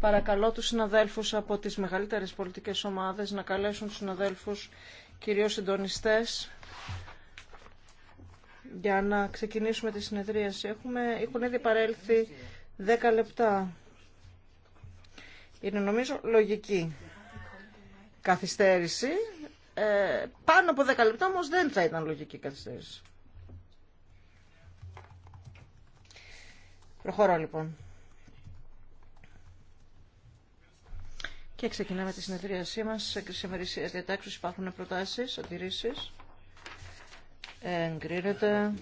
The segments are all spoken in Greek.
Παρακαλώ τους συναδέλφους από τις μεγαλύτερες πολιτικές ομάδες να καλέσουν τους συναδέλφους, κυρίως συντονιστές, για να ξεκινήσουμε τη συνεδρίαση. Έχουμε, έχουν ήδη παρέλθει 10 λεπτά. Είναι νομίζω λογική καθυστέρηση. Ε, πάνω από 10 λεπτά όμως δεν θα ήταν λογική καθυστέρηση. Προχωρώ λοιπόν. Και ξεκινάμε τη συνεδρίασή μας. Σε κρυσιμερησία διατάξεις υπάρχουν προτάσεις, αντιρρήσεις. Ε, εγκρίνεται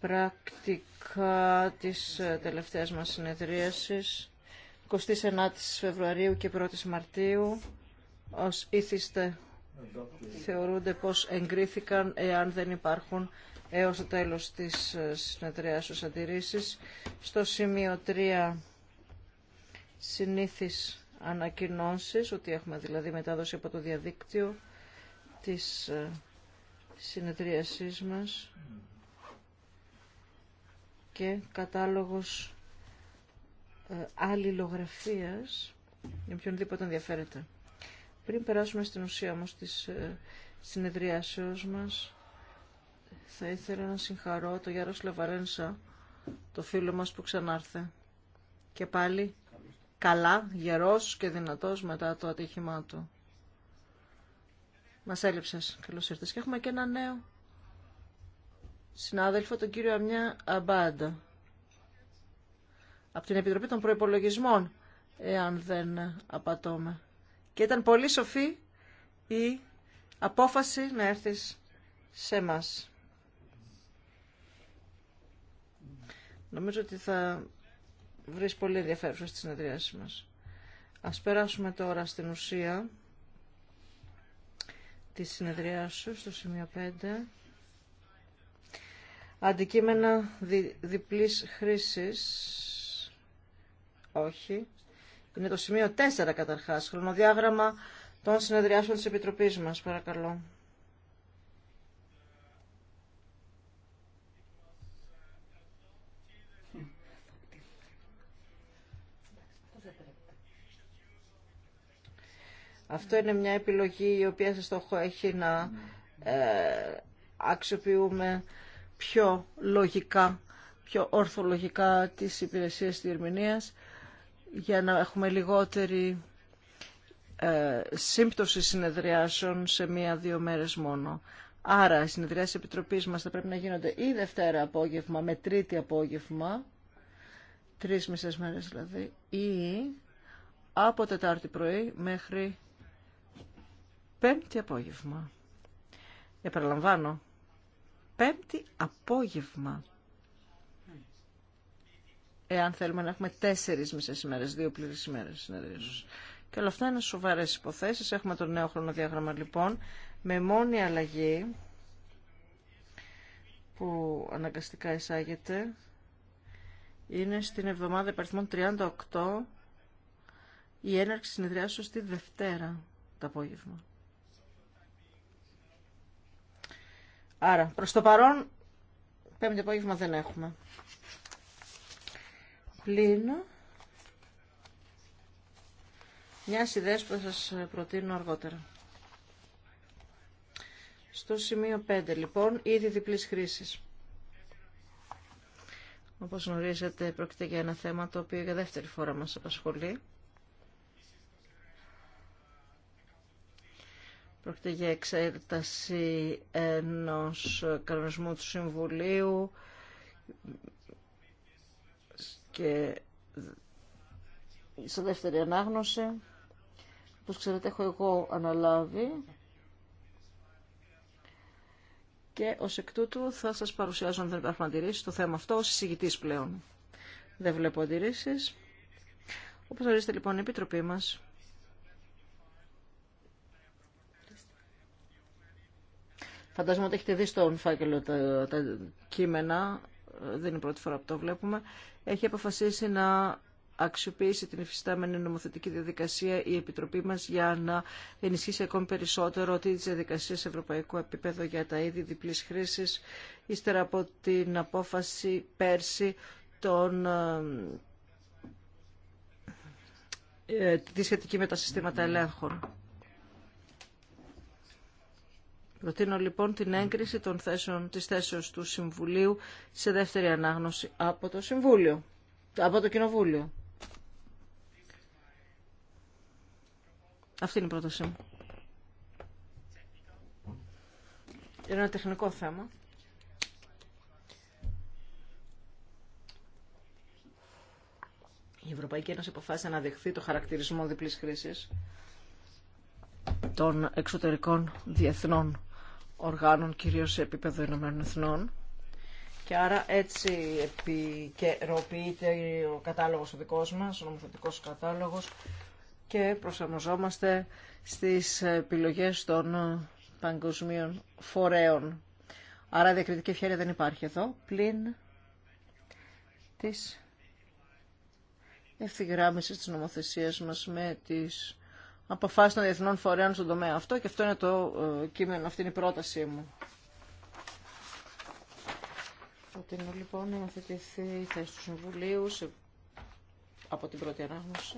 πρακτικά της ε, τελευταίας μας συνεδρίασης 29 Φεβρουαρίου και 1 Μαρτίου ως ήθιστε θεωρούνται πως εγκρίθηκαν εάν δεν υπάρχουν έως το τέλος της ε, συνεδρίας ως Στο σημείο 3 συνήθεις ανακοινώσεις, ότι έχουμε δηλαδή μετάδοση από το διαδίκτυο της ε, συνεδρίασής μας και κατάλογος ε, αλληλογραφίας για οποιονδήποτε ενδιαφέρεται. Πριν περάσουμε στην ουσία όμως της συνεδριάσεως μας, θα ήθελα να συγχαρώ το Γιάρος Λεβαρένσα, το φίλο μας που ξανάρθε. Και πάλι καλά, γερός και δυνατός μετά το ατύχημά του. Μας έλειψες. Καλώς ήρθες. Και έχουμε και ένα νέο συνάδελφο, τον κύριο Αμιά Αμπάντα. Από την Επιτροπή των Προϋπολογισμών, εάν δεν απατώμε. Και ήταν πολύ σοφή η απόφαση να έρθεις σε μας. Νομίζω ότι θα βρεις πολύ ενδιαφέρουσα στις συνεδριάσεις μας. Ας περάσουμε τώρα στην ουσία της σου, στο σημείο 5. Αντικείμενα δι, διπλής χρήσης. Όχι. Είναι το σημείο 4 καταρχάς. Χρονοδιάγραμμα των συνεδριάσεων της Επιτροπής μας. Παρακαλώ. Αυτό είναι μια επιλογή η οποία σε στόχο έχει να ε, αξιοποιούμε πιο λογικά, πιο ορθολογικά τις υπηρεσίες διερμηνίας για να έχουμε λιγότερη ε, σύμπτωση συνεδριάσεων σε μία-δύο μέρες μόνο. Άρα, οι συνεδριάσεις επιτροπής μας θα πρέπει να γίνονται ή Δευτέρα απόγευμα με Τρίτη απόγευμα, τρεις μισές μέρες δηλαδή, ή από Τετάρτη πρωί μέχρι Πέμπτη απόγευμα. Επαναλαμβάνω. Πέμπτη απόγευμα. Εάν θέλουμε να έχουμε τέσσερις μισές ημέρες, δύο πλήρες ημέρες συνεδρίες. Και όλα αυτά είναι σοβαρές υποθέσεις. Έχουμε το νέο χρονοδιάγραμμα λοιπόν, με μόνη αλλαγή που αναγκαστικά εισάγεται είναι στην εβδομάδα υπαριθμών 38 η έναρξη συνεδριάσεως τη Δευτέρα το απόγευμα. Άρα, προς το παρόν, πέμπτη απόγευμα δεν έχουμε. Πλήνω. Μια ιδέα που θα σας προτείνω αργότερα. Στο σημείο 5, λοιπόν, ήδη διπλής χρήσης. Όπως γνωρίζετε, πρόκειται για ένα θέμα το οποίο για δεύτερη φορά μας απασχολεί. Πρόκειται για εξέταση ενός κανονισμού του Συμβουλίου και σε δεύτερη ανάγνωση. Όπως ξέρετε έχω εγώ αναλάβει και ως εκ τούτου θα σας παρουσιάσω αν δεν υπάρχουν αντιρρήσεις το θέμα αυτό ως εισηγητής πλέον. Δεν βλέπω αντιρρήσεις. Όπως ορίζετε λοιπόν η Επιτροπή μας Φαντάζομαι ότι έχετε δει στον φάκελο τα, κείμενα, δεν είναι η πρώτη φορά που το βλέπουμε, έχει αποφασίσει να αξιοποιήσει την υφιστάμενη νομοθετική διαδικασία η Επιτροπή μας για να ενισχύσει ακόμη περισσότερο τη διαδικασία σε ευρωπαϊκό επίπεδο για τα είδη διπλής χρήσης, ύστερα από την απόφαση πέρσι ε, ε, τη σχετική με τα συστήματα ελέγχων. Προτείνω λοιπόν την έγκριση των θέσεων, της θέσεως του Συμβουλίου σε δεύτερη ανάγνωση από το Συμβούλιο, από το Κοινοβούλιο. Αυτή είναι η πρότασή μου. Είναι ένα τεχνικό θέμα. Η Ευρωπαϊκή Ένωση αποφάσισε να δεχθεί το χαρακτηρισμό διπλής χρήσης των εξωτερικών διεθνών οργάνων, κυρίως σε επίπεδο Ηνωμένων Εθνών. Και άρα έτσι επικαιροποιείται ο κατάλογος ο δικός μας, ο νομοθετικός κατάλογος και προσαρμοζόμαστε στις επιλογές των παγκοσμίων φορέων. Άρα διακριτική ευχαίρεια δεν υπάρχει εδώ, πλην της ευθυγράμμισης της νομοθεσίας μας με τις αποφάσεις των διεθνών φορέων στον τομέα αυτό και αυτό είναι το ε, κείμενο, αυτή είναι η πρότασή μου. Προτείνω λοιπόν να θετήθει η θέση του Συμβουλίου σε... από την πρώτη ανάγνωση.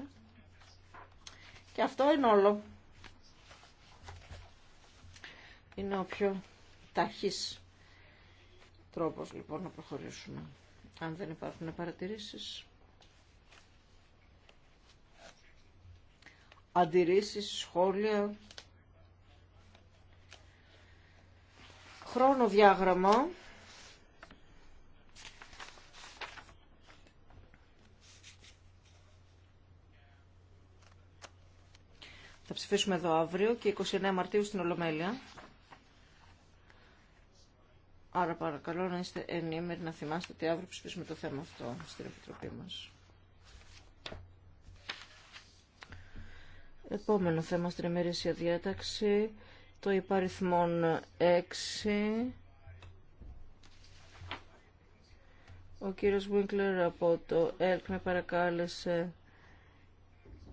Και αυτό είναι όλο. Είναι ο πιο ταχύς τρόπος λοιπόν να προχωρήσουμε. Αν δεν υπάρχουν παρατηρήσεις. αντιρρήσεις, σχόλια. Χρόνο διάγραμμα. Θα ψηφίσουμε εδώ αύριο και 29 Μαρτίου στην Ολομέλεια. Άρα παρακαλώ να είστε ενήμεροι να θυμάστε ότι αύριο ψηφίσουμε το θέμα αυτό στην Επιτροπή μας. Επόμενο θέμα στην ημερήσια διάταξη, το υπαριθμόν 6. Ο κύριος Βίγκλερ από το ΕΛΚ με παρακάλεσε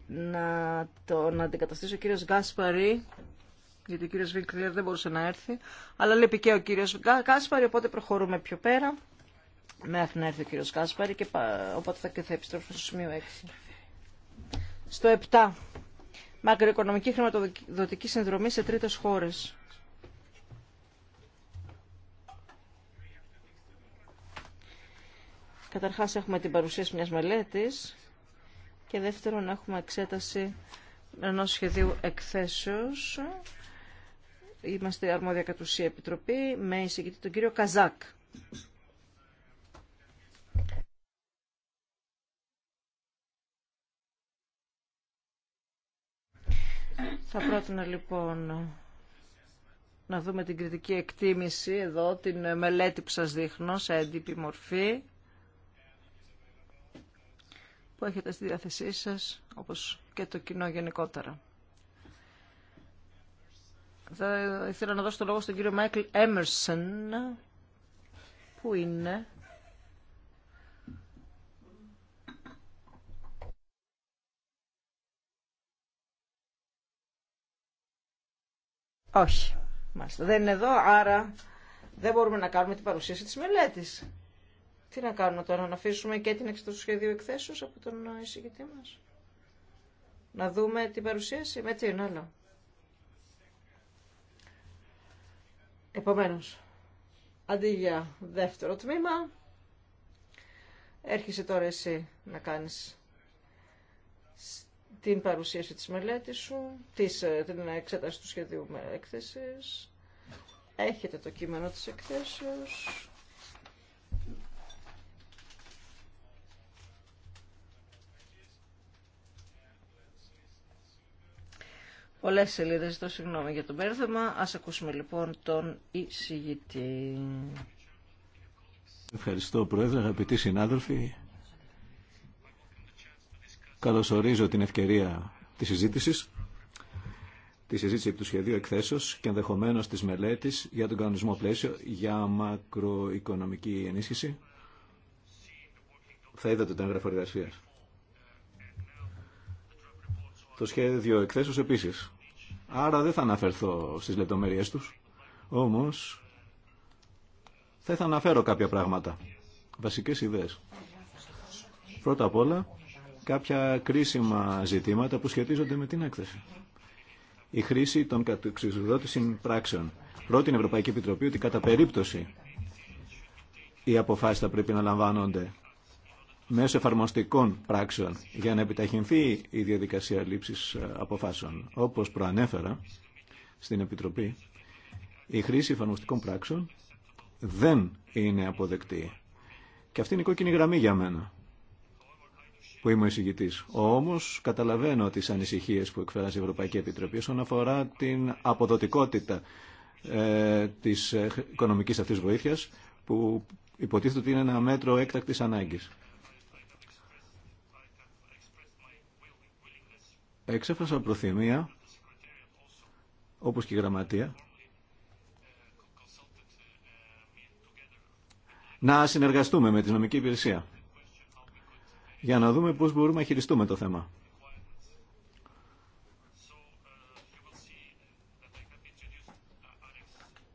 να τον αντικαταστήσει ο κύριος Γκάσπαρη, γιατί ο κύριος Βίγκλερ δεν μπορούσε να έρθει, αλλά λείπει και ο κύριος Γκάσπαρη, οπότε προχωρούμε πιο πέρα, μέχρι να έρθει ο κύριος Γκάσπαρη, και οπότε θα, και θα επιστρέψουμε στο σημείο 6. Στο 7 μακροοικονομική χρηματοδοτική συνδρομή σε τρίτες χώρες. Καταρχάς έχουμε την παρουσίαση μιας μελέτης και δεύτερον έχουμε εξέταση ενός σχεδίου εκθέσεως. Είμαστε αρμόδια ουσία επιτροπή με εισηγητή τον κύριο Καζάκ. Θα πρότεινα λοιπόν να δούμε την κριτική εκτίμηση εδώ, την μελέτη που σας δείχνω σε έντυπη μορφή που έχετε στη διάθεσή σας, όπως και το κοινό γενικότερα. Θα ήθελα να δώσω το λόγο στον κύριο Μάικλ Έμερσον, που είναι Όχι. Μάλιστα. Δεν είναι εδώ, άρα δεν μπορούμε να κάνουμε την παρουσίαση της μελέτης. Τι να κάνουμε τώρα, να αφήσουμε και την εξή του σχεδίου εκθέσεως από τον εισηγητή μας. Να δούμε την παρουσίαση. Με τι είναι άλλο. Επομένως, αντί για δεύτερο τμήμα, έρχεσαι τώρα εσύ να κάνεις την παρουσίαση της μελέτης σου, της, ε, την εξέταση του σχεδίου με έκθεσης. Έχετε το κείμενο της εκθέσεως. Πολλές σελίδες, το συγγνώμη για τον πέρδεμα. Ας ακούσουμε λοιπόν τον εισηγητή. Ευχαριστώ Πρόεδρε, αγαπητοί συνάδελφοι. Καλωσορίζω την ευκαιρία της συζήτησης, τη συζήτηση του σχεδίου εκθέσεως και ενδεχομένως της μελέτης για τον κανονισμό πλαίσιο για μακροοικονομική ενίσχυση. Θα είδατε το έγγραφο εργασία. Το σχέδιο εκθέσεως επίσης. Άρα δεν θα αναφερθώ στις λεπτομέρειές τους, όμως θα ήθελα να αναφέρω κάποια πράγματα, βασικές ιδέες. Πρώτα απ' όλα, κάποια κρίσιμα ζητήματα που σχετίζονται με την έκθεση. Η χρήση των κατουξιδότησιν πράξεων. Πρώτη η Ευρωπαϊκή Επιτροπή ότι κατά περίπτωση οι αποφάσεις θα πρέπει να λαμβάνονται μέσω εφαρμοστικών πράξεων για να επιταχυνθεί η διαδικασία λήψης ε, αποφάσεων. Όπως προανέφερα στην Επιτροπή, η χρήση εφαρμοστικών πράξεων δεν είναι αποδεκτή. Και αυτή είναι η κόκκινη γραμμή για μένα που είμαι ο εισηγητή. Όμω καταλαβαίνω τι ανησυχίε που εκφράζει η Ευρωπαϊκή Επιτροπή όσον αφορά την αποδοτικότητα ε, τη ε, οικονομική αυτή βοήθεια που υποτίθεται ότι είναι ένα μέτρο έκτακτη ανάγκη. Εξέφρασα προθυμία, όπως και η Γραμματεία, να συνεργαστούμε με τη νομική υπηρεσία για να δούμε πώς μπορούμε να χειριστούμε το θέμα.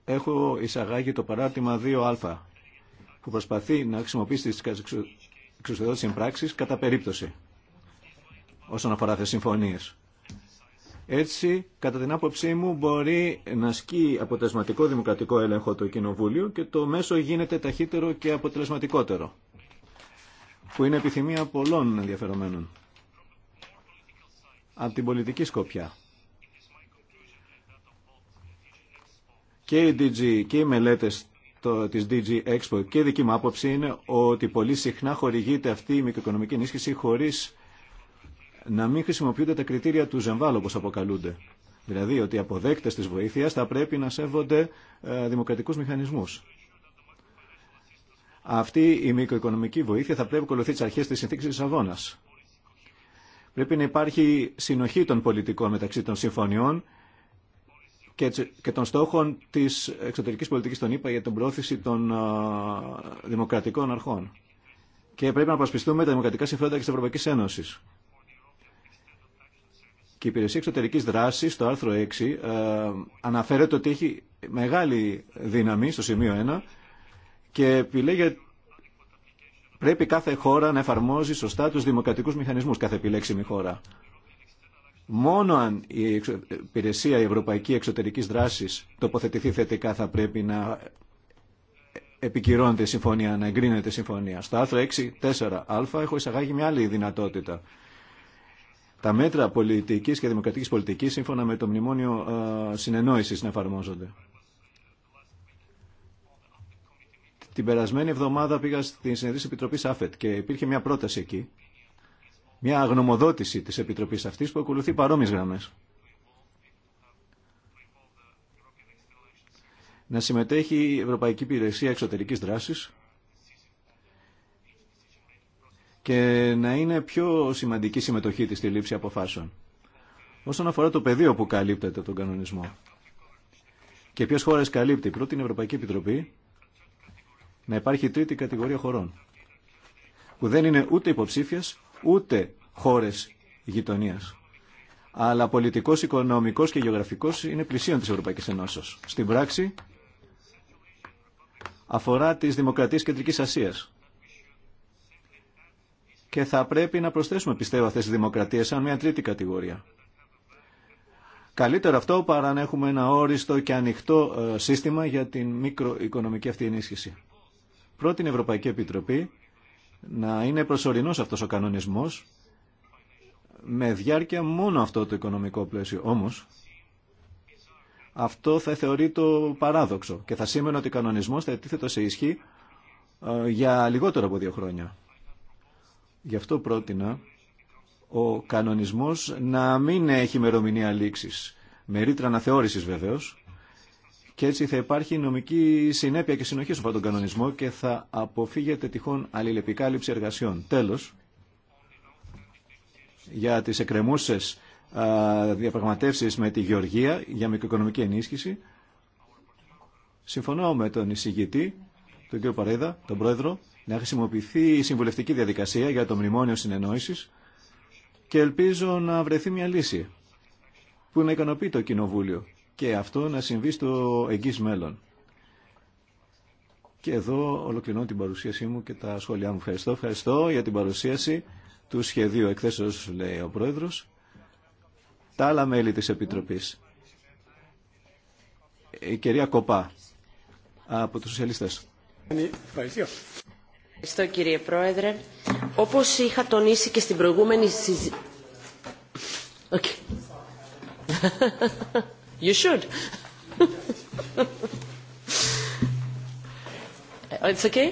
Έχω εισαγάγει το παράρτημα 2α που προσπαθεί να χρησιμοποιήσει τις εξουσιοδότητες συμπράξεις κατά περίπτωση όσον αφορά τις συμφωνίες. Έτσι, κατά την άποψή μου, μπορεί να ασκεί αποτελεσματικό δημοκρατικό έλεγχο το Κοινοβούλιο και το μέσο γίνεται ταχύτερο και αποτελεσματικότερο που είναι επιθυμία πολλών ενδιαφερομένων. Από την πολιτική σκοπιά. Και οι DG και οι μελέτες το, της DG Expo και η δική μου άποψη είναι ότι πολύ συχνά χορηγείται αυτή η μικροοικονομική ενίσχυση χωρίς να μην χρησιμοποιούνται τα κριτήρια του ζεμβάλου όπως αποκαλούνται. Δηλαδή ότι οι αποδέκτες της βοήθειας θα πρέπει να σέβονται ε, δημοκρατικούς μηχανισμούς. Αυτή η μικροοικονομική βοήθεια θα πρέπει να ακολουθεί τι αρχέ τη συνθήκη τη Αβώνα. Πρέπει να υπάρχει συνοχή των πολιτικών μεταξύ των συμφωνιών και των στόχων τη εξωτερική πολιτική των ΗΠΑ για την πρόθεση των δημοκρατικών αρχών. Και πρέπει να προσπιστούμε τα δημοκρατικά συμφέροντα και τη Ευρωπαϊκή Ένωση. Και η Υπηρεσία Εξωτερική Δράση, στο άρθρο 6, ε, αναφέρεται ότι έχει μεγάλη δύναμη, στο σημείο 1, και ότι Πρέπει κάθε χώρα να εφαρμόζει σωστά τους δημοκρατικούς μηχανισμούς, κάθε επιλέξιμη χώρα. Μόνο αν η υπηρεσία η Ευρωπαϊκή Εξωτερικής Δράσης τοποθετηθεί θετικά θα πρέπει να επικυρώνεται η συμφωνία, να εγκρίνεται η συμφωνία. Στο άρθρο 6.4α έχω εισαγάγει μια άλλη δυνατότητα. Τα μέτρα πολιτικής και δημοκρατικής πολιτικής σύμφωνα με το Μνημόνιο ε, Συνεννόησης να εφαρμόζονται. Την περασμένη εβδομάδα πήγα στην συνεδρία τη Επιτροπή ΑΦΕΤ και υπήρχε μια πρόταση εκεί. Μια αγνομοδότηση τη Επιτροπή αυτή που ακολουθεί παρόμοιε γραμμέ. Να συμμετέχει η Ευρωπαϊκή Υπηρεσία Εξωτερικής Δράσης και να είναι πιο σημαντική συμμετοχή της στη λήψη αποφάσεων. Όσον αφορά το πεδίο που καλύπτεται τον κανονισμό και ποιες χώρες καλύπτει, πρώτη την Ευρωπαϊκή Επιτροπή να υπάρχει τρίτη κατηγορία χωρών που δεν είναι ούτε υποψήφιες ούτε χώρες γειτονίας αλλά πολιτικός, οικονομικός και γεωγραφικός είναι πλησίον της Ευρωπαϊκής Ενώσεως. Στην πράξη αφορά τις δημοκρατίες Κεντρικής Ασίας. Και θα πρέπει να προσθέσουμε, πιστεύω, αυτές τις δημοκρατίες σαν μια τρίτη κατηγορία. Καλύτερο αυτό παρά να έχουμε ένα όριστο και ανοιχτό ε, σύστημα για την μικροοικονομική αυτή ενίσχυση. Πρώτη Ευρωπαϊκή Επιτροπή να είναι προσωρινός αυτός ο κανονισμός με διάρκεια μόνο αυτό το οικονομικό πλαίσιο. Όμως, αυτό θα θεωρεί το παράδοξο και θα σήμαινε ότι ο κανονισμός θα ετίθεται σε ισχύ ε, για λιγότερο από δύο χρόνια. Γι' αυτό πρότεινα ο κανονισμός να μην έχει μερομηνία λήξης. Με ρήτρα αναθεώρησης βεβαίως, και έτσι θα υπάρχει νομική συνέπεια και συνοχή στον τον κανονισμό και θα αποφύγεται τυχόν αλληλεπικάλυψη εργασιών. Τέλος, για τις εκκρεμούσες διαπραγματεύσεις με τη Γεωργία για μικροοικονομική ενίσχυση, συμφωνώ με τον εισηγητή, τον κύριο Παρέδα, τον πρόεδρο, να χρησιμοποιηθεί η συμβουλευτική διαδικασία για το μνημόνιο συνεννόησης και ελπίζω να βρεθεί μια λύση που να ικανοποιεί το Κοινοβούλιο και αυτό να συμβεί στο εγγύς μέλλον. Και εδώ ολοκληρώνω την παρουσίασή μου και τα σχόλιά μου. Ευχαριστώ, ευχαριστώ για την παρουσίαση του σχεδίου εκθέσεως, λέει ο Πρόεδρος. Τα άλλα μέλη της Επιτροπής. Η κυρία Κοπά από τους Σοσιαλιστές. Ευχαριστώ κύριε Πρόεδρε. Όπως είχα τονίσει και στην προηγούμενη συζήτηση... Okay. You should. It's okay.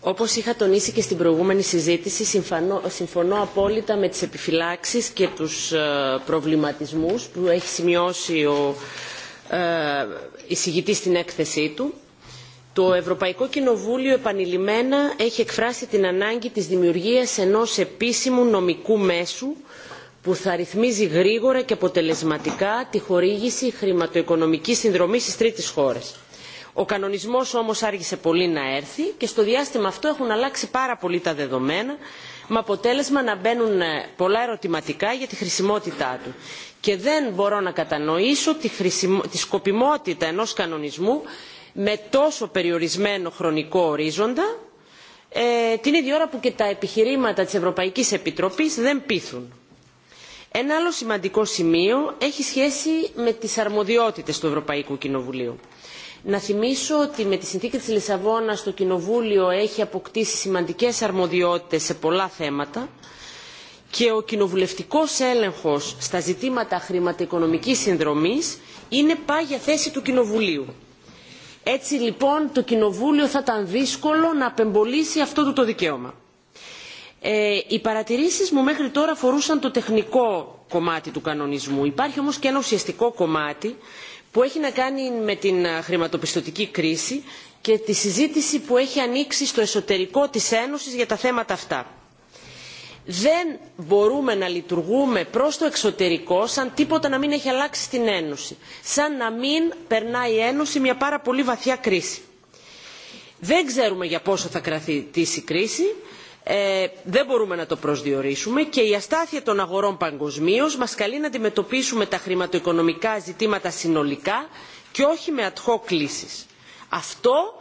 Όπως είχα τονίσει και στην προηγούμενη συζήτηση, συμφωνώ, απόλυτα με τις επιφυλάξεις και τους ε, προβληματισμούς που έχει σημειώσει ο ε, εισηγητής στην έκθεσή του. Το Ευρωπαϊκό Κοινοβούλιο επανειλημμένα έχει εκφράσει την ανάγκη της δημιουργίας ενός επίσημου νομικού μέσου που θα ρυθμίζει γρήγορα και αποτελεσματικά τη χορήγηση χρηματοοικονομικής συνδρομής στις τρίτες χώρες. Ο κανονισμός όμως άργησε πολύ να έρθει και στο διάστημα αυτό έχουν αλλάξει πάρα πολύ τα δεδομένα με αποτέλεσμα να μπαίνουν ε, πολλά ερωτηματικά για τη χρησιμότητά του. Και δεν μπορώ να κατανοήσω τη, σκοπιμότητα ενός κανονισμού με τόσο περιορισμένο χρονικό ορίζοντα ε, την ίδια ώρα που και τα επιχειρήματα της Ευρωπαϊκής Επιτροπής δεν πείθουν ένα άλλο σημαντικό σημείο έχει σχέση με τις αρμοδιότητες του Ευρωπαϊκού Κοινοβουλίου. Να θυμίσω ότι με τη συνθήκη της Λισαβόνα το Κοινοβούλιο έχει αποκτήσει σημαντικές αρμοδιότητες σε πολλά θέματα και ο κοινοβουλευτικός έλεγχος στα ζητήματα χρηματοοικονομικής συνδρομής είναι πάγια θέση του Κοινοβουλίου. Έτσι λοιπόν το Κοινοβούλιο θα ήταν δύσκολο να απεμπολίσει αυτό το δικαίωμα ε, οι παρατηρήσεις μου μέχρι τώρα φορούσαν το τεχνικό κομμάτι του κανονισμού. Υπάρχει όμως και ένα ουσιαστικό κομμάτι που έχει να κάνει με την ε, χρηματοπιστωτική κρίση και τη συζήτηση που έχει ανοίξει στο εσωτερικό της Ένωσης για τα θέματα αυτά. Δεν μπορούμε να λειτουργούμε προς το εξωτερικό σαν τίποτα να μην έχει αλλάξει στην Ένωση. Σαν να μην περνάει η Ένωση μια πάρα πολύ βαθιά κρίση. Δεν ξέρουμε για πόσο θα κρατήσει η κρίση ε, δεν μπορούμε να το προσδιορίσουμε και η αστάθεια των αγορών παγκοσμίω μας καλεί να αντιμετωπίσουμε τα χρηματοοικονομικά ζητήματα συνολικά και όχι με ad hoc αυτό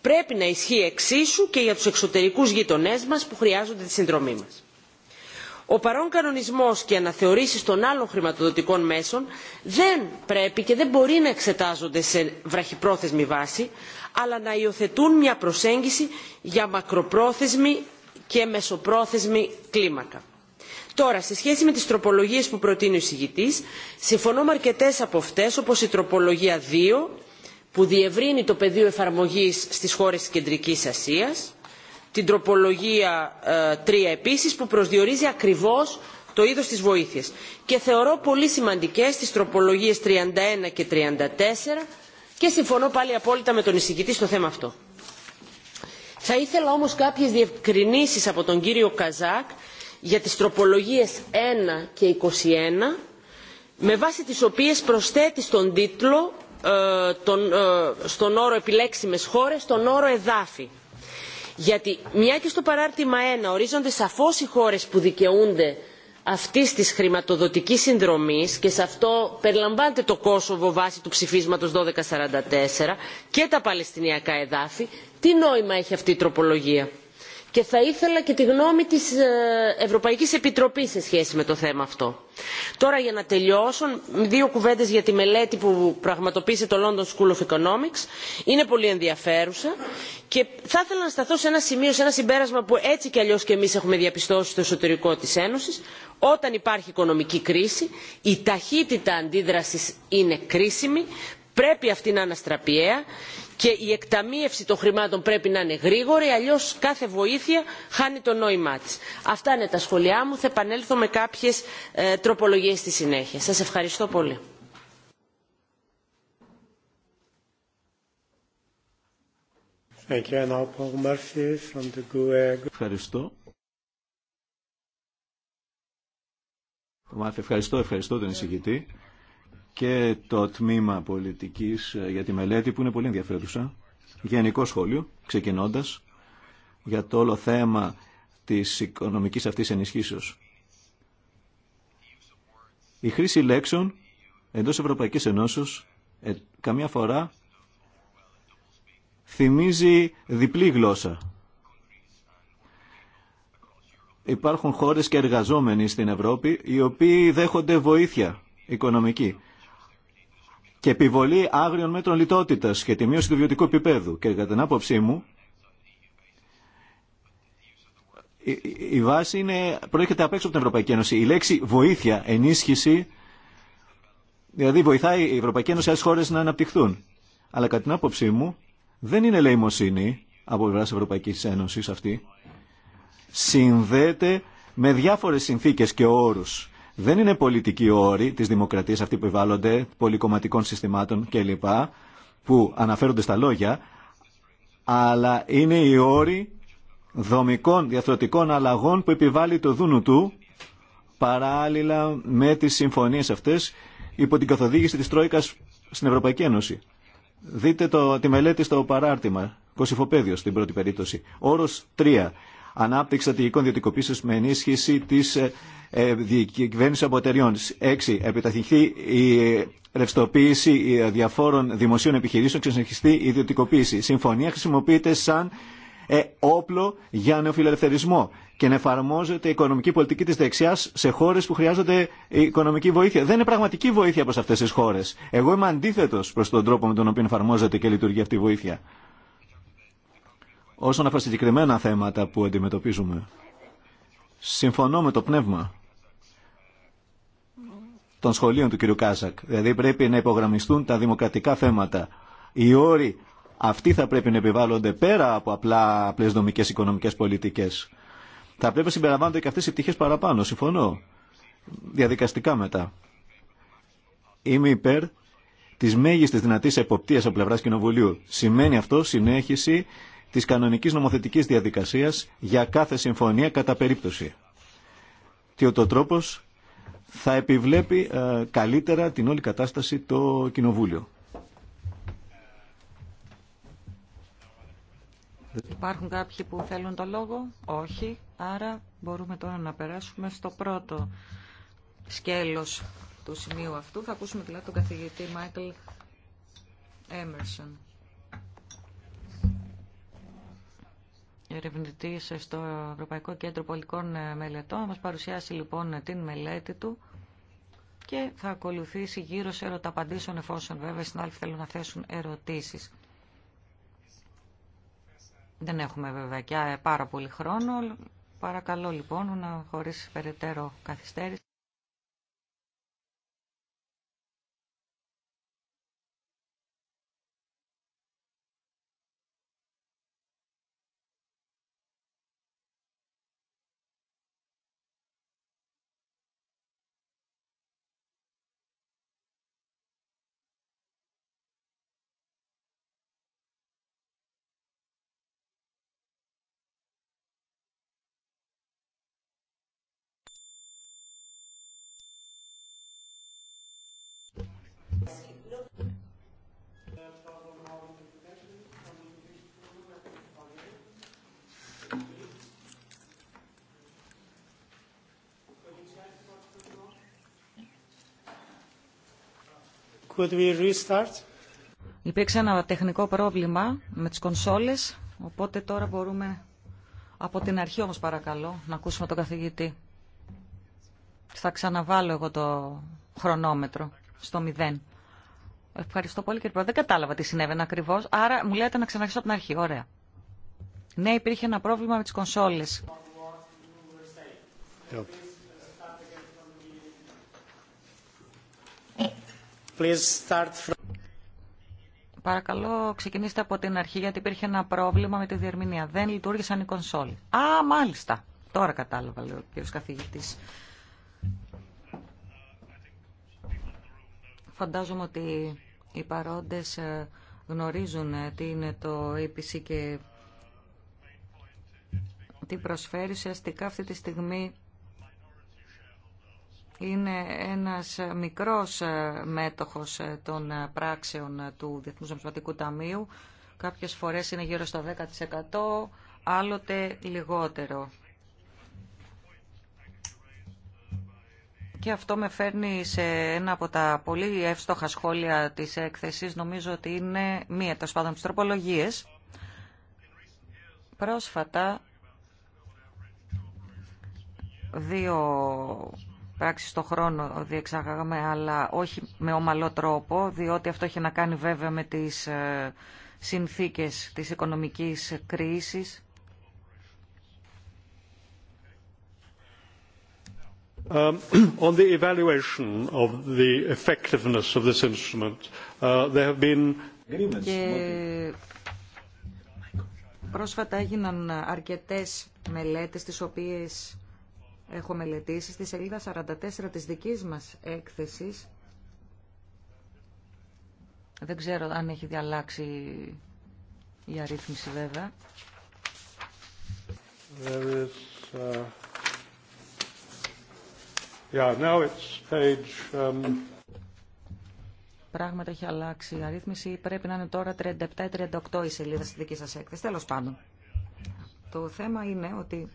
πρέπει να ισχύει εξίσου και για τους εξωτερικούς γείτονές μας που χρειάζονται τη συνδρομή μας. Ο παρόν κανονισμός και αναθεωρήσεις των άλλων χρηματοδοτικών μέσων δεν πρέπει και δεν μπορεί να εξετάζονται σε βραχυπρόθεσμη βάση, αλλά να υιοθετούν μια προσέγγιση για μακροπρόθεσμη και μεσοπρόθεσμη κλίμακα. Τώρα, σε σχέση με τις τροπολογίες που προτείνει ο εισηγητής, συμφωνώ με αρκετές από αυτές, όπως η τροπολογία 2, που διευρύνει το πεδίο εφαρμογής στις χώρες της Κεντρικής Ασίας, την τροπολογία 3 ε, επίσης, που προσδιορίζει ακριβώς το είδος της βοήθειας. Και θεωρώ πολύ σημαντικές τις τροπολογίες 31 και 34 και συμφωνώ πάλι απόλυτα με τον εισηγητή στο θέμα αυτό. Θα ήθελα όμως κάποιες διευκρινήσεις από τον κύριο Καζάκ για τις τροπολογίες 1 και 21 με βάση τις οποίες προσθέτει στον τίτλο ε, τον, ε, στον όρο επιλέξιμες χώρες τον όρο εδάφη. Γιατί μια και στο παράρτημα 1 ορίζονται σαφώς οι χώρες που δικαιούνται αυτής της χρηματοδοτικής συνδρομής και σε αυτό περιλαμβάνεται το κόσοβο βάσει του ψηφίσματος 1244 και τα παλαιστινιακά εδάφη τι νόημα έχει αυτή η τροπολογία και θα ήθελα και τη γνώμη της ε, Ευρωπαϊκής Επιτροπής σε σχέση με το θέμα αυτό. Τώρα για να τελειώσω, δύο κουβέντες για τη μελέτη που πραγματοποίησε το London School of Economics. Είναι πολύ ενδιαφέρουσα και θα ήθελα να σταθώ σε ένα σημείο, σε ένα συμπέρασμα που έτσι κι αλλιώς και εμείς έχουμε διαπιστώσει στο εσωτερικό της Ένωσης. Όταν υπάρχει οικονομική κρίση, η ταχύτητα αντίδρασης είναι κρίσιμη πρέπει αυτή να αστραπιαία και η εκταμείευση των χρημάτων πρέπει να είναι γρήγορη αλλιώς κάθε βοήθεια χάνει το νόημά της. Αυτά είναι τα σχόλιά μου. Θα επανέλθω με κάποιες ε, τροπολογίες στη συνέχεια. Σας ευχαριστώ πολύ. E ευχαριστώ. Ευχαριστώ, ευχαριστώ τον εισηγητή και το τμήμα πολιτικής ε, για τη μελέτη που είναι πολύ ενδιαφέρουσα. Γενικό σχόλιο, ξεκινώντας, για το όλο θέμα της οικονομικής αυτής ενισχύσεως. Η χρήση λέξεων εντός Ευρωπαϊκής Ενώσεως ε, καμιά φορά θυμίζει διπλή γλώσσα. Υπάρχουν χώρες και εργαζόμενοι στην Ευρώπη οι οποίοι δέχονται βοήθεια οικονομική και επιβολή άγριων μέτρων λιτότητα και τη μείωση του βιωτικού επίπεδου. Και κατά την άποψή μου, η βάση είναι, προέρχεται απ' έξω από την Ευρωπαϊκή Ένωση. Η λέξη βοήθεια, ενίσχυση, δηλαδή βοηθάει η Ευρωπαϊκή Ένωση άλλε χώρε να αναπτυχθούν. Αλλά κατά την άποψή μου, δεν είναι ελεημοσύνη από πλευρά Ευρωπαϊκή Ένωση αυτή. Συνδέεται με διάφορε συνθήκε και όρου δεν είναι πολιτικοί όροι της δημοκρατίας αυτοί που επιβάλλονται πολυκομματικών συστημάτων κλπ. που αναφέρονται στα λόγια, αλλά είναι οι όροι δομικών διαθροτικών αλλαγών που επιβάλλει το δούνου του παράλληλα με τις συμφωνίες αυτές υπό την καθοδήγηση της Τρόικας στην Ευρωπαϊκή Ένωση. Δείτε το, τη μελέτη στο παράρτημα, κοσυφοπαίδιο στην πρώτη περίπτωση. Όρος 3. Ανάπτυξη στρατηγικών ιδιωτικοποίηση με ενίσχυση τη ε, ε, διακυβέρνηση εταιριών. 6. Επιταχυνθεί η ρευστοποίηση ε, διαφόρων δημοσίων επιχειρήσεων και συνεχιστεί η ιδιωτικοποίηση. Η συμφωνία χρησιμοποιείται σαν ε, όπλο για νεοφιλελευθερισμό και να εφαρμόζεται η οικονομική πολιτική τη δεξιά σε χώρε που χρειάζονται οικονομική βοήθεια. Δεν είναι πραγματική βοήθεια προ αυτέ τι χώρε. Εγώ είμαι αντίθετο προ τον τρόπο με τον οποίο εφαρμόζεται και λειτουργεί αυτή η βοήθεια όσον αφορά συγκεκριμένα θέματα που αντιμετωπίζουμε. Συμφωνώ με το πνεύμα των σχολείων του κ. Κάζακ. Δηλαδή πρέπει να υπογραμμιστούν τα δημοκρατικά θέματα. Οι όροι αυτοί θα πρέπει να επιβάλλονται πέρα από απλά απλές δομικές οικονομικές πολιτικές. Θα πρέπει να συμπεριλαμβάνονται και αυτές οι πτυχές παραπάνω. Συμφωνώ. Διαδικαστικά μετά. Είμαι υπέρ της μέγιστης δυνατής εποπτείας από πλευράς Κοινοβουλίου. Σημαίνει αυτό συνέχιση της κανονικής νομοθετικής διαδικασίας για κάθε συμφωνία κατά περίπτωση. Τι ο τρόπος θα επιβλέπει ε, καλύτερα την όλη κατάσταση το Κοινοβούλιο. Υπάρχουν κάποιοι που θέλουν το λόγο. Όχι. Άρα μπορούμε τώρα να περάσουμε στο πρώτο σκέλος του σημείου αυτού. Θα ακούσουμε δηλαδή τον καθηγητή Μάικλ Έμερσον. ερευνητής στο Ευρωπαϊκό Κέντρο Πολιτικών ε, Μελετών. μας παρουσιάσει λοιπόν την μελέτη του και θα ακολουθήσει γύρω σε ερωταπαντήσεων εφόσον βέβαια οι συνάδελφοι θέλουν να θέσουν ερωτήσεις. Δεν έχουμε βέβαια και πάρα πολύ χρόνο. Παρακαλώ λοιπόν να χωρίς περαιτέρω καθυστέρηση. Υπήρξε ένα τεχνικό πρόβλημα με τις κονσόλες, οπότε τώρα μπορούμε από την αρχή όμως παρακαλώ να ακούσουμε τον καθηγητή. Θα ξαναβάλω εγώ το χρονόμετρο στο 0. Ευχαριστώ πολύ κύριε Πρόεδρε. Δεν κατάλαβα τι συνέβαινε ακριβώς, άρα μου λέτε να ξαναρχίσω από την αρχή. Ωραία. Ναι, υπήρχε ένα πρόβλημα με τις κονσόλες. Παρακαλώ, ξεκινήστε από την αρχή, γιατί υπήρχε ένα πρόβλημα με τη διερμηνία. Δεν λειτουργήσαν οι κονσόλοι. Α, μάλιστα. Τώρα κατάλαβα, λέει ο κύριος καθηγητής. Φαντάζομαι ότι οι παρόντες ε, γνωρίζουν ε, τι είναι το EPC και τι προσφέρει ουσιαστικά αυτή τη στιγμή είναι ένας μικρός ε, μέτοχος ε, των ε, πράξεων του Διεθνούς Νομισματικού Ταμείου. Κάποιες φορές είναι γύρω στο 10%, άλλοτε λιγότερο. Και αυτό με φέρνει σε ένα από τα πολύ εύστοχα σχόλια της έκθεσης. Νομίζω ότι είναι μία, Τα πάντων, τις τροπολογίες. Πρόσφατα, δύο πράξεις στον χρόνο διεξάγαμε, αλλά όχι με ομαλό τρόπο, διότι αυτό έχει να κάνει βέβαια με τις ε, συνθήκες της οικονομικής κρίσης. Um, on the evaluation of the effectiveness of this instrument, uh, there have been πρόσφατα έγιναν αρκετές μελέτες τις οποίες έχω μελετήσει στη σελίδα 44 της δικής μας έκθεσης. Δεν ξέρω αν έχει διαλλάξει η αρρύθμιση βέβαια. There uh, now it's page, um, έχει αλλάξει η αρρύθμιση. Πρέπει να είναι τώρα 37 38 η σελίδα στη δική σας έκθεση. Τέλος πάντων. Το θέμα είναι ότι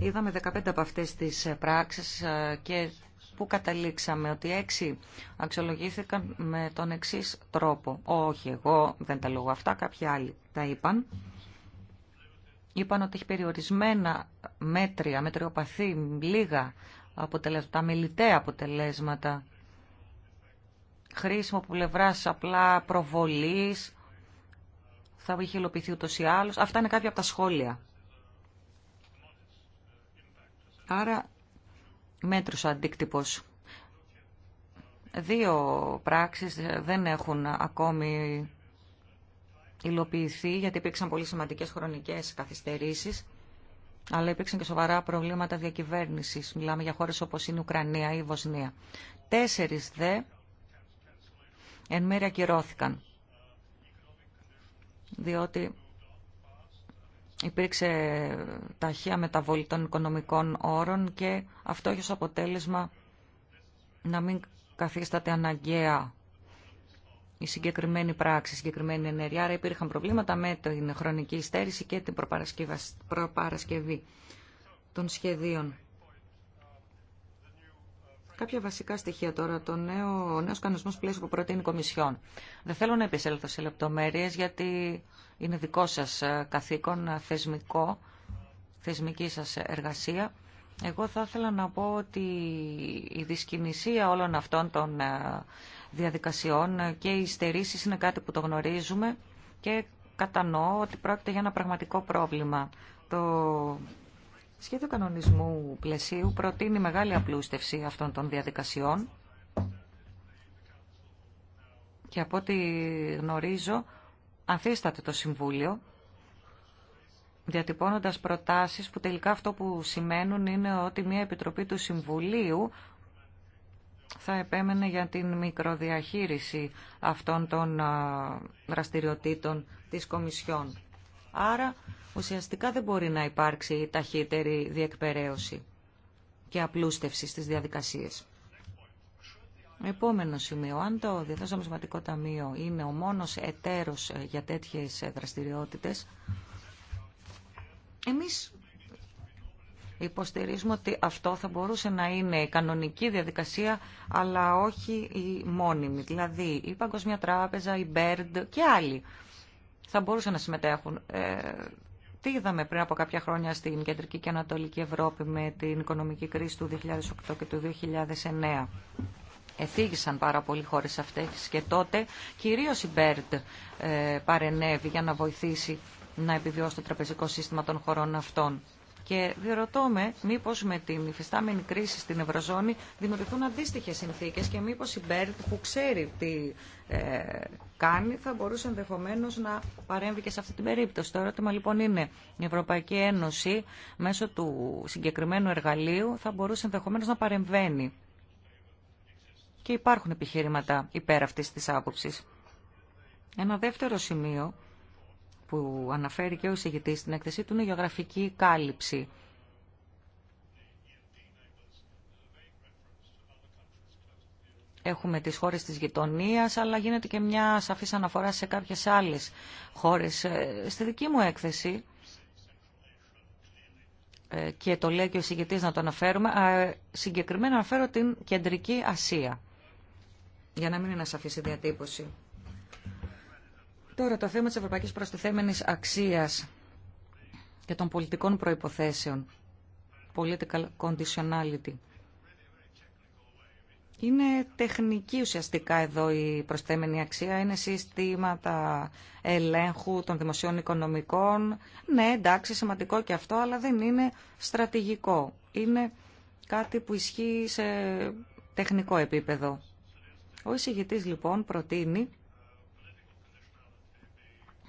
Είδαμε 15 από αυτές τις πράξεις ε, και που καταλήξαμε ότι έξι αξιολογήθηκαν με τον εξής τρόπο. Όχι, εγώ δεν τα λόγω αυτά, κάποιοι άλλοι τα είπαν. Είπαν ότι έχει περιορισμένα μέτρια, μετριοπαθή, λίγα αποτελέσματα, μελιτέα αποτελέσματα. Χρήσιμο που πλευράς απλά προβολής, θα είχε υλοποιηθεί ούτως ή άλλως. Αυτά είναι κάποια από τα σχόλια Άρα μέτρους αντίκτυπος. Δύο πράξεις δεν έχουν ακόμη υλοποιηθεί γιατί υπήρξαν πολύ σημαντικές χρονικές καθυστερήσεις αλλά υπήρξαν και σοβαρά προβλήματα διακυβέρνησης. Μιλάμε για χώρες όπως είναι η Ουκρανία ή η Βοσνία. Τέσσερις δε εν μέρει ακυρώθηκαν διότι υπήρξε ταχεία μεταβολή των οικονομικών όρων και αυτό έχει ως αποτέλεσμα να μην καθίσταται αναγκαία η συγκεκριμένη πράξη, η συγκεκριμένη ενέργεια. Άρα υπήρχαν προβλήματα με την χρονική υστέρηση και την προπαρασκευή των σχεδίων. Κάποια βασικά στοιχεία τώρα, το νέο, ο πλαίσιο που προτείνει η Κομισιόν. Δεν θέλω να επισέλθω σε λεπτομέρειε γιατί είναι δικό σας ε, καθήκον ε, θεσμικό, θεσμική σας εργασία. Εγώ θα ήθελα να πω ότι η δυσκινησία όλων αυτών των ε, διαδικασιών και οι στερήσεις είναι κάτι που το γνωρίζουμε και κατανοώ ότι πρόκειται για ένα πραγματικό πρόβλημα. Το Σχέδιο κανονισμού πλαισίου προτείνει μεγάλη απλούστευση αυτών των διαδικασιών και από ό,τι γνωρίζω ανθίσταται το Συμβούλιο διατυπώνοντας προτάσεις που τελικά αυτό που σημαίνουν είναι ότι μια Επιτροπή του Συμβουλίου θα επέμενε για την μικροδιαχείριση αυτών των δραστηριοτήτων της Κομισιόν. Άρα ουσιαστικά δεν μπορεί να υπάρξει ταχύτερη διεκπαιρέωση και απλούστευση στις διαδικασίες. Επόμενο σημείο, αν το Διεθνές Νομισματικό Ταμείο είναι ο μόνος εταίρος για τέτοιες δραστηριότητες, εμείς υποστηρίζουμε ότι αυτό θα μπορούσε να είναι η κανονική διαδικασία, αλλά όχι η μόνιμη. Δηλαδή, η Παγκοσμία Τράπεζα, η Μπέρντ και άλλοι θα μπορούσαν να συμμετέχουν. Ε, τι είδαμε πριν από κάποια χρόνια στην Κεντρική και Ανατολική Ευρώπη με την οικονομική κρίση του 2008 και του 2009. Εθίγησαν πάρα πολλοί χώρες αυτές και τότε κυρίως η Μπέρντ ε, παρενέβη για να βοηθήσει να επιβιώσει το τραπεζικό σύστημα των χωρών αυτών. Και διερωτώ με μήπως με την υφιστάμενη κρίση στην Ευρωζώνη δημιουργηθούν αντίστοιχε συνθήκε και μήπως η Μπέρντ που ξέρει τι ε, κάνει θα μπορούσε ενδεχομένω να παρέμβει και σε αυτή την περίπτωση. Το ερώτημα λοιπόν είναι η Ευρωπαϊκή Ένωση μέσω του συγκεκριμένου εργαλείου θα μπορούσε ενδεχομένω να παρεμβαίνει. Και υπάρχουν επιχείρηματα υπέρ αυτής της άποψης. Ένα δεύτερο σημείο που αναφέρει και ο εισηγητής στην έκθεσή του είναι γεωγραφική κάλυψη. Έχουμε τις χώρες της γειτονίας, αλλά γίνεται και μια σαφής αναφορά σε κάποιες άλλες χώρες. Ε, στη δική μου έκθεση, ε, και το λέει και ο εισηγητής να το αναφέρουμε, ε, συγκεκριμένα αναφέρω την Κεντρική Ασία, για να μην είναι σαφής η διατύπωση. Τώρα το θέμα της ευρωπαϊκής προστιθέμενης αξίας και των πολιτικών προϋποθέσεων, political conditionality. Είναι τεχνική ουσιαστικά εδώ η προστιθέμενη αξία, είναι συστήματα ελέγχου των δημοσίων οικονομικών. Ναι, εντάξει, σημαντικό και αυτό, αλλά δεν είναι στρατηγικό. Είναι κάτι που ισχύει σε τεχνικό επίπεδο. Ο εισηγητής λοιπόν προτείνει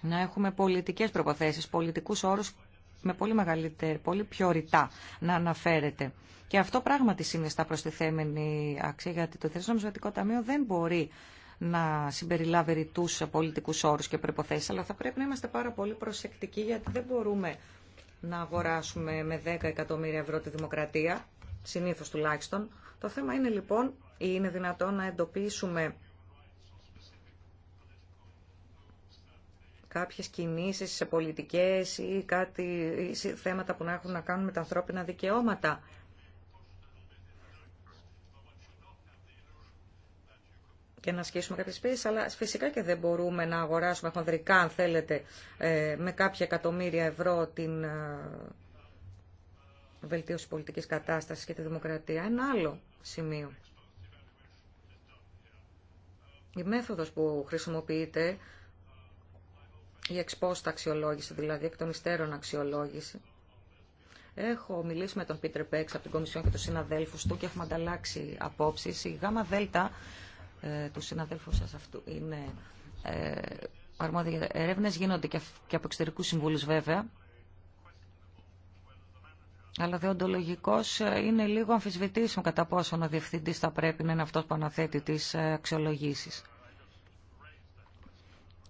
να έχουμε πολιτικές προποθέσεις, πολιτικούς όρους με πολύ μεγαλύτερη, πολύ πιο ρητά να αναφέρεται. Και αυτό πράγματι συνιστά προστιθέμενη αξία, γιατί το Εθνικό Νομισματικό Ταμείο δεν μπορεί να συμπεριλάβει ρητούς πολιτικούς όρους και προποθέσει, αλλά θα πρέπει να είμαστε πάρα πολύ προσεκτικοί, γιατί δεν μπορούμε να αγοράσουμε με 10 εκατομμύρια ευρώ τη δημοκρατία, συνήθω τουλάχιστον. Το θέμα είναι λοιπόν, ή είναι δυνατόν να εντοπίσουμε κάποιες κινήσεις σε πολιτικές ή κάτι, ή θέματα που να έχουν να κάνουν με τα ανθρώπινα δικαιώματα. και να ασκήσουμε κάποιε πίεσει, αλλά φυσικά και δεν μπορούμε να αγοράσουμε χονδρικά, αν θέλετε, ε, με κάποια εκατομμύρια ευρώ την ε, βελτίωση πολιτικής κατάστασης και τη δημοκρατία. Ένα άλλο σημείο. Η μέθοδος που χρησιμοποιείται η εξπόστα αξιολόγηση, δηλαδή εκ των υστέρων αξιολόγηση. Έχω μιλήσει με τον Πίτρε Πέξ από την Κομισιόν και του συναδέλφου του και έχουμε ανταλλάξει απόψει. Η ΓΑΜΑ ΔΕΛΤΑ ε, του συναδέλφου σας αυτού είναι ε, αρμόδια. Έρευνε γίνονται και, από εξωτερικού συμβούλου βέβαια. Αλλά διοντολογικό ε, είναι λίγο αμφισβητήσιμο κατά πόσο ο διευθυντή θα πρέπει να είναι αυτό που αναθέτει τι αξιολογήσει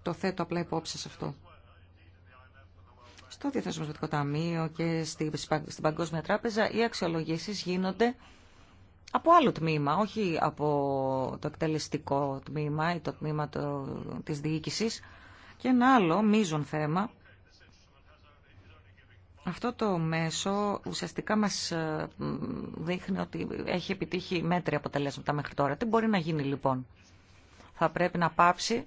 το θέτω απλά υπόψη σε αυτό. Στο Διεθνές Ταμείο και στην Παγκόσμια Τράπεζα οι αξιολογήσεις γίνονται από άλλο τμήμα, όχι από το εκτελεστικό τμήμα ή το τμήμα της διοίκησης. Και ένα άλλο μείζον θέμα, αυτό το μέσο ουσιαστικά μας ε, δείχνει ότι έχει επιτύχει μέτρια αποτελέσματα μέχρι τώρα. Τι μπορεί να γίνει λοιπόν. Θα πρέπει να πάψει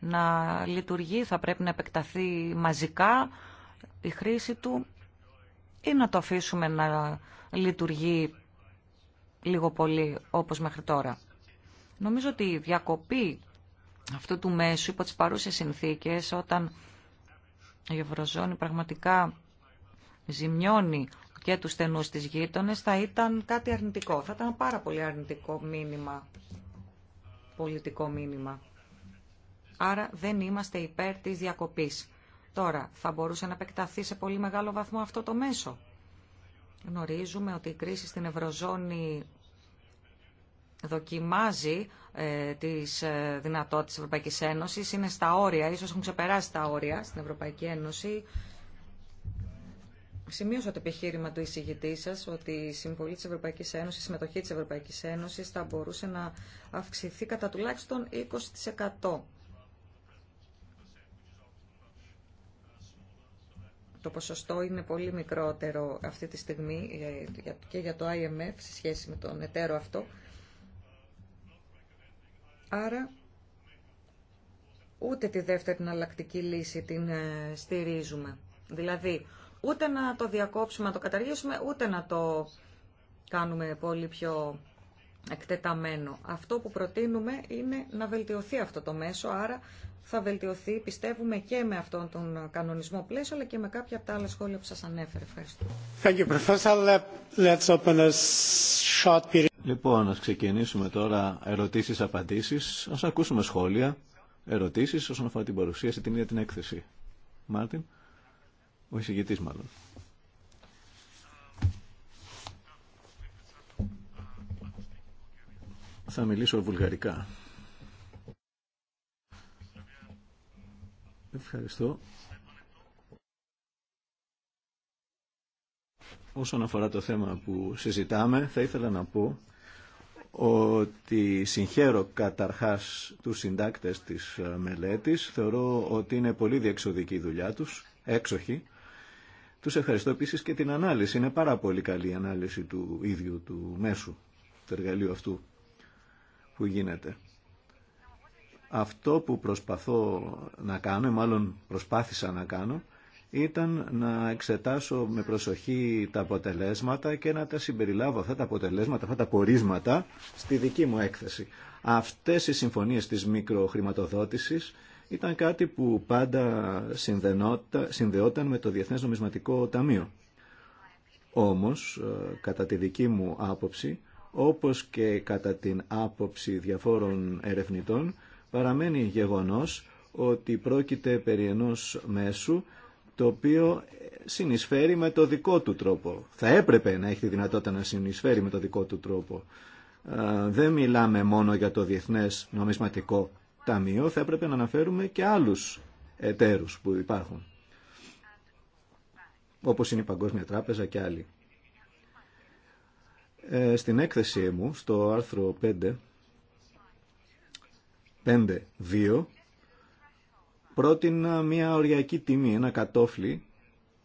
να λειτουργεί, θα πρέπει να επεκταθεί μαζικά η χρήση του ή να το αφήσουμε να λειτουργεί λίγο πολύ όπως μέχρι τώρα. Νομίζω ότι η διακοπή αυτού του μέσου υπό τις παρούσες συνθήκες όταν η Ευρωζώνη πραγματικά ζημιώνει και τους στενούς της γείτονε. θα ήταν κάτι αρνητικό. Θα ήταν πάρα πολύ αρνητικό μήνυμα, πολιτικό μήνυμα άρα δεν είμαστε υπέρ της διακοπής. Τώρα, θα μπορούσε να επεκταθεί σε πολύ μεγάλο βαθμό αυτό το μέσο. Γνωρίζουμε ότι η κρίση στην Ευρωζώνη δοκιμάζει ε, τις ε, δυνατότητες της Ευρωπαϊκής Ένωσης, είναι στα όρια, ίσως έχουν ξεπεράσει τα όρια στην Ευρωπαϊκή Ένωση. Σημείωσα το επιχείρημα του εισηγητή σα ότι η συμβολή τη Ευρωπαϊκή Ένωση, η συμμετοχή τη Ευρωπαϊκή Ένωση θα μπορούσε να αυξηθεί κατά τουλάχιστον 20%. το ποσοστό είναι πολύ μικρότερο αυτή τη στιγμή ε, και για το IMF σε σχέση με τον εταίρο αυτό. Άρα ούτε τη δεύτερη εναλλακτική λύση την ε, στηρίζουμε. Δηλαδή ούτε να το διακόψουμε, να το καταργήσουμε, ούτε να το κάνουμε πολύ πιο εκτεταμένο. Αυτό που προτείνουμε είναι να βελτιωθεί αυτό το μέσο, άρα θα βελτιωθεί, πιστεύουμε, και με αυτόν τον κανονισμό πλαίσιο, αλλά και με κάποια από τα άλλα σχόλια που σας ανέφερε. Ευχαριστώ. Λοιπόν, ας ξεκινήσουμε τώρα ερωτήσεις-απαντήσεις. Ας ακούσουμε σχόλια, ερωτήσεις όσον αφορά την παρουσίαση, την ίδια την έκθεση. Μάρτιν, ο εισηγητής μάλλον. Θα μιλήσω βουλγαρικά. Ευχαριστώ. Όσον αφορά το θέμα που συζητάμε, θα ήθελα να πω ότι συγχαίρω καταρχάς τους συντάκτες της ε, μελέτης. Θεωρώ ότι είναι πολύ διεξοδική η δουλειά τους, έξοχη. Τους ευχαριστώ επίσης και την ανάλυση. Είναι πάρα πολύ καλή η ανάλυση του ίδιου του μέσου, του εργαλείου αυτού που γίνεται. Αυτό που προσπαθώ να κάνω, μάλλον προσπάθησα να κάνω, ήταν να εξετάσω με προσοχή τα αποτελέσματα και να τα συμπεριλάβω αυτά τα αποτελέσματα, αυτά τα πορίσματα στη δική μου έκθεση. Αυτές οι συμφωνίες της μικροχρηματοδότησης ήταν κάτι που πάντα συνδεόταν με το Διεθνές Νομισματικό Ταμείο. Όμως, ε, κατά τη δική μου άποψη, όπως και κατά την άποψη διαφόρων ερευνητών, Παραμένει γεγονός ότι πρόκειται περί ενός μέσου το οποίο συνεισφέρει με το δικό του τρόπο. Θα έπρεπε να έχει τη δυνατότητα να συνεισφέρει με το δικό του τρόπο. Δεν μιλάμε μόνο για το Διεθνές Νομισματικό Ταμείο, θα έπρεπε να αναφέρουμε και άλλους εταίρους που υπάρχουν. Όπως είναι η Παγκόσμια Τράπεζα και άλλοι. Ε, στην έκθεσή μου, στο άρθρο 5, 2. πρότεινα μια οριακή τιμή, ένα κατόφλι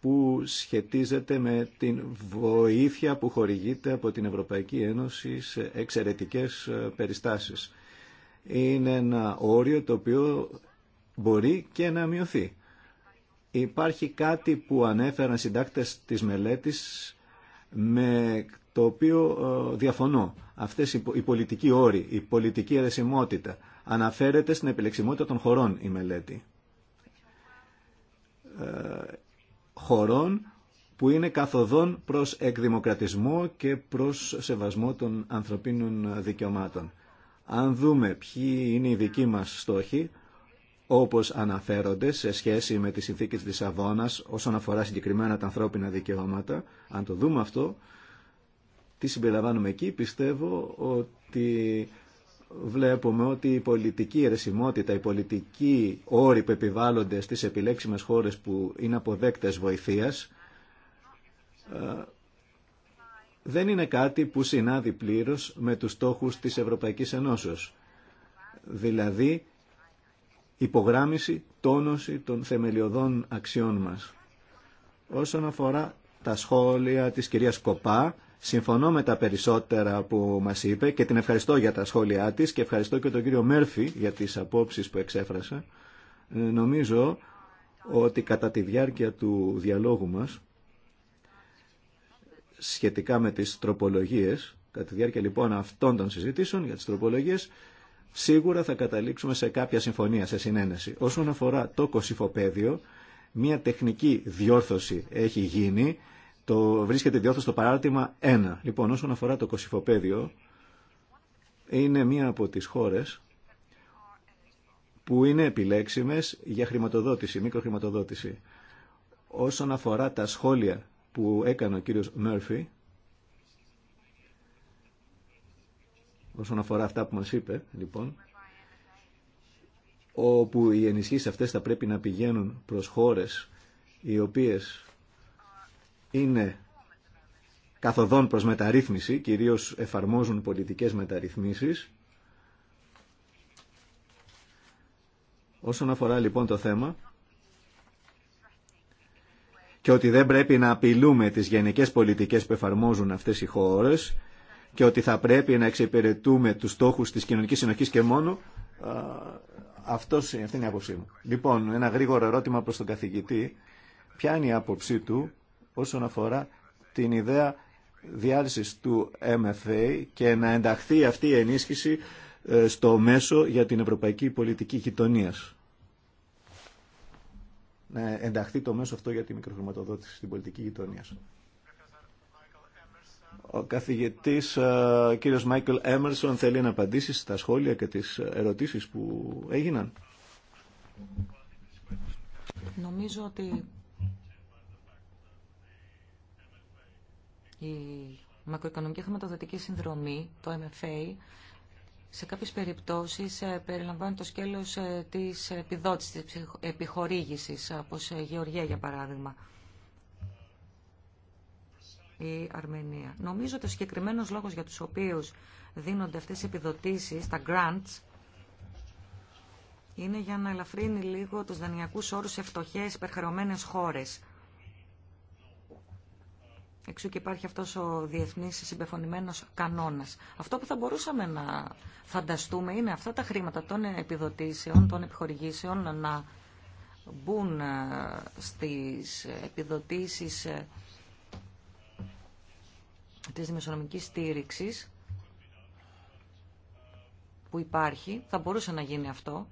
που σχετίζεται με την βοήθεια που χορηγείται από την Ευρωπαϊκή Ένωση σε εξαιρετικές ε, περιστάσεις. Είναι ένα όριο το οποίο μπορεί και να μειωθεί. Υπάρχει κάτι που ανέφεραν συντάκτες της μελέτης με το οποίο ε, διαφωνώ. Αυτές οι πολιτικοί όροι, η πολιτική αιρεσιμότητα, αναφέρεται στην επιλεξιμότητα των χωρών η μελέτη. Ε, χωρών που είναι καθοδόν προς εκδημοκρατισμό και προς σεβασμό των ανθρωπίνων δικαιωμάτων. Αν δούμε ποιοι είναι οι δικοί μας στόχοι, όπως αναφέρονται σε σχέση με τη συνθήκη της Λισαβόνας όσον αφορά συγκεκριμένα τα ανθρώπινα δικαιώματα, αν το δούμε αυτό, τι συμπεριλαμβάνουμε εκεί, πιστεύω ότι βλέπουμε ότι η πολιτική αιρεσιμότητα, οι πολιτικοί όροι που επιβάλλονται στις επιλέξιμες χώρες που είναι αποδέκτες βοηθείας ε, δεν είναι κάτι που συνάδει πλήρως με τους στόχους της Ευρωπαϊκής Ενώσεως. Δηλαδή, υπογράμμιση, τόνωση των θεμελιωδών αξιών μας. Όσον αφορά τα σχόλια της κυρίας Κοπά, Συμφωνώ με τα περισσότερα που μας είπε και την ευχαριστώ για τα σχόλιά της και ευχαριστώ και τον κύριο Μέρφυ για τις απόψεις που εξέφρασε. Ε, νομίζω ότι κατά τη διάρκεια του διαλόγου μας σχετικά με τις τροπολογίες, κατά τη διάρκεια λοιπόν αυτών των συζητήσεων για τις τροπολογίες, σίγουρα θα καταλήξουμε σε κάποια συμφωνία, σε συνένεση. Όσον αφορά το κοσυφοπαίδιο, μια τεχνική διόρθωση έχει γίνει το βρίσκεται διόρθω στο παράρτημα 1. Λοιπόν, όσον αφορά το κοσυφοπέδιο, είναι μία από τις χώρες που είναι επιλέξιμες για χρηματοδότηση, μικροχρηματοδότηση. Όσον αφορά τα σχόλια που έκανε ο κύριος Μέρφυ, όσον αφορά αυτά που μας είπε, λοιπόν, όπου οι ενισχύσεις αυτές θα πρέπει να πηγαίνουν προς χώρες οι οποίες είναι καθοδόν προς μεταρρύθμιση, κυρίως εφαρμόζουν πολιτικές μεταρρυθμίσεις. Όσον αφορά λοιπόν το θέμα και ότι δεν πρέπει να απειλούμε τις γενικές πολιτικές που εφαρμόζουν αυτές οι χώρες και ότι θα πρέπει να εξυπηρετούμε τους στόχους της κοινωνικής συνοχής και μόνο, αυτός, αυτή είναι η άποψή μου. Λοιπόν, ένα γρήγορο ερώτημα προς τον καθηγητή. Ποια είναι η άποψή του όσον αφορά την ιδέα διάλυσης του MFA και να ενταχθεί αυτή η ενίσχυση ε, στο μέσο για την ευρωπαϊκή πολιτική γειτονία. Να ενταχθεί το μέσο αυτό για τη μικροχρηματοδότηση στην πολιτική γειτονία. Ο καθηγητής ε, κύριος Μάικλ Έμερσον θέλει να απαντήσει στα σχόλια και τις ερωτήσεις που έγιναν. Νομίζω ότι Η μακροοικονομική χρηματοδοτική συνδρομή, το MFA, σε κάποιες περιπτώσεις ε, περιλαμβάνει το σκέλος ε, της επιδότησης, της επιχορήγησης, όπως ε, Γεωργία για παράδειγμα η Αρμενία. Νομίζω ότι ο συγκεκριμένο λόγο για του οποίου δίνονται αυτέ οι επιδοτήσει, τα grants, είναι για να ελαφρύνει λίγο του δανειακού όρου σε φτωχέ, υπερχρεωμένε χώρε. Εξού και υπάρχει αυτός ο διεθνής συμπεφωνημένος κανόνας. Αυτό που θα μπορούσαμε να φανταστούμε είναι αυτά τα χρήματα των επιδοτήσεων, των επιχορηγήσεων να μπουν ε, στις επιδοτήσεις ε, της δημοσιονομικής στήριξης που υπάρχει. Θα μπορούσε να γίνει αυτό.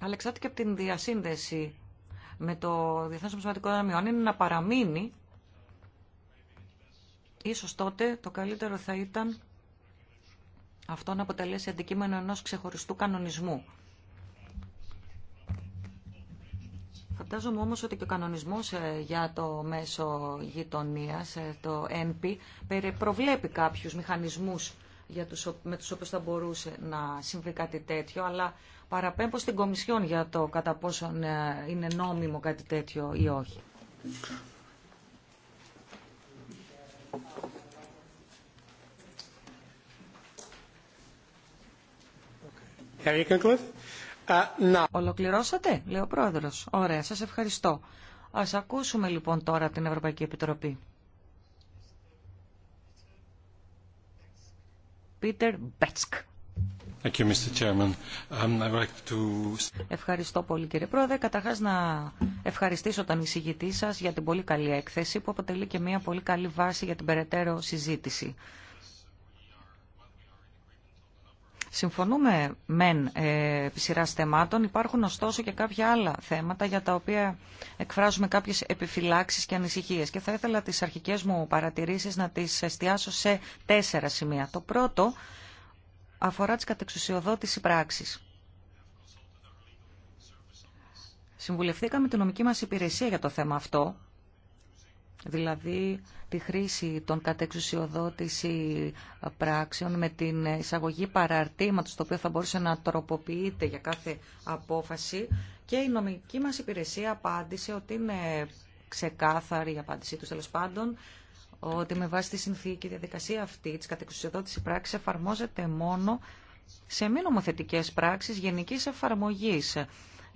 Αλλά και από την διασύνδεση με το Διεθνές Ομισματικό Δαμείο. Αν είναι να παραμείνει, ίσως τότε το καλύτερο θα ήταν αυτό να αποτελέσει αντικείμενο ενός ξεχωριστού κανονισμού. Φαντάζομαι όμως ότι και ο κανονισμός ε, για το μέσο γειτονίας, ε, το ΕΝΠΗ, προβλέπει κάποιους μηχανισμούς για τους, με τους οποίους θα μπορούσε να συμβεί κάτι τέτοιο, αλλά παραπέμπω στην Κομισιόν για το κατά πόσο ε, είναι νόμιμο κάτι τέτοιο ή όχι. Ε, Ολοκληρώσατε, λέει ο Πρόεδρος. Ωραία, σας ευχαριστώ. Ας ακούσουμε λοιπόν τώρα την Ευρωπαϊκή Επιτροπή. Πίτερ Μπέτσκ. Um, Ευχαριστώ πολύ κύριε Πρόεδρε. Καταρχάς να ευχαριστήσω τον εισηγητή σας για την πολύ καλή έκθεση που αποτελεί και μια πολύ καλή βάση για την περαιτέρω συζήτηση. Συμφωνούμε μεν ε, επί σειρά θεμάτων, υπάρχουν ωστόσο και κάποια άλλα θέματα για τα οποία εκφράζουμε κάποιες επιφυλάξεις και ανησυχίες και θα ήθελα τι αρχικέ μου παρατηρήσει να τι εστιάσω σε τέσσερα σημεία. Το πρώτο αφορά τις κατεξουσιοδότηση πράξης. Συμβουλευθήκαμε την νομική μας υπηρεσία για το θέμα αυτό, δηλαδή τη χρήση των κατεξουσιοδότηση πράξεων με την εισαγωγή παραρτήματος, το οποίο θα μπορούσε να τροποποιείται για κάθε απόφαση και η νομική μας υπηρεσία απάντησε ότι είναι ξεκάθαρη η απάντησή τους τέλο πάντων ότι με βάση τη συνθήκη η διαδικασία αυτή τη κατεξουσιοδότηση πράξη εφαρμόζεται μόνο σε μη νομοθετικέ πράξει γενικής εφαρμογή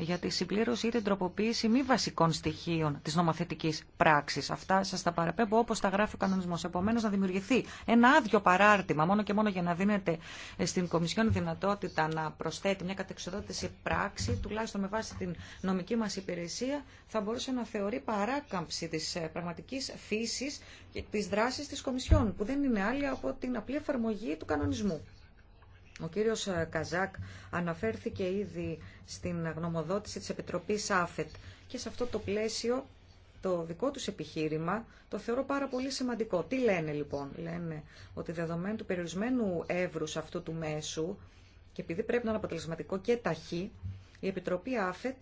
για τη συμπλήρωση ή την τροποποίηση μη βασικών στοιχείων τη νομοθετική πράξη. Αυτά σα τα παραπέμπω όπω τα γράφει ο κανονισμό. Επομένω, να δημιουργηθεί ένα άδειο παράρτημα μόνο και μόνο για να δίνεται στην Κομισιόν δυνατότητα να προσθέτει μια κατεξοδότηση πράξη, τουλάχιστον με βάση την νομική μα υπηρεσία, θα μπορούσε να θεωρεί παράκαμψη τη ε, πραγματική φύση και τη δράση της Κομισιόν, που δεν είναι άλλη από την απλή εφαρμογή του κανονισμού. Ο κύριος ε, Καζάκ αναφέρθηκε ήδη στην γνωμοδότηση της Επιτροπής ΑΦΕΤ και σε αυτό το πλαίσιο το δικό τους επιχείρημα το θεωρώ πάρα πολύ σημαντικό. Τι λένε λοιπόν, λένε ότι δεδομένου του περιορισμένου εύρους αυτού του μέσου και επειδή πρέπει να είναι αποτελεσματικό και ταχύ, η Επιτροπή ΑΦΕΤ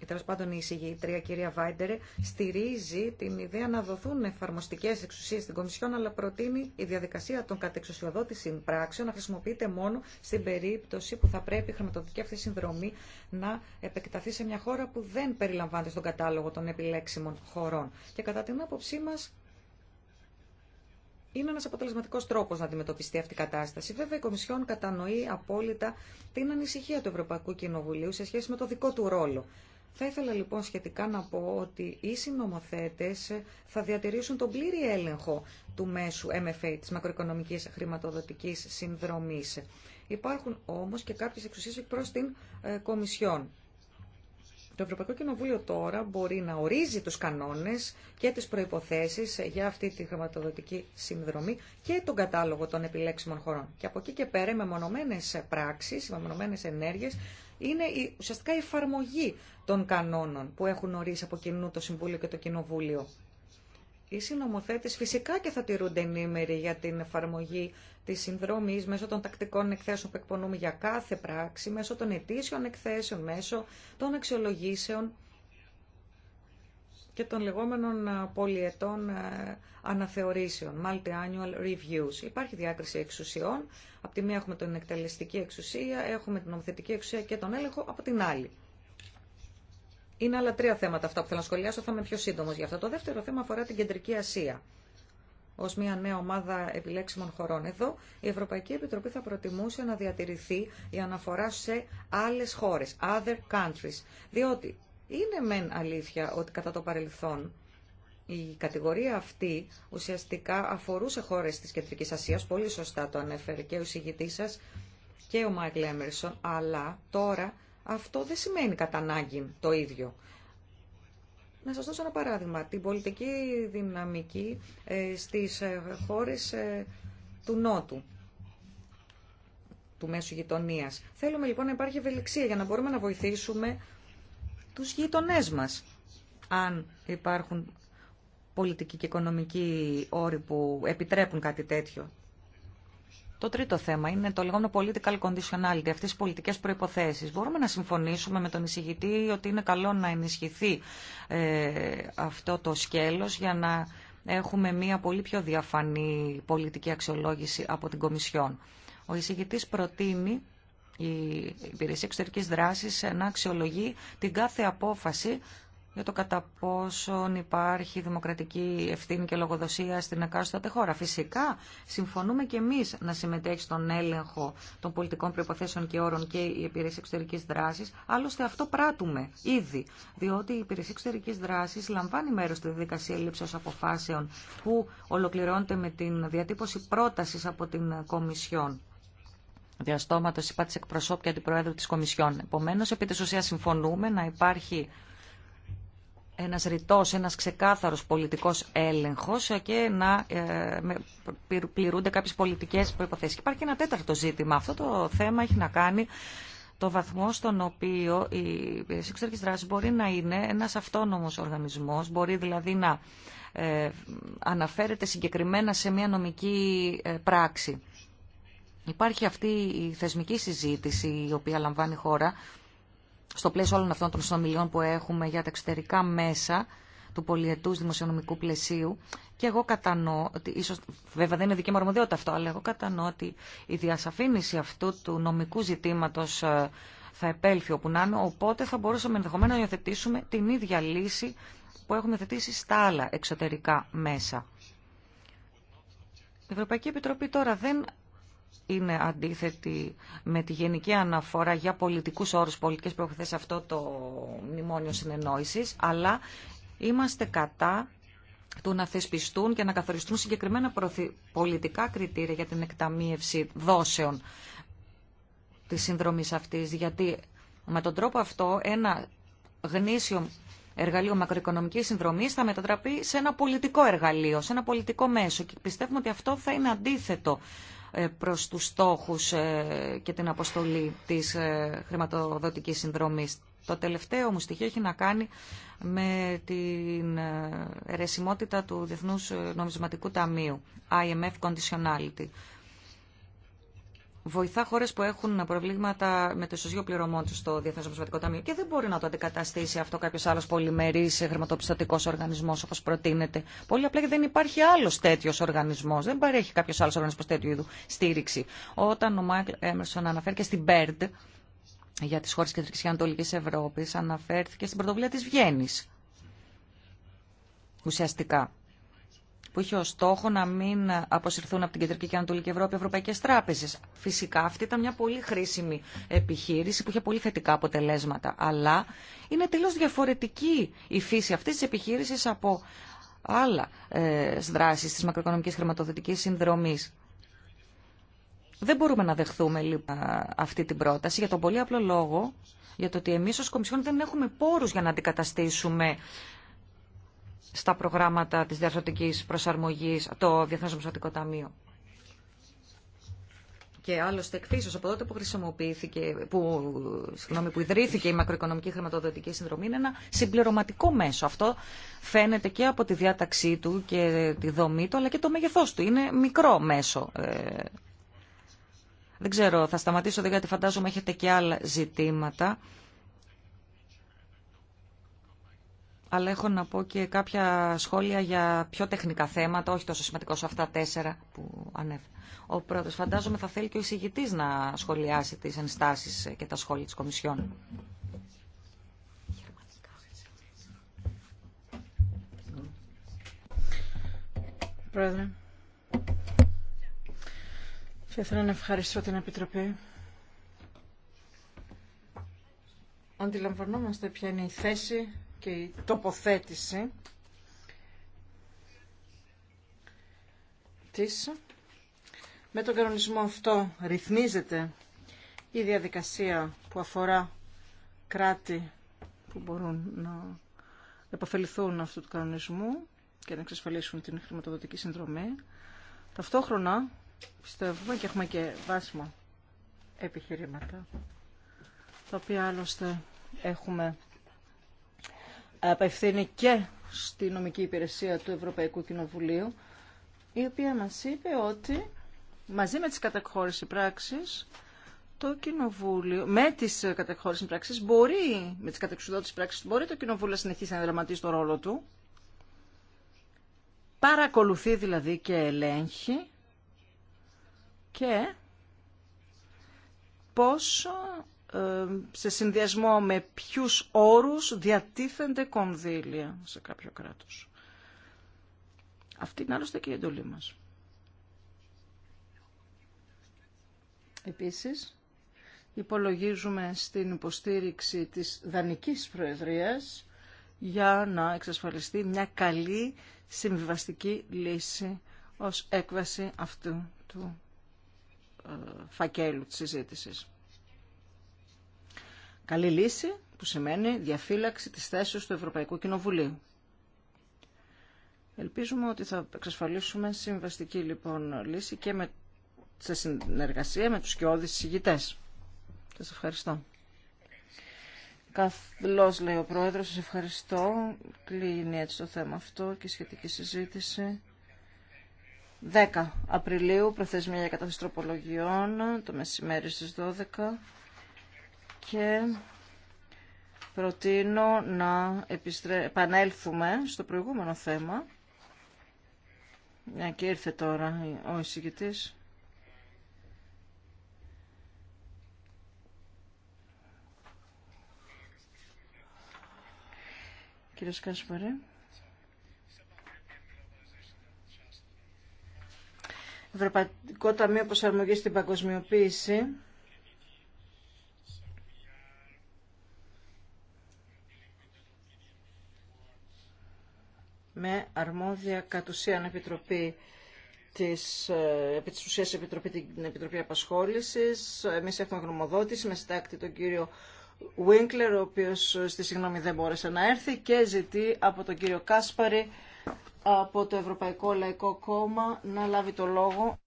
ή τέλο πάντων η εισηγήτρια, κυρία Βάιντερε, στηρίζει την ιδέα να δοθούν εφαρμοστικέ εξουσίε στην Κομισιόν, αλλά προτείνει η διαδικασία των κατεξουσιοδότηση πράξεων να χρησιμοποιείται μόνο στην περίπτωση που θα πρέπει η χρηματοδοτική αυτή συνδρομή να επεκταθεί σε μια χώρα που δεν περιλαμβάνεται στον κατάλογο των επιλέξιμων χωρών. Και κατά την άποψή μα, είναι ένα αποτελεσματικό τρόπο να αντιμετωπιστεί αυτή η κατάσταση. Βέβαια, η Κομισιόν κατανοεί απόλυτα την ανησυχία του Ευρωπαϊκού Κοινοβουλίου σε σχέση με το δικό του ρόλο θα ήθελα λοιπόν σχετικά να πω ότι οι συνομοθέτες θα διατηρήσουν τον πλήρη έλεγχο του μέσου MFA, της μακροοικονομικής χρηματοδοτικής συνδρομής. Υπάρχουν όμως και κάποιες εξουσίες προς την ε, Κομισιόν. Το Ευρωπαϊκό Κοινοβούλιο τώρα μπορεί να ορίζει τους κανόνες και τις προϋποθέσεις για αυτή τη χρηματοδοτική συνδρομή και τον κατάλογο των επιλέξιμων χωρών. Και από εκεί και πέρα, με μονομένες πράξεις, με μονομένες ενέργειες, είναι η, ουσιαστικά η εφαρμογή των κανόνων που έχουν ορίσει από κοινού το Συμβούλιο και το Κοινοβούλιο. Οι συνομοθέτες φυσικά και θα τηρούνται ενήμεροι για την εφαρμογή τη συνδρομή μέσω των τακτικών εκθέσεων που εκπονούμε για κάθε πράξη, μέσω των ετήσιων εκθέσεων, μέσω των αξιολογήσεων και των λεγόμενων ε, πολιετών ε, αναθεωρήσεων, multi-annual reviews. Υπάρχει διάκριση εξουσιών. Από τη μία έχουμε την εκτελεστική εξουσία, έχουμε την νομοθετική εξουσία και τον έλεγχο από την άλλη. Είναι άλλα τρία θέματα αυτά που θέλω να σχολιάσω, θα είμαι πιο σύντομο για αυτό. Το δεύτερο θέμα αφορά την Κεντρική Ασία ω μια νέα ομάδα επιλέξιμων χωρών. Εδώ η Ευρωπαϊκή Επιτροπή θα προτιμούσε να διατηρηθεί η αναφορά σε άλλε χώρε, other countries. Διότι είναι μεν αλήθεια ότι κατά το παρελθόν η κατηγορία αυτή ουσιαστικά αφορούσε χώρες της Κεντρικής Ασίας, πολύ σωστά το ανέφερε και ο συγητής σας και ο Μάικλ Έμερσον, αλλά τώρα αυτό δεν σημαίνει κατά ανάγκη το ίδιο. Να σας δώσω ένα παράδειγμα. Την πολιτική δυναμική ε, στις ε, χώρες ε, του Νότου, του Μέσου Γειτονίας. Θέλουμε λοιπόν να υπάρχει ευελιξία για να μπορούμε να βοηθήσουμε τους γείτονές μας, αν υπάρχουν πολιτικοί και οικονομικοί όροι που επιτρέπουν κάτι τέτοιο. Το τρίτο θέμα είναι το λεγόμενο political conditionality, αυτές οι πολιτικές προϋποθέσεις. Μπορούμε να συμφωνήσουμε με τον εισηγητή ότι είναι καλό να ενισχυθεί ε, αυτό το σκέλος για να έχουμε μια πολύ πιο διαφανή πολιτική αξιολόγηση από την Κομισιόν. Ο εισηγητής προτείνει η Υπηρεσία Εξωτερικής Δράσης να αξιολογεί την κάθε απόφαση για το κατά πόσον υπάρχει δημοκρατική ευθύνη και λογοδοσία στην εκάστοτε χώρα. Φυσικά, συμφωνούμε και εμεί να συμμετέχει στον έλεγχο των πολιτικών προποθέσεων και όρων και η Υπηρεσία Εξωτερική Δράση. Άλλωστε, αυτό πράττουμε ήδη, διότι η Υπηρεσία Εξωτερική Δράση λαμβάνει μέρο στη διαδικασία λήψεω αποφάσεων που ολοκληρώνεται με την διατύπωση πρόταση από την Κομισιόν διαστόματο υπά τη εκπροσώπου και αντιπροέδρου τη Κομισιόν. Επομένω, επί τη ουσία συμφωνούμε να υπάρχει ένα ρητό, ένα ξεκάθαρο πολιτικό έλεγχο και να ε, πληρούνται κάποιε πολιτικέ προϋποθέσεις. υπάρχει και ένα τέταρτο ζήτημα. Αυτό το θέμα έχει να κάνει το βαθμό στον οποίο η εξωτερική δράση μπορεί να είναι ένα αυτόνομο οργανισμό, μπορεί δηλαδή να ε, αναφέρεται συγκεκριμένα σε μια νομική ε, πράξη. Υπάρχει αυτή η θεσμική συζήτηση η οποία λαμβάνει η χώρα στο πλαίσιο όλων αυτών των συνομιλιών που έχουμε για τα εξωτερικά μέσα του πολιετού δημοσιονομικού πλαισίου. Και εγώ κατανοώ ότι, ίσω βέβαια δεν είναι δική μου αρμοδιότητα αυτό, αλλά εγώ κατανοώ ότι η διασαφήνιση αυτού του νομικού ζητήματο ε, θα επέλθει όπου να είναι, οπότε θα μπορούσαμε ενδεχομένω να υιοθετήσουμε την ίδια λύση που έχουμε υιοθετήσει στα άλλα εξωτερικά μέσα. Η Ευρωπαϊκή Επιτροπή τώρα δεν είναι αντίθετη με τη γενική αναφορά για πολιτικούς όρους, πολιτικές σε αυτό το μνημόνιο συνεννόησης, αλλά είμαστε κατά του να θεσπιστούν και να καθοριστούν συγκεκριμένα πολιτικά κριτήρια για την εκταμείευση δόσεων της συνδρομής αυτής, γιατί με τον τρόπο αυτό ένα γνήσιο εργαλείο μακροοικονομικής συνδρομής θα μετατραπεί σε ένα πολιτικό εργαλείο, σε ένα πολιτικό μέσο και πιστεύουμε ότι αυτό θα είναι αντίθετο ε, προς τους στόχους ε, και την αποστολή της ε, χρηματοδοτικής συνδρομής. Το τελευταίο μου στοιχείο έχει να κάνει με την ερεσιμότητα του Διεθνούς Νομισματικού Ταμείου, IMF Conditionality βοηθά χώρε που έχουν προβλήματα με το ισοζύγιο πληρωμών του στο Διεθνέ Νομισματικό Ταμείο και δεν μπορεί να το αντικαταστήσει αυτό κάποιο άλλο πολυμερή χρηματοπιστωτικό οργανισμό όπω προτείνεται. Πολύ απλά γιατί δεν υπάρχει άλλο τέτοιο οργανισμό. Δεν παρέχει κάποιο άλλο οργανισμό τέτοιου είδου στήριξη. Όταν ο Μάικλ Έμερσον αναφέρει και στην BERD για τι χώρε Κεντρική και Ανατολική Ευρώπη, αναφέρθηκε στην πρωτοβουλία τη Βιέννη. Ουσιαστικά που είχε ω στόχο να μην αποσυρθούν από την Κεντρική και Ανατολική Ευρώπη ευρωπαϊκέ τράπεζε. Φυσικά αυτή ήταν μια πολύ χρήσιμη επιχείρηση που είχε πολύ θετικά αποτελέσματα. Αλλά είναι τελείως διαφορετική η φύση αυτή τη επιχείρηση από άλλα ε, δράσεις της μακροοικονομικής χρηματοδοτικής συνδρομής. Δεν μπορούμε να δεχθούμε λοιπόν, αυτή την πρόταση για τον πολύ απλό λόγο για το ότι εμείς ως Κομισιόν δεν έχουμε πόρους για να αντικαταστήσουμε στα προγράμματα της διαρθρωτικής προσαρμογής, το Διεθνές Ομισματικό Ταμείο. Και άλλωστε εκφίσως από τότε που χρησιμοποιήθηκε, που, που ιδρύθηκε η μακροοικονομική χρηματοδοτική συνδρομή είναι ένα συμπληρωματικό μέσο. Αυτό φαίνεται και από τη διάταξή του και τη δομή του, αλλά και το μέγεθός του. Είναι μικρό μέσο. Ε, δεν ξέρω, θα σταματήσω γιατί φαντάζομαι έχετε και άλλα ζητήματα. αλλά έχω να πω και κάποια σχόλια για πιο τεχνικά θέματα, όχι τόσο σημαντικό σε αυτά τέσσερα που ανέφερα. Ο πρώτος, φαντάζομαι, θα θέλει και ο εισηγητής να σχολιάσει τις ενστάσεις και τα σχόλια της Κομισιόν. Πρόεδρε, θα ήθελα να ευχαριστώ την Επιτροπή. Αντιλαμβανόμαστε ποια είναι η θέση και η τοποθέτηση της. Με τον κανονισμό αυτό ρυθμίζεται η διαδικασία που αφορά κράτη που μπορούν να επαφεληθούν αυτού του κανονισμού και να εξασφαλίσουν την χρηματοδοτική συνδρομή. Ταυτόχρονα πιστεύουμε και έχουμε και βάσιμα επιχειρήματα, τα οποία άλλωστε έχουμε απευθύνει και στη νομική υπηρεσία του Ευρωπαϊκού Κοινοβουλίου, η οποία μας είπε ότι μαζί με τις καταχώρηση πράξεις, το Κοινοβούλιο, με τις καταχώρηση πράξεις, μπορεί, με τις κατεξουδότητες πράξεις, μπορεί το Κοινοβούλιο να συνεχίσει να δραματίσει το ρόλο του, παρακολουθεί δηλαδή και ελέγχει και πόσο σε συνδυασμό με ποιους όρους διατίθενται κονδύλια σε κάποιο κράτος. Αυτή είναι άλλωστε και η εντολή μας. Επίσης, υπολογίζουμε στην υποστήριξη της δανικής προεδρίας για να εξασφαλιστεί μια καλή συμβιβαστική λύση ως έκβαση αυτού του ε, φακέλου της συζήτησης. Καλή λύση που σημαίνει διαφύλαξη της θέσης του Ευρωπαϊκού Κοινοβουλίου. Ελπίζουμε ότι θα εξασφαλίσουμε συμβαστική λοιπόν λύση και με, σε συνεργασία με τους κοιόδης συγητές. Σας ευχαριστώ. Καθλώς λέει ο Πρόεδρος, σας ευχαριστώ. Κλείνει έτσι το θέμα αυτό και η σχετική συζήτηση. 10 Απριλίου, προθεσμία για καταστροπολογιών, το μεσημέρι στις 12 και προτείνω να επιστρέ... επανέλθουμε στο προηγούμενο θέμα. Ναι, και ήρθε τώρα ο εισηγητής. Κύριε Κάσπαρη. Ευρωπαϊκό Ταμείο Προσαρμογής στην Παγκοσμιοποίηση. με αρμόδια κατ' ουσίαν επιτροπή της, ε, επί της ουσίας επιτροπή, την Επιτροπή Απασχόλησης. Εμείς έχουμε γνωμοδότηση με συντάκτη τον κύριο Winkler, ο οποίος ε, στη συγγνώμη δεν μπόρεσε να έρθει και ζητεί από τον κύριο Κάσπαρη από το Ευρωπαϊκό Λαϊκό Κόμμα να λάβει το λόγο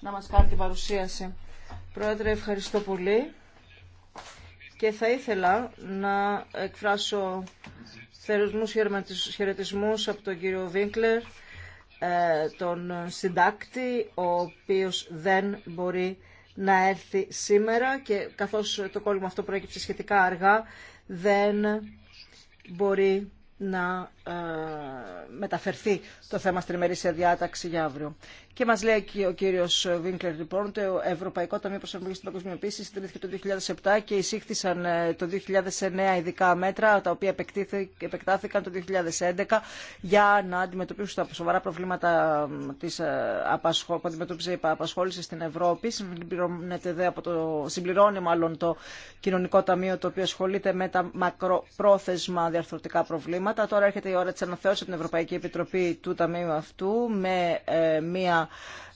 να μας κάνει την παρουσίαση. Πρόεδρε, ευχαριστώ πολύ και θα ήθελα να εκφράσω θερμούς χαιρετισμούς από τον κύριο Βίνκλερ, ε, τον συντάκτη, ο οποίος δεν μπορεί να έρθει σήμερα και καθώς το κόλλημα αυτό προέκυψε σχετικά αργά, δεν μπορεί να ε, μεταφερθεί το θέμα στην ημερήσια διάταξη για αύριο. Και μα λέει και ο κύριο Βίνκλερ, λοιπόν, το Ευρωπαϊκό Ταμείο Προσαρμογή στην Παγκοσμιοποίηση συντηρήθηκε το 2007 και εισήχθησαν ε, το 2009 ειδικά μέτρα, τα οποία επεκτάθηκαν το 2011 για να αντιμετωπίσουν τα σοβαρά προβλήματα της ε, απασχο... που αντιμετώπιζε η απασχόληση στην Ευρώπη. Δε το... Συμπληρώνει μάλλον το Κοινωνικό Ταμείο, το οποίο ασχολείται με τα μακροπρόθεσμα διαρθρωτικά προβλήματα θέματα. Τώρα έρχεται η ώρα της αναθεώρησης από την Ευρωπαϊκή Επιτροπή του Ταμείου αυτού με ε, μία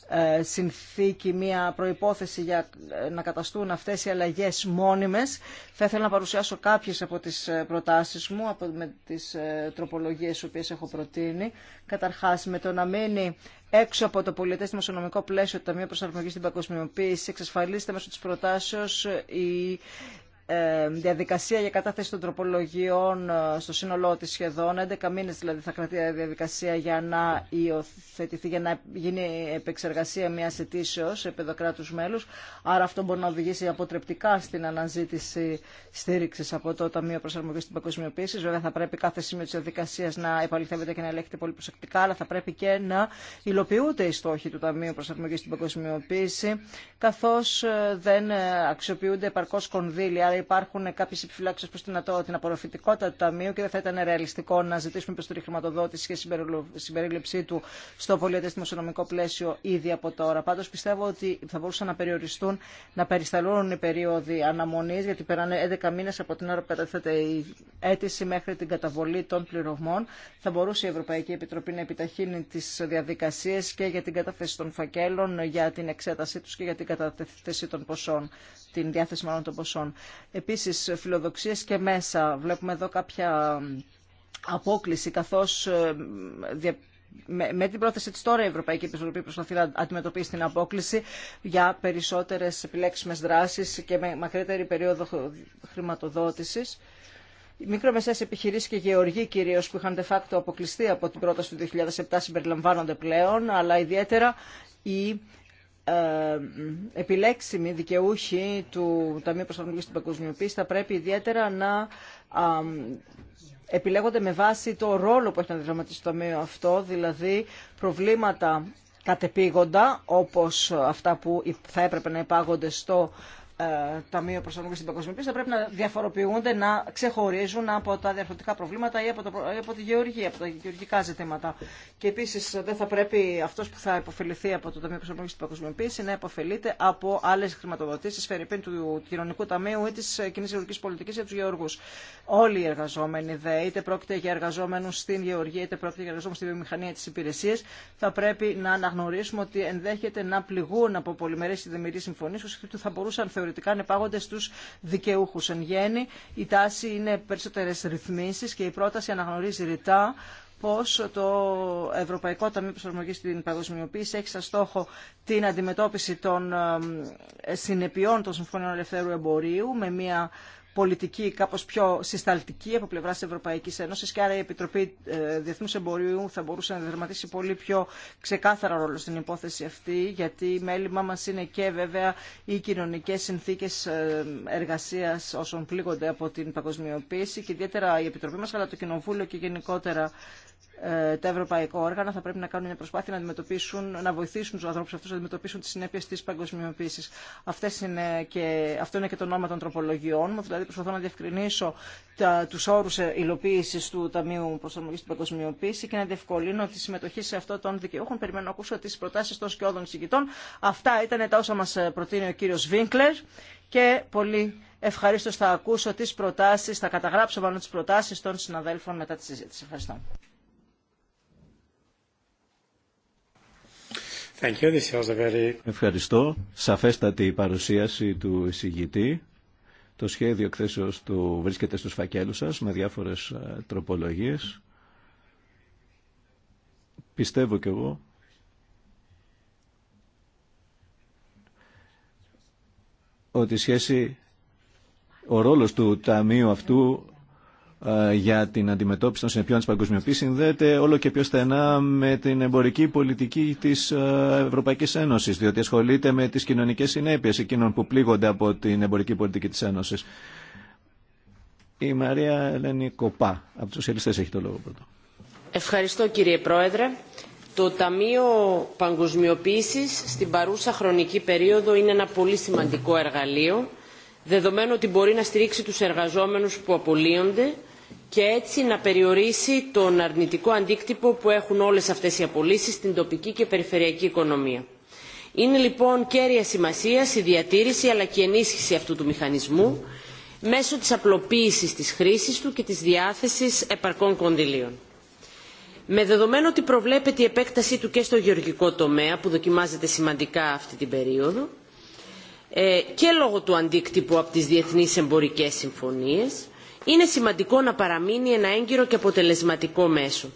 ε, συνθήκη, μία προϋπόθεση για ε, να καταστούν αυτές οι αλλαγές μόνιμες. Θα ήθελα να παρουσιάσω κάποιες από τις προτάσεις μου, από με τις τροπολογίες που έχω προτείνει. Καταρχάς, με το να μείνει έξω από το πολιτές δημοσιονομικό πλαίσιο του Ταμείου Προσαρμογής στην Παγκοσμιοποίηση, εξασφαλίστε μέσω τη προτάσεω. η ε, διαδικασία για κατάθεση των τροπολογιών ε, στο σύνολό της σχεδόν. 11 μήνες δηλαδή θα κρατεί η διαδικασία για να υιοθετηθεί, για να γίνει επεξεργασία μιας αιτήσεως σε παιδοκράτους μέλους. Άρα αυτό μπορεί να οδηγήσει αποτρεπτικά στην αναζήτηση στήριξης από το Ταμείο Προσαρμογής στην Παγκοσμιοποίησης Βέβαια θα πρέπει κάθε σημείο της διαδικασίας να επαληθεύεται και να ελέγχεται πολύ προσεκτικά, αλλά θα πρέπει και να υλοποιούνται οι στόχοι του Ταμείου Προσαρμογής στην Παγκοσμιοποίησης καθώς ε, δεν αξιοποιούνται επαρκώς κονδύλια υπάρχουν κάποιε επιφυλάξει προ την απορροφητικότητα του Ταμείου και δεν θα ήταν ρεαλιστικό να ζητήσουμε προ χρηματοδότηση και συμπερίληψή του στο πολιετέ δημοσιονομικό πλαίσιο ήδη από τώρα. Πάντω πιστεύω ότι θα μπορούσαν να περιοριστούν, να περισταλούν οι περίοδοι αναμονή, γιατί περάνε 11 μήνε από την ώρα που καταθέται η αίτηση μέχρι την καταβολή των πληρωμών. Θα μπορούσε η Ευρωπαϊκή Επιτροπή να επιταχύνει τι διαδικασίε και για την κατάθεση των φακέλων, για την εξέτασή του και για την κατάθεση των ποσών, την διάθεση μάλλον των ποσών. Επίσης φιλοδοξίες και μέσα. Βλέπουμε εδώ κάποια απόκληση καθώς ε, με την πρόθεση της τώρα η Ευρωπαϊκή Επιτροπή προσπαθεί να αντιμετωπίσει την απόκληση για περισσότερες επιλέξιμες δράσεις και με μακρύτερη περίοδο χρηματοδότησης. Οι μικρομεσαίες επιχειρήσεις και γεωργοί κυρίως που είχαν de facto αποκλειστεί από την πρόταση του 2007 συμπεριλαμβάνονται πλέον, αλλά ιδιαίτερα οι ε, επιλέξιμοι δικαιούχοι του Ταμείου Προσαρμογής στην Παγκοσμιοποίηση θα πρέπει ιδιαίτερα να επιλέγονται με βάση το ρόλο που έχει να διδραματίσει το Ταμείο αυτό, δηλαδή προβλήματα κατεπήγοντα, όπως αυτά που θα έπρεπε να υπάγονται στο ε, Ταμείο Προσαρμογή στην Παγκοσμιοποίηση θα πρέπει να διαφοροποιούνται, να ξεχωρίζουν από τα διαφορετικά προβλήματα ή από, το, ή από τη γεωργία, από τα γεωργικά ζητήματα. Και επίση ε, δεν θα πρέπει αυτό που θα υποφεληθεί από το Ταμείο Προσαρμογή στην Παγκοσμιοποίηση να υποφελείται από άλλε χρηματοδοτήσει, φερειπίν του Κοινωνικού Ταμείου ή τη ε, Κοινή Γεωργική Πολιτική για του γεωργού. Όλοι οι εργαζόμενοι δε, είτε πρόκειται για εργαζόμενου στην γεωργία, είτε πρόκειται για εργαζόμενου στη βιομηχανία τη υπηρεσία, θα πρέπει να αναγνωρίσουμε ότι ενδέχεται να πληγούν από πολυμερέ ή συμφωνίε, θα μπορούσαν θεωρητικά ανεπάγονται στου δικαιούχου. Εν γέννη, η τάση είναι περισσότερε ρυθμίσει και η πρόταση αναγνωρίζει ρητά πω το Ευρωπαϊκό Ταμείο Προσαρμογή στην Παγκοσμιοποίηση έχει σαν στόχο την αντιμετώπιση των ε, συνεπειών των Συμφωνίων Ελευθέρου Εμπορίου με μια πολιτική κάπως πιο συσταλτική από πλευράς Ευρωπαϊκής Ένωσης και άρα η Επιτροπή ε, Διεθνούς Εμπορίου θα μπορούσε να δερματίσει πολύ πιο ξεκάθαρα ρόλο στην υπόθεση αυτή γιατί η μέλημά μας είναι και βέβαια οι κοινωνικές συνθήκες ε, εργασίας όσων πλήγονται από την παγκοσμιοποίηση και ιδιαίτερα η Επιτροπή μας αλλά το Κοινοβούλιο και γενικότερα ε, τα ευρωπαϊκά όργανα θα πρέπει να κάνουν μια προσπάθεια να, αντιμετωπίσουν, να βοηθήσουν του ανθρώπου αυτού να αντιμετωπίσουν τι συνέπειε τη παγκοσμιοποίηση. Αυτό είναι και το νόημα των τροπολογιών μου, δηλαδή προσπαθώ να διευκρινίσω του όρου ε, υλοποίηση του Ταμείου Προσαρμογή στην Παγκοσμιοποίηση και να διευκολύνω τη συμμετοχή σε αυτό των δικαιούχων. Περιμένω να ακούσω τι προτάσει των σκιώδων συγκητών. Αυτά ήταν τα όσα μα ε, προτείνει ο κύριο Βίνκλερ και πολύ ευχαρίστω θα ακούσω τι προτάσει, θα καταγράψω μάλλον τι προτάσει των συναδέλφων μετά τη συζήτηση. Ευχαριστώ. Ευχαριστώ. Σαφέστατη η παρουσίαση του εισηγητή. Το σχέδιο εκθέσεως του βρίσκεται στους φακέλους σας με διάφορες ε, τροπολογίες. Πιστεύω κι εγώ ότι η σχέση, ο ρόλος του ταμείου αυτού ε, για την αντιμετώπιση των συνεπειών της παγκοσμιοποίησης συνδέεται όλο και πιο στενά με την εμπορική πολιτική της ε, Ευρωπαϊκής Ένωσης, διότι ασχολείται με τις κοινωνικές συνέπειες εκείνων που πλήγονται από την εμπορική πολιτική της Ένωσης. Η Μαρία Ελένη Κοπά, από τους Σοσιαλιστές έχει το λόγο πρώτο. Ευχαριστώ κύριε Πρόεδρε. Το Ταμείο Παγκοσμιοποίησης στην παρούσα χρονική περίοδο είναι ένα πολύ σημαντικό εργαλείο δεδομένου ότι μπορεί να στηρίξει τους εργαζόμενους που απολύονται και έτσι να περιορίσει τον αρνητικό αντίκτυπο που έχουν όλες αυτές οι απολύσεις στην τοπική και περιφερειακή οικονομία. Είναι λοιπόν κέρια σημασία η διατήρηση αλλά και η ενίσχυση αυτού του μηχανισμού μέσω της απλοποίησης της χρήσης του και της διάθεσης επαρκών κονδυλίων. Με δεδομένο ότι προβλέπεται η επέκτασή του και στο γεωργικό τομέα που δοκιμάζεται σημαντικά αυτή την περίοδο ε, και λόγω του αντίκτυπου από τις διεθνείς εμπορικές συμφωνίες είναι σημαντικό να παραμείνει ένα έγκυρο και αποτελεσματικό μέσο.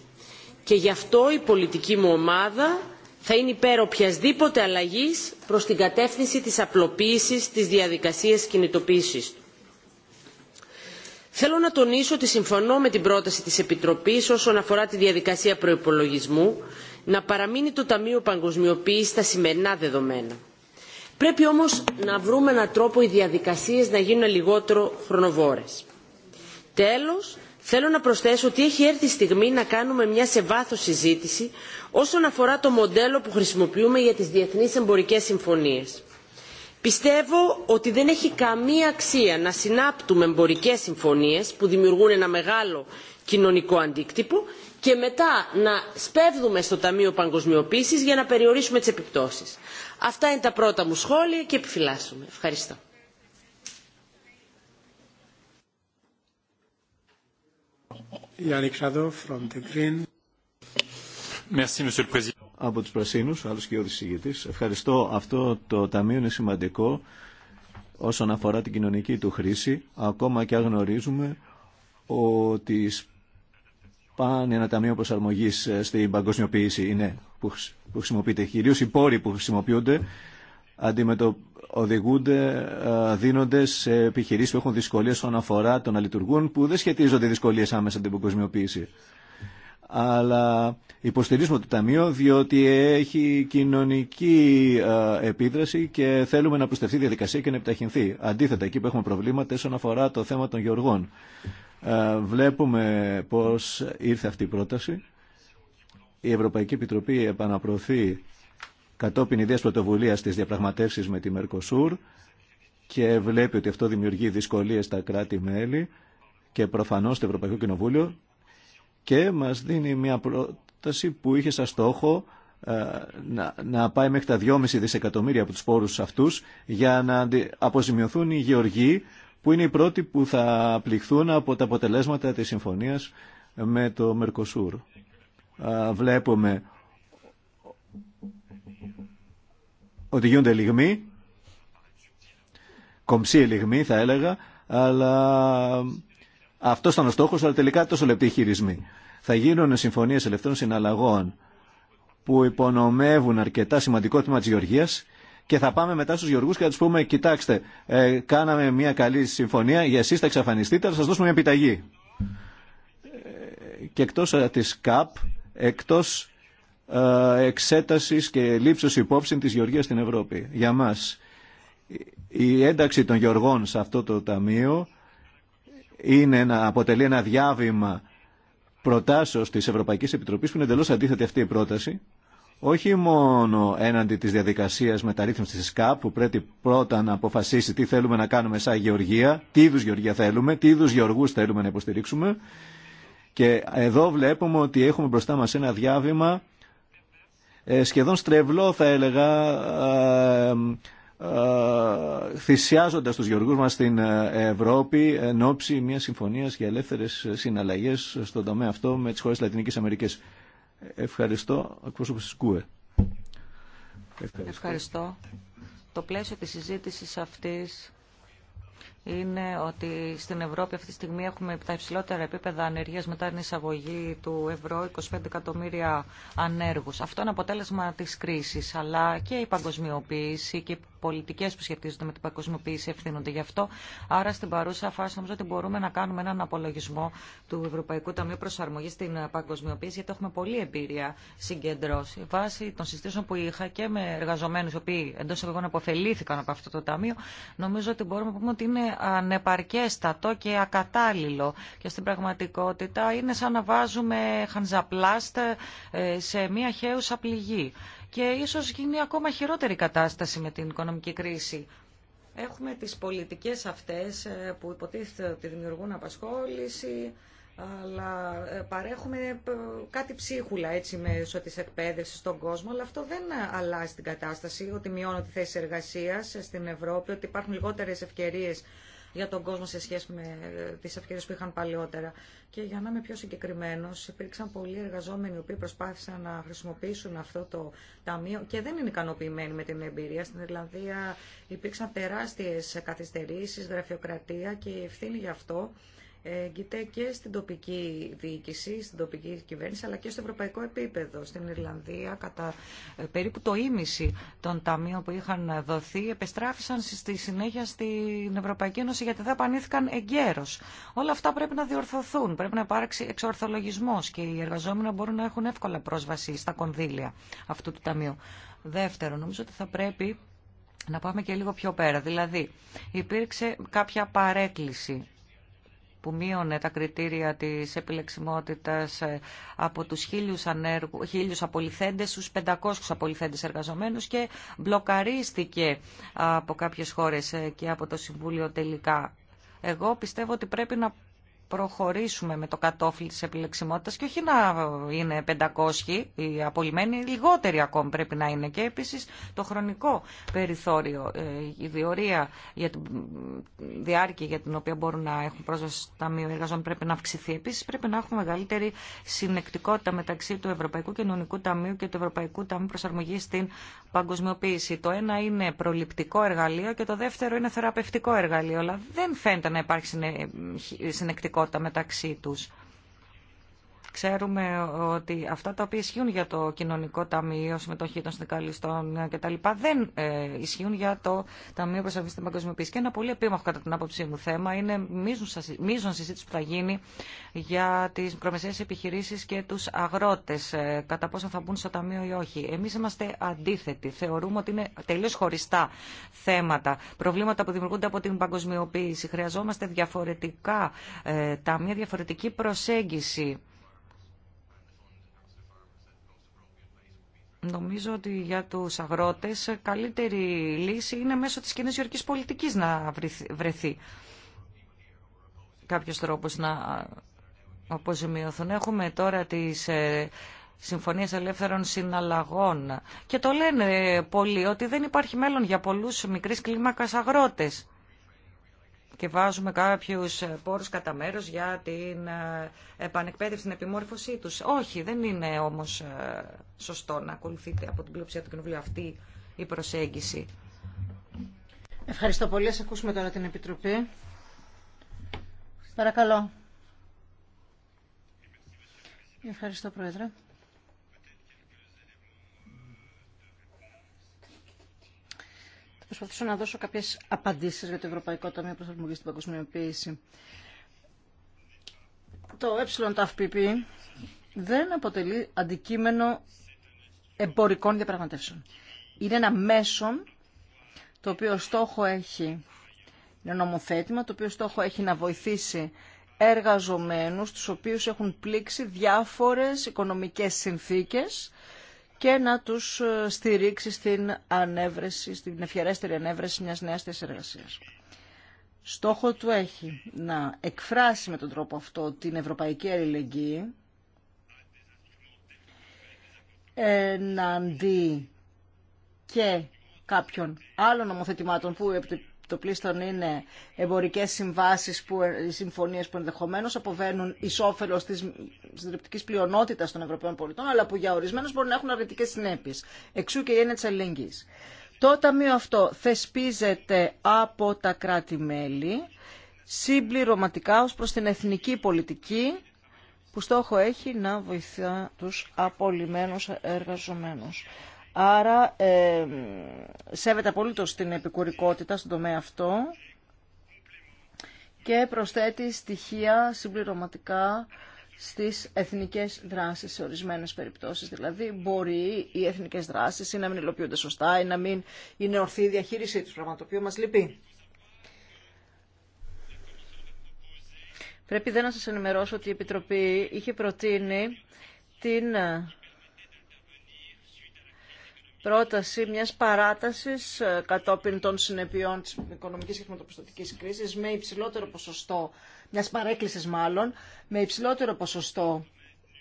Και γι' αυτό η πολιτική μου ομάδα θα είναι υπέρ οποιασδήποτε αλλαγής προς την κατεύθυνση της απλοποίησης της διαδικασίας κινητοποίησης του. Θέλω να τονίσω ότι συμφωνώ με την πρόταση της Επιτροπής όσον αφορά τη διαδικασία προϋπολογισμού να παραμείνει το Ταμείο Παγκοσμιοποίησης στα σημερινά δεδομένα. Πρέπει όμως να βρούμε έναν τρόπο οι διαδικασίες να γίνουν λιγότερο χρονοβόρες τέλος θέλω να προσθέσω ότι έχει έρθει η στιγμή να κάνουμε μια σε βάθος συζήτηση όσον αφορά το μοντέλο που χρησιμοποιούμε για τις διεθνείς εμπορικές συμφωνίες. Πιστεύω ότι δεν έχει καμία αξία να συνάπτουμε εμπορικές συμφωνίες που δημιουργούν ένα μεγάλο κοινωνικό αντίκτυπο και μετά να σπέβδουμε στο Ταμείο Παγκοσμιοποίησης για να περιορίσουμε τις επιπτώσεις. Αυτά είναι τα πρώτα μου σχόλια και επιφυλάσσουμε. Ευχαριστώ. Από τους Πρασίνους, άλλος και ο Ευχαριστώ. Αυτό το ταμείο είναι σημαντικό όσον αφορά την κοινωνική του χρήση. Ακόμα και αν γνωρίζουμε ότι πάνε ένα ταμείο προσαρμογή ε, στην παγκοσμιοποίηση είναι, που χρησιμοποιείται. Κυρίως οι πόροι που χρησιμοποιούνται αντιμετωπίζουν οδηγούνται, ε, δίνονται σε επιχειρήσει που έχουν δυσκολίε όσον αφορά το να λειτουργούν, που δεν σχετίζονται δυσκολίε άμεσα με την παγκοσμιοποίηση. Αλλά υποστηρίζουμε το Ταμείο διότι έχει κοινωνική ε, επίδραση και θέλουμε να προστευτεί η διαδικασία και να επιταχυνθεί. Αντίθετα, εκεί που έχουμε προβλήματα όσον αφορά το θέμα των γεωργών. Ε, βλέπουμε πώς ήρθε αυτή η πρόταση. Η Ευρωπαϊκή Επιτροπή επαναπροωθεί κατόπιν ιδέας πρωτοβουλία στις διαπραγματεύσεις με τη Μερκοσούρ και βλέπει ότι αυτό δημιουργεί δυσκολίες στα κράτη-μέλη και προφανώς στο Ευρωπαϊκό Κοινοβούλιο και μας δίνει μια πρόταση που είχε σαν στόχο ε, να, να πάει μέχρι τα 2,5 δισεκατομμύρια από τους πόρους αυτούς για να αποζημιωθούν οι γεωργοί που είναι οι πρώτοι που θα πληχθούν από τα αποτελέσματα της συμφωνίας με το Μερκοσούρ. Βλέπουμε ότι γίνονται λιγμοί, κομψή λιγμοί θα έλεγα, αλλά αυτό ήταν ο στόχο, αλλά τελικά τόσο λεπτοί χειρισμοί. Θα γίνουν συμφωνίε ελευθερών συναλλαγών που υπονομεύουν αρκετά σημαντικό τμήμα της Γεωργίας και θα πάμε μετά στους Γεωργού και θα τους πούμε «Κοιτάξτε, ε, κάναμε μια καλή συμφωνία, για εσεί θα εξαφανιστείτε, θα σα δώσουμε μια επιταγή». Ε, και εκτός της ΚΑΠ, εκτός ε, εξέτασης και λήψης υπόψη της γεωργίας στην Ευρώπη. Για μας η ένταξη των γεωργών σε αυτό το ταμείο είναι ένα, αποτελεί ένα διάβημα προτάσεως της Ευρωπαϊκής Επιτροπής που είναι εντελώς αντίθετη αυτή η πρόταση όχι μόνο έναντι της διαδικασίας μεταρρύθμισης της ΚΑΠ που πρέπει πρώτα να αποφασίσει τι θέλουμε να κάνουμε σαν γεωργία, τι είδους γεωργία θέλουμε, τι είδους γεωργούς θέλουμε να υποστηρίξουμε και εδώ βλέπουμε ότι έχουμε μπροστά μας ένα διάβημα ε, σχεδόν στρεβλό θα έλεγα ε, ε, θυσιάζοντας τους γεωργούς μας στην Ευρώπη εν ώψη μιας συμφωνίας για ελεύθερες συναλλαγές στον τομέα αυτό με τις χώρες Λατινικής Αμερικής. Ευχαριστώ. Ευχαριστώ. Ευχαριστώ. Το πλαίσιο της συζήτησης αυτής είναι ότι στην Ευρώπη αυτή τη στιγμή έχουμε τα υψηλότερα επίπεδα ανεργίας μετά την εισαγωγή του ευρώ, 25 εκατομμύρια ανέργους. Αυτό είναι αποτέλεσμα της κρίσης, αλλά και η παγκοσμιοποίηση και οι πολιτικές που σχετίζονται με την παγκοσμιοποίηση ευθύνονται γι' αυτό. Άρα στην παρούσα φάση νομίζω ότι μπορούμε να κάνουμε έναν απολογισμό του Ευρωπαϊκού Ταμείου Προσαρμογής στην παγκοσμιοποίηση, γιατί έχουμε πολλή εμπειρία συγκεντρώσει. Βάσει των συστήσεων που είχα και με εργαζομένους, οι οποίοι εντός αποφελήθηκαν από αυτό το ταμείο, νομίζω ότι μπορούμε να ότι είναι ανεπαρκέστατο και ακατάλληλο. Και στην πραγματικότητα είναι σαν να βάζουμε χανζαπλάστ ε, σε μια χαίουσα πληγή. Και ίσως γίνει ακόμα χειρότερη κατάσταση με την οικονομική κρίση. Έχουμε τις πολιτικές αυτές ε, που υποτίθεται ότι δημιουργούν απασχόληση, αλλά ε, παρέχουμε ε, κάτι ψίχουλα έτσι μέσω της εκπαίδευσης στον κόσμο, αλλά αυτό δεν ε, αλλάζει την κατάσταση, ότι μειώνω τη θέση εργασίας στην Ευρώπη, ότι υπάρχουν λιγότερες ευκαιρίες για τον κόσμο σε σχέση με τις ευκαιρίες που είχαν παλαιότερα. Και για να είμαι πιο συγκεκριμένος, υπήρξαν πολλοί εργαζόμενοι οι οποίοι προσπάθησαν να χρησιμοποιήσουν αυτό το ταμείο και δεν είναι ικανοποιημένοι με την εμπειρία. Στην Ιρλανδία υπήρξαν τεράστιες καθυστερήσεις, γραφειοκρατία και η ευθύνη γι' αυτό έγκυται και στην τοπική διοίκηση, στην τοπική κυβέρνηση, αλλά και στο ευρωπαϊκό επίπεδο. Στην Ιρλανδία, κατά ε, περίπου το ίμιση των ταμείων που είχαν δοθεί, επεστράφησαν στη συνέχεια στην Ευρωπαϊκή Ένωση γιατί δεν απανήθηκαν εγκαίρω. Όλα αυτά πρέπει να διορθωθούν. Πρέπει να υπάρξει εξορθολογισμό και οι εργαζόμενοι μπορούν να έχουν εύκολα πρόσβαση στα κονδύλια αυτού του ταμείου. Δεύτερον, νομίζω ότι θα πρέπει να πάμε και λίγο πιο πέρα. Δηλαδή, υπήρξε κάποια παρέκκληση που μείωνε τα κριτήρια της επιλεξιμότητας ε, από τους χίλιους, ανέργου, χίλιους απολυθέντες στους 500 απολυθέντες εργαζομένους και μπλοκαρίστηκε από κάποιες χώρες ε, και από το Συμβούλιο τελικά. Εγώ πιστεύω ότι πρέπει να προχωρήσουμε με το κατόφλι της επιλεξιμότητας και όχι να είναι 500 οι απολυμμένοι, λιγότεροι ακόμη πρέπει να είναι και επίσης το χρονικό περιθώριο, ε, η διορία για την διάρκεια για την οποία μπορούν να έχουν πρόσβαση στο Ταμείο Εργαζών πρέπει να αυξηθεί. Επίσης πρέπει να έχουμε μεγαλύτερη συνεκτικότητα μεταξύ του Ευρωπαϊκού Κοινωνικού Ταμείου και του Ευρωπαϊκού Ταμείου Προσαρμογής στην παγκοσμιοποίηση. Το ένα είναι προληπτικό εργαλείο και το δεύτερο είναι θεραπευτικό εργαλείο, αλλά δεν φαίνεται να υπάρχει συνεκτικότητα ανταγωνιστικότητα μεταξύ τους. Ξέρουμε ότι αυτά τα οποία ισχύουν για το κοινωνικό ταμείο συμμετοχή των συνδικαλιστών κτλ. δεν ε, ισχύουν για το Ταμείο Προσαρμογή στην Παγκοσμιοποίηση. Και ένα πολύ επίμαχο κατά την άποψή μου θέμα είναι μείζον συζήτηση που θα γίνει για τι μικρομεσαίε επιχειρήσει και του αγρότε. Ε, κατά πόσο θα μπουν στο Ταμείο ή όχι. Εμεί είμαστε αντίθετοι. Θεωρούμε ότι είναι τελείω χωριστά θέματα. Προβλήματα που δημιουργούνται από την παγκοσμιοποίηση. Χρειαζόμαστε διαφορετικά ε, ταμεία, διαφορετική προσέγγιση. Νομίζω ότι για τους αγρότες καλύτερη λύση είναι μέσω της κοινή γεωργικής πολιτικής να βρεθεί κάποιος τρόπος να αποζημιωθούν. Έχουμε τώρα τις ε, συμφωνίες ελεύθερων συναλλαγών και το λένε πολλοί ότι δεν υπάρχει μέλλον για πολλούς μικρής κλίμακας αγρότες και βάζουμε κάποιους πόρους κατά μέρο για την ε, επανεκπαίδευση, την επιμόρφωσή τους. Όχι, δεν είναι όμως ε, σωστό να ακολουθείτε από την πλειοψηφία του Κοινοβουλίου αυτή η προσέγγιση. Ευχαριστώ πολύ. Ας ακούσουμε τώρα την Επιτροπή. Παρακαλώ. Ευχαριστώ, Πρόεδρε. προσπαθήσω να δώσω κάποιες απαντήσει για το Ευρωπαϊκό Ταμείο Προσαρμογής στην Παγκοσμιοποίηση. Το ΕΤΑΦΠΠ δεν αποτελεί αντικείμενο εμπορικών διαπραγματεύσεων. Είναι ένα μέσο, το οποίο στόχο έχει, είναι νομοθέτημα, το οποίο στόχο έχει να βοηθήσει εργαζομένους, τους οποίους έχουν πλήξει διάφορες οικονομικές συνθήκες, και να τους ε, στηρίξει στην ανέβρεση, στην ευχερέστερη ανέβρεση μιας νέας θέσης εργασίας. Στόχο του έχει να εκφράσει με τον τρόπο αυτό την ευρωπαϊκή αλληλεγγύη εναντί και κάποιων άλλων νομοθετημάτων που το πλήστον είναι εμπορικές συμβάσεις, που, ε, συμφωνίες που ενδεχομένω αποβαίνουν ει όφελο της συντριπτική πλειονότητας των Ευρωπαίων πολιτών, αλλά που για ορισμένου μπορεί να έχουν αρνητικέ συνέπειε, Εξού και η έννοια τη αλληλεγγύη. Το ταμείο αυτό θεσπίζεται από τα κράτη-μέλη συμπληρωματικά ως προς την εθνική πολιτική που στόχο έχει να βοηθά τους απολυμμένους εργαζομένους. Άρα ε, σέβεται απολύτως την επικουρικότητα στον τομέα αυτό και προσθέτει στοιχεία συμπληρωματικά στις εθνικές δράσεις σε ορισμένες περιπτώσεις. Δηλαδή μπορεί οι εθνικές δράσεις ή να μην υλοποιούνται σωστά ή να μην είναι ορθή η διαχείρισή τους, πράγμα το οποίο μας λυπεί. Πρέπει δεν να σας ενημερώσω ότι η Επιτροπή είχε προτείνει την πρόταση μιας παράτασης ε, κατόπιν των συνεπειών της οικονομικής και χρηματοπιστωτικής κρίσης με υψηλότερο ποσοστό, μιας παρέκκλησης μάλλον, με υψηλότερο ποσοστό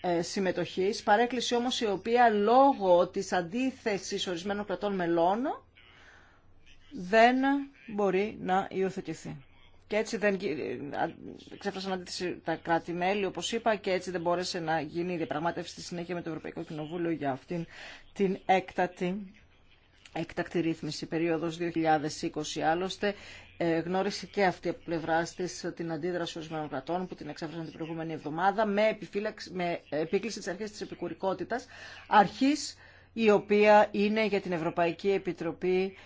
ε, συμμετοχής, παρέκκληση όμως η οποία λόγω της αντίθεσης ορισμένων κρατών μελών δεν μπορεί να υιοθετηθεί και έτσι δεν ε, ξέφρασαν αντίθεση τα κράτη-μέλη, όπω είπα, και έτσι δεν μπόρεσε να γίνει η διαπραγμάτευση στη συνέχεια με το Ευρωπαϊκό Κοινοβούλιο για αυτήν την έκτατη έκτακτη ρύθμιση, περίοδος 2020 άλλωστε, ε, γνώρισε και αυτή από πλευρά τη την αντίδραση ορισμένων κρατών που την εξέφρασαν την προηγούμενη εβδομάδα με, με επίκληση τη αρχή τη επικουρικότητα, αρχή η οποία είναι για την Ευρωπαϊκή Επιτροπή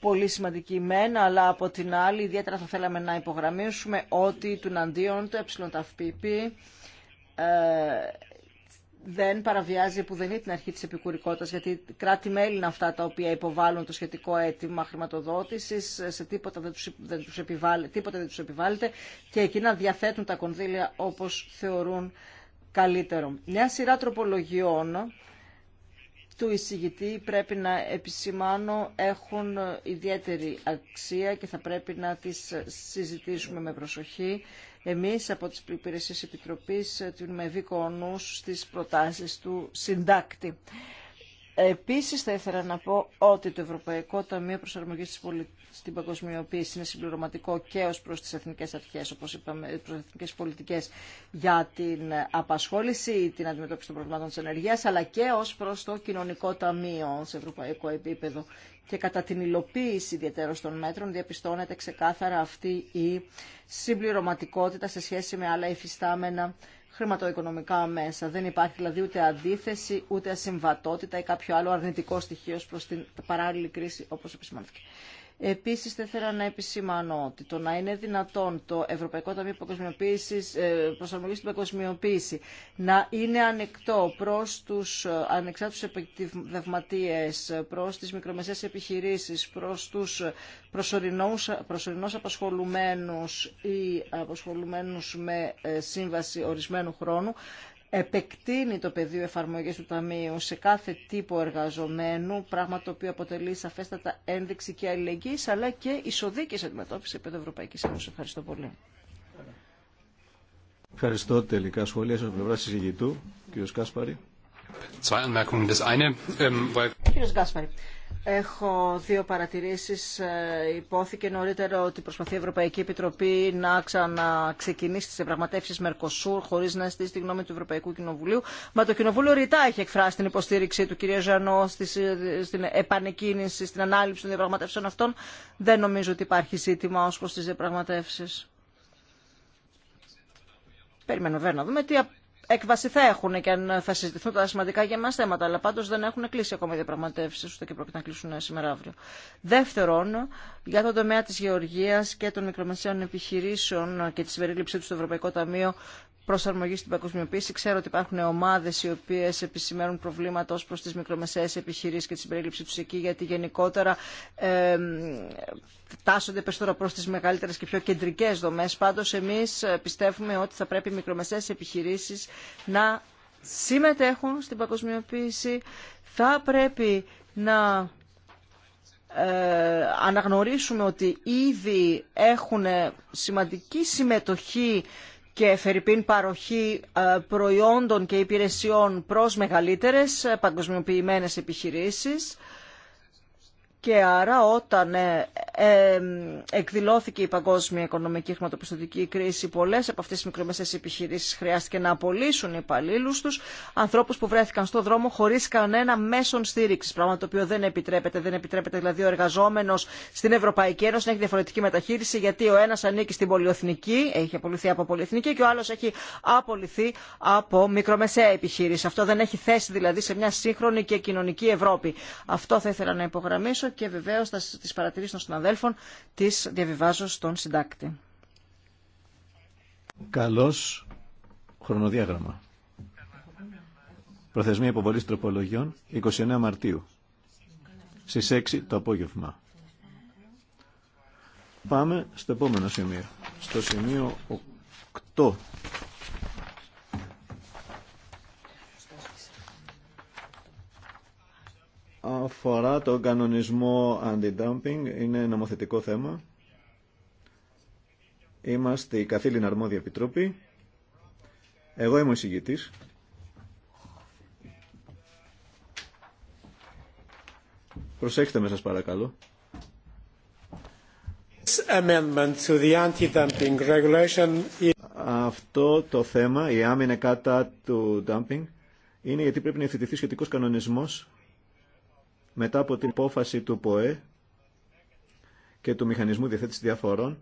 πολύ σημαντική μένα, αλλά από την άλλη ιδιαίτερα θα θέλαμε να υπογραμμίσουμε ότι του αντίον το ε, δεν παραβιάζει που δεν είναι την αρχή της επικουρικότητας, γιατί κράτη-μέλη είναι αυτά τα οποία υποβάλλουν το σχετικό αίτημα χρηματοδότησης, ε, σε τίποτα δεν τους, δεν τίποτα δεν επιβάλλεται και εκείνα διαθέτουν τα κονδύλια όπως θεωρούν καλύτερο. Μια σειρά τροπολογιών του εισηγητή πρέπει να επισημάνω έχουν ιδιαίτερη αξία και θα πρέπει να τις συζητήσουμε με προσοχή. Εμείς από τις υπηρεσίες επιτροπής του με Ονούς στις προτάσεις του συντάκτη. Επίσης θα ήθελα να πω ότι το Ευρωπαϊκό Ταμείο Προσαρμογής στην Παγκοσμιοποίηση είναι συμπληρωματικό και ως προς τις εθνικές αρχές, όπως είπαμε, προς εθνικές πολιτικές για την απασχόληση ή την αντιμετώπιση των προβλημάτων της ενεργείας, αλλά και ως προς το Κοινωνικό Ταμείο σε ευρωπαϊκό επίπεδο. Και κατά την υλοποίηση ιδιαίτερα των μέτρων διαπιστώνεται ξεκάθαρα αυτή η συμπληρωματικότητα σε σχέση με άλλα υφιστάμενα χρηματοοικονομικά μέσα. Δεν υπάρχει δηλαδή ούτε αντίθεση, ούτε ασυμβατότητα ή κάποιο άλλο αρνητικό στοιχείο προ την παράλληλη κρίση όπως επισημάνθηκε. Επίσης, θα ήθελα να επισημανώ ότι το να είναι δυνατόν το Ευρωπαϊκό Ταμείο Παγκοσμιοποίησης, ε, προσαρμογής στην παγκοσμιοποίηση, να είναι ανεκτό προς τους ανεξάρτητους επιδευματίες, προς τις μικρομεσαίες επιχειρήσεις, προς τους προσωρινούς, προσωρινώς απασχολουμένους ή απασχολουμένους με ε, σύμβαση ορισμένου χρόνου, επεκτείνει το πεδίο εφαρμογή του Ταμείου σε κάθε τύπο εργαζομένου, πράγμα το οποίο αποτελεί σαφέστατα ένδειξη και αλληλεγγύη, αλλά και ισοδίκη αντιμετώπιση επί Ευρωπαϊκή Ένωση. Ευχαριστώ πολύ. Ευχαριστώ. Τελικά σχόλια από πλευρά συζητητού, κ. Κάσπαρη. Ähm, Κύριε Κάσπαρη, Έχω δύο παρατηρήσεις. Ε, υπόθηκε νωρίτερα ότι προσπαθεί η Ευρωπαϊκή Επιτροπή να ξαναξεκινήσει τις διαπραγματεύσεις Μερκοσούρ χωρίς να στήσει τη γνώμη του Ευρωπαϊκού Κοινοβουλίου. Μα το Κοινοβούλιο ρητά έχει εκφράσει την υποστήριξή του, κυρία Ζανό, ε, στην επανεκκίνηση, στην ανάληψη των διαπραγματεύσεων αυτών. Δεν νομίζω ότι υπάρχει ζήτημα ως προς τις διαπραγματεύσεις. Περιμένω βέβαια να δούμε τι έκβαση θα έχουν και αν θα συζητηθούν τα σημαντικά για εμά θέματα. Αλλά πάντω δεν έχουν κλείσει ακόμα οι διαπραγματεύσει, ούτε και πρόκειται να κλείσουν σήμερα αύριο. Δεύτερον, για τον τομέα τη γεωργία και των μικρομεσαίων επιχειρήσεων και τη συμπερίληψή του στο Ευρωπαϊκό Ταμείο προσαρμογή στην παγκοσμιοποίηση. Ξέρω ότι υπάρχουν ομάδε οι οποίε επισημαίνουν προβλήματα ω προ τι μικρομεσαίε επιχειρήσει και την συμπερίληψή του εκεί, γιατί γενικότερα ε, τάσσονται περισσότερο προ τι μεγαλύτερε και πιο κεντρικέ δομέ. Πάντω, εμεί πιστεύουμε ότι θα πρέπει οι μικρομεσαίε επιχειρήσει να συμμετέχουν στην παγκοσμιοποίηση. Θα πρέπει να ε, αναγνωρίσουμε ότι ήδη έχουν σημαντική συμμετοχή και φερειπίν παροχή ε, προϊόντων και υπηρεσιών προς μεγαλύτερες ε, παγκοσμιοποιημένες επιχειρήσεις και άρα όταν ε, ε, εκδηλώθηκε η παγκόσμια οικονομική χρηματοπιστωτική κρίση, πολλές από αυτές τις μικρομεσαίες επιχειρήσεις χρειάστηκε να απολύσουν υπαλλήλου τους, ανθρώπους που βρέθηκαν στον δρόμο χωρίς κανένα μέσον στήριξης, πράγμα το οποίο δεν επιτρέπεται. Δεν επιτρέπεται δηλαδή ο εργαζόμενος στην Ευρωπαϊκή Ένωση να έχει διαφορετική μεταχείριση, γιατί ο ένας ανήκει στην πολυεθνική, έχει απολυθεί από πολυεθνική και ο άλλος έχει απολυθεί από μικρομεσαία επιχείρηση. Αυτό δεν έχει θέση δηλαδή σε μια σύγχρονη και κοινωνική Ευρώπη. Αυτό θα ήθελα να υπογραμμίσω και βεβαίω τι παρατηρήσει των συναδέλφων τι διαβιβάζω στον συντάκτη. Καλώ. χρονοδιάγραμμα. Προθεσμία υποβολή τροπολογιών 29 Μαρτίου στι 6 το απόγευμα. Πάμε στο επόμενο σημείο. Στο σημείο 8 αφορά τον κανονισμό anti-dumping, είναι νομοθετικό θέμα. Είμαστε η καθήλυνα αρμόδια επιτροπή. Εγώ είμαι ο εισηγητής. Προσέξτε με σας παρακαλώ. To the Αυτό το θέμα, η άμυνα κατά του dumping, είναι γιατί πρέπει να υφητηθεί σχετικός κανονισμός μετά από την υπόφαση του ΠΟΕ και του Μηχανισμού Διαθέτησης Διαφορών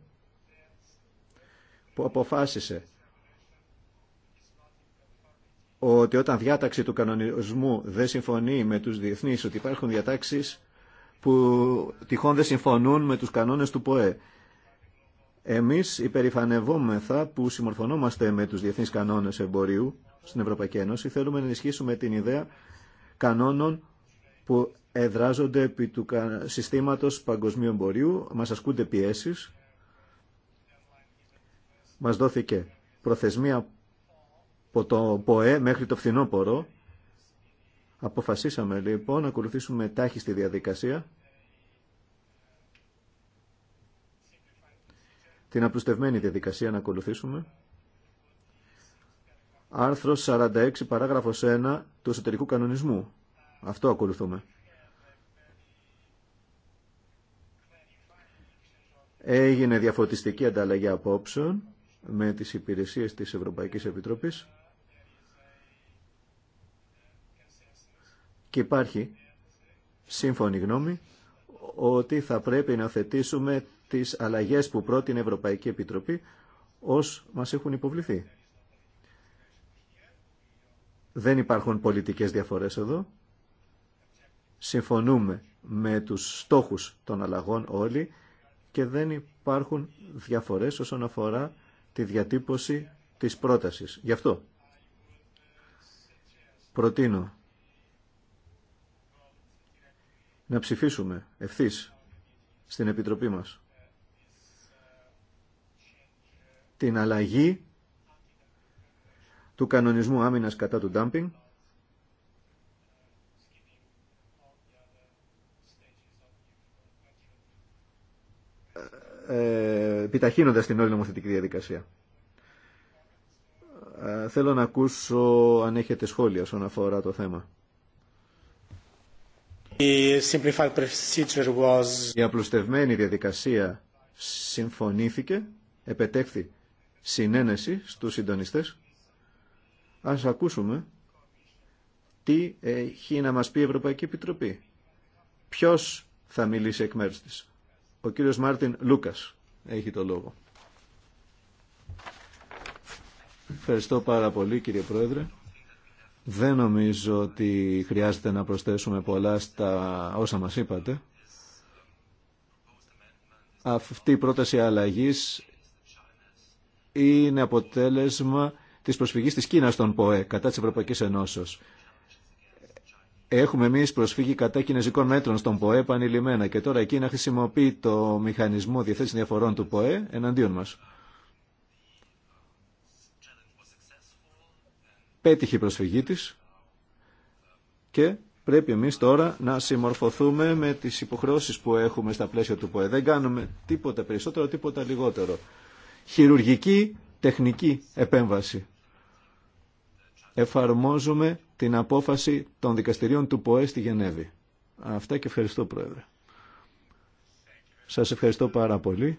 που αποφάσισε ότι όταν διάταξη του κανονισμού δεν συμφωνεί με τους διεθνείς, ότι υπάρχουν διατάξεις που τυχόν δεν συμφωνούν με τους κανόνες του ΠΟΕ. Εμείς υπερηφανευόμεθα που συμμορφωνόμαστε με τους διεθνείς κανόνες εμπορίου στην Ευρωπαϊκή Ένωση. Θέλουμε να ενισχύσουμε την ιδέα κανόνων που εδράζονται επί του συστήματος παγκοσμίου εμπορίου, μας ασκούνται πιέσεις. Μας δόθηκε προθεσμία από το ΠΟΕ μέχρι το φθινόπωρο. Αποφασίσαμε λοιπόν να ακολουθήσουμε τάχιστη διαδικασία. Την απλουστευμένη διαδικασία να ακολουθήσουμε. Άρθρος 46 παράγραφος 1 του εσωτερικού κανονισμού. Αυτό ακολουθούμε. Έγινε διαφωτιστική ανταλλαγή απόψεων με τις υπηρεσίες της Ευρωπαϊκής Επιτροπής και υπάρχει σύμφωνη γνώμη ότι θα πρέπει να θετήσουμε τις αλλαγές που πρότεινε η Ευρωπαϊκή Επιτροπή ως μας έχουν υποβληθεί. Δεν υπάρχουν πολιτικές διαφορές εδώ. Συμφωνούμε με τους στόχους των αλλαγών όλοι και δεν υπάρχουν διαφορές όσον αφορά τη διατύπωση της πρότασης. Γι' αυτό προτείνω να ψηφίσουμε ευθύς στην Επιτροπή μας την αλλαγή του κανονισμού άμυνας κατά του ντάμπινγκ Ε, επιταχύνοντας την όλη νομοθετική διαδικασία. Ε, θέλω να ακούσω αν έχετε σχόλια όσον αφορά το θέμα. Η, was... Η απλουστευμένη διαδικασία συμφωνήθηκε, επετέχθη συνένεση στους συντονιστές. Ας ακούσουμε τι έχει να μας πει η Ευρωπαϊκή Επιτροπή. Ποιος θα μιλήσει εκ μέρους της. Ο κύριος Μάρτιν Λούκας έχει το λόγο. Ευχαριστώ πάρα πολύ κύριε Πρόεδρε. Δεν νομίζω ότι χρειάζεται να προσθέσουμε πολλά στα όσα μας είπατε. Αυτή η πρόταση αλλαγής είναι αποτέλεσμα της προσφυγής της Κίνας στον ΠΟΕ κατά της Ευρωπαϊκής Ενώσεως. Έχουμε εμεί προσφύγει κατά κινέζικων μέτρων στον ΠΟΕ επανειλημμένα και τώρα εκείνα χρησιμοποιεί το μηχανισμό διαθέσεων διαφορών του ΠΟΕ εναντίον μα. Πέτυχε η προσφυγή τη και πρέπει εμεί τώρα να συμμορφωθούμε με τι υποχρεώσει που έχουμε στα πλαίσια του ΠΟΕ. Δεν κάνουμε τίποτα περισσότερο, τίποτα λιγότερο. Χειρουργική τεχνική επέμβαση. Εφαρμόζουμε την απόφαση των δικαστηρίων του ΠΟΕ στη Γενέβη. Αυτά και ευχαριστώ Πρόεδρε. Σας ευχαριστώ πάρα πολύ.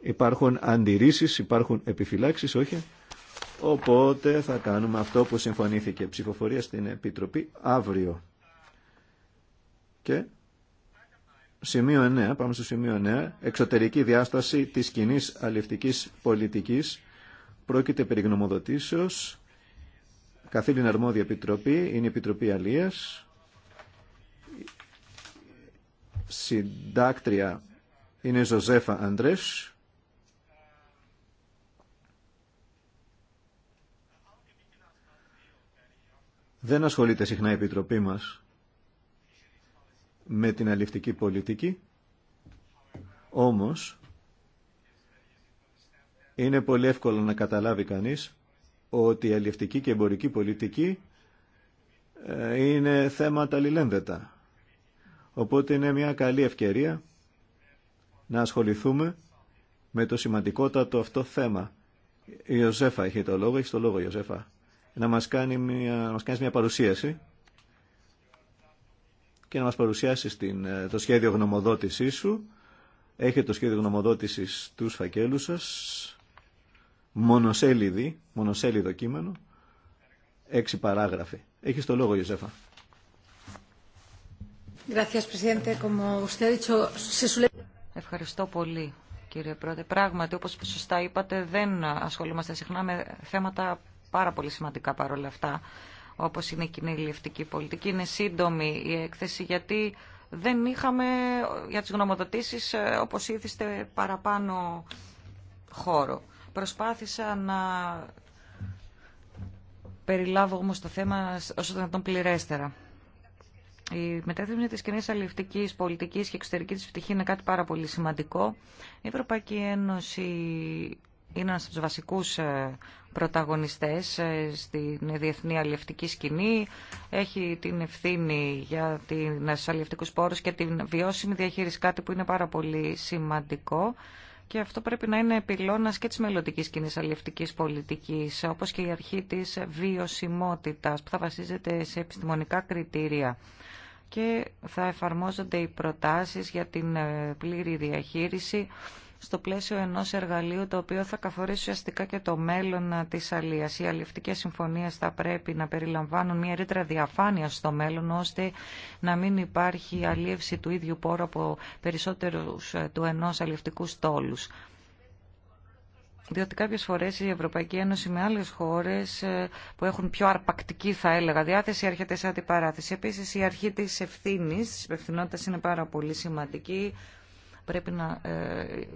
Υπάρχουν αντιρρήσεις, υπάρχουν επιφυλάξεις, όχι. Οπότε θα κάνουμε αυτό που συμφωνήθηκε. Ψηφοφορία στην Επιτροπή αύριο. Και σημείο 9, πάμε στο σημείο 9, εξωτερική διάσταση της κοινή αλληλευτικής πολιτικής. Πρόκειται περί γνωμοδοτήσεως την αρμόδια επιτροπή είναι η Επιτροπή Αλίας. Συντάκτρια είναι η Ζωζέφα Αντρές. Δεν ασχολείται συχνά η Επιτροπή μας με την αληφτική πολιτική, όμως είναι πολύ εύκολο να καταλάβει κανείς ότι η αλληλευτική και εμπορική πολιτική ε, είναι θέματα αλληλένδετα. Οπότε είναι μια καλή ευκαιρία να ασχοληθούμε με το σημαντικότατο αυτό θέμα. Η Ιωζέφα έχει το λόγο, έχει το λόγο Ιωζέφα. Να μας, κάνει μια, να μας κάνεις μια παρουσίαση και να μας παρουσιάσεις την, ε, το σχέδιο γνωμοδότησής σου. Έχετε το σχέδιο γνωμοδότησης του φακέλους σας μονοσέλιδη, μονοσέλιδο κείμενο, έξι παράγραφοι. Έχεις το λόγο, Ιωσέφα. Ευχαριστώ πολύ, κύριε Πρόεδρε. Πράγματι, όπως σωστά είπατε, δεν ασχολούμαστε συχνά με θέματα πάρα πολύ σημαντικά παρόλα αυτά, όπως είναι η κοινή λιευτική πολιτική. Είναι σύντομη η έκθεση, γιατί δεν είχαμε για τις γνωμοδοτήσεις, ε, όπως ήθιστε, παραπάνω χώρο. Προσπάθησα να περιλάβω όμως το θέμα όσο δυνατόν πληρέστερα. Η μετέθεση της κοινή αλληλευτικής πολιτικής και εξωτερική της πτυχή είναι κάτι πάρα πολύ σημαντικό. Η Ευρωπαϊκή Ένωση είναι ένας από τους βασικούς ε, πρωταγωνιστές ε, στην διεθνή αλληλευτική σκηνή. Έχει την ευθύνη για την αλληλευτικούς πόρους και την βιώσιμη διαχείριση, κάτι που είναι πάρα πολύ σημαντικό. Και αυτό πρέπει να είναι πυλώνας και της μελλοντικής κοινή αλληλευτικής πολιτικής, όπως και η αρχή της βιωσιμότητας, που θα βασίζεται σε επιστημονικά κριτήρια και θα εφαρμόζονται οι προτάσεις για την ε, πλήρη διαχείριση στο πλαίσιο ενό εργαλείου το οποίο θα καθορίσει ουσιαστικά και το μέλλον ε, τη αλίας. Οι αλληλευτικέ συμφωνίε θα πρέπει να περιλαμβάνουν μια ρήτρα διαφάνεια στο μέλλον ώστε να μην υπάρχει αλίευση του ίδιου πόρου από περισσότερου ε, του ενό αλληλευτικού στόλους διότι κάποιε φορέ η Ευρωπαϊκή Ένωση με άλλε χώρε ε, που έχουν πιο αρπακτική θα έλεγα διάθεση έρχεται σε αντιπαράθεση. Επίση η αρχή τη Ευθύνη, τη υπευθυνότητα είναι πάρα πολύ σημαντική Πρέπει να ε,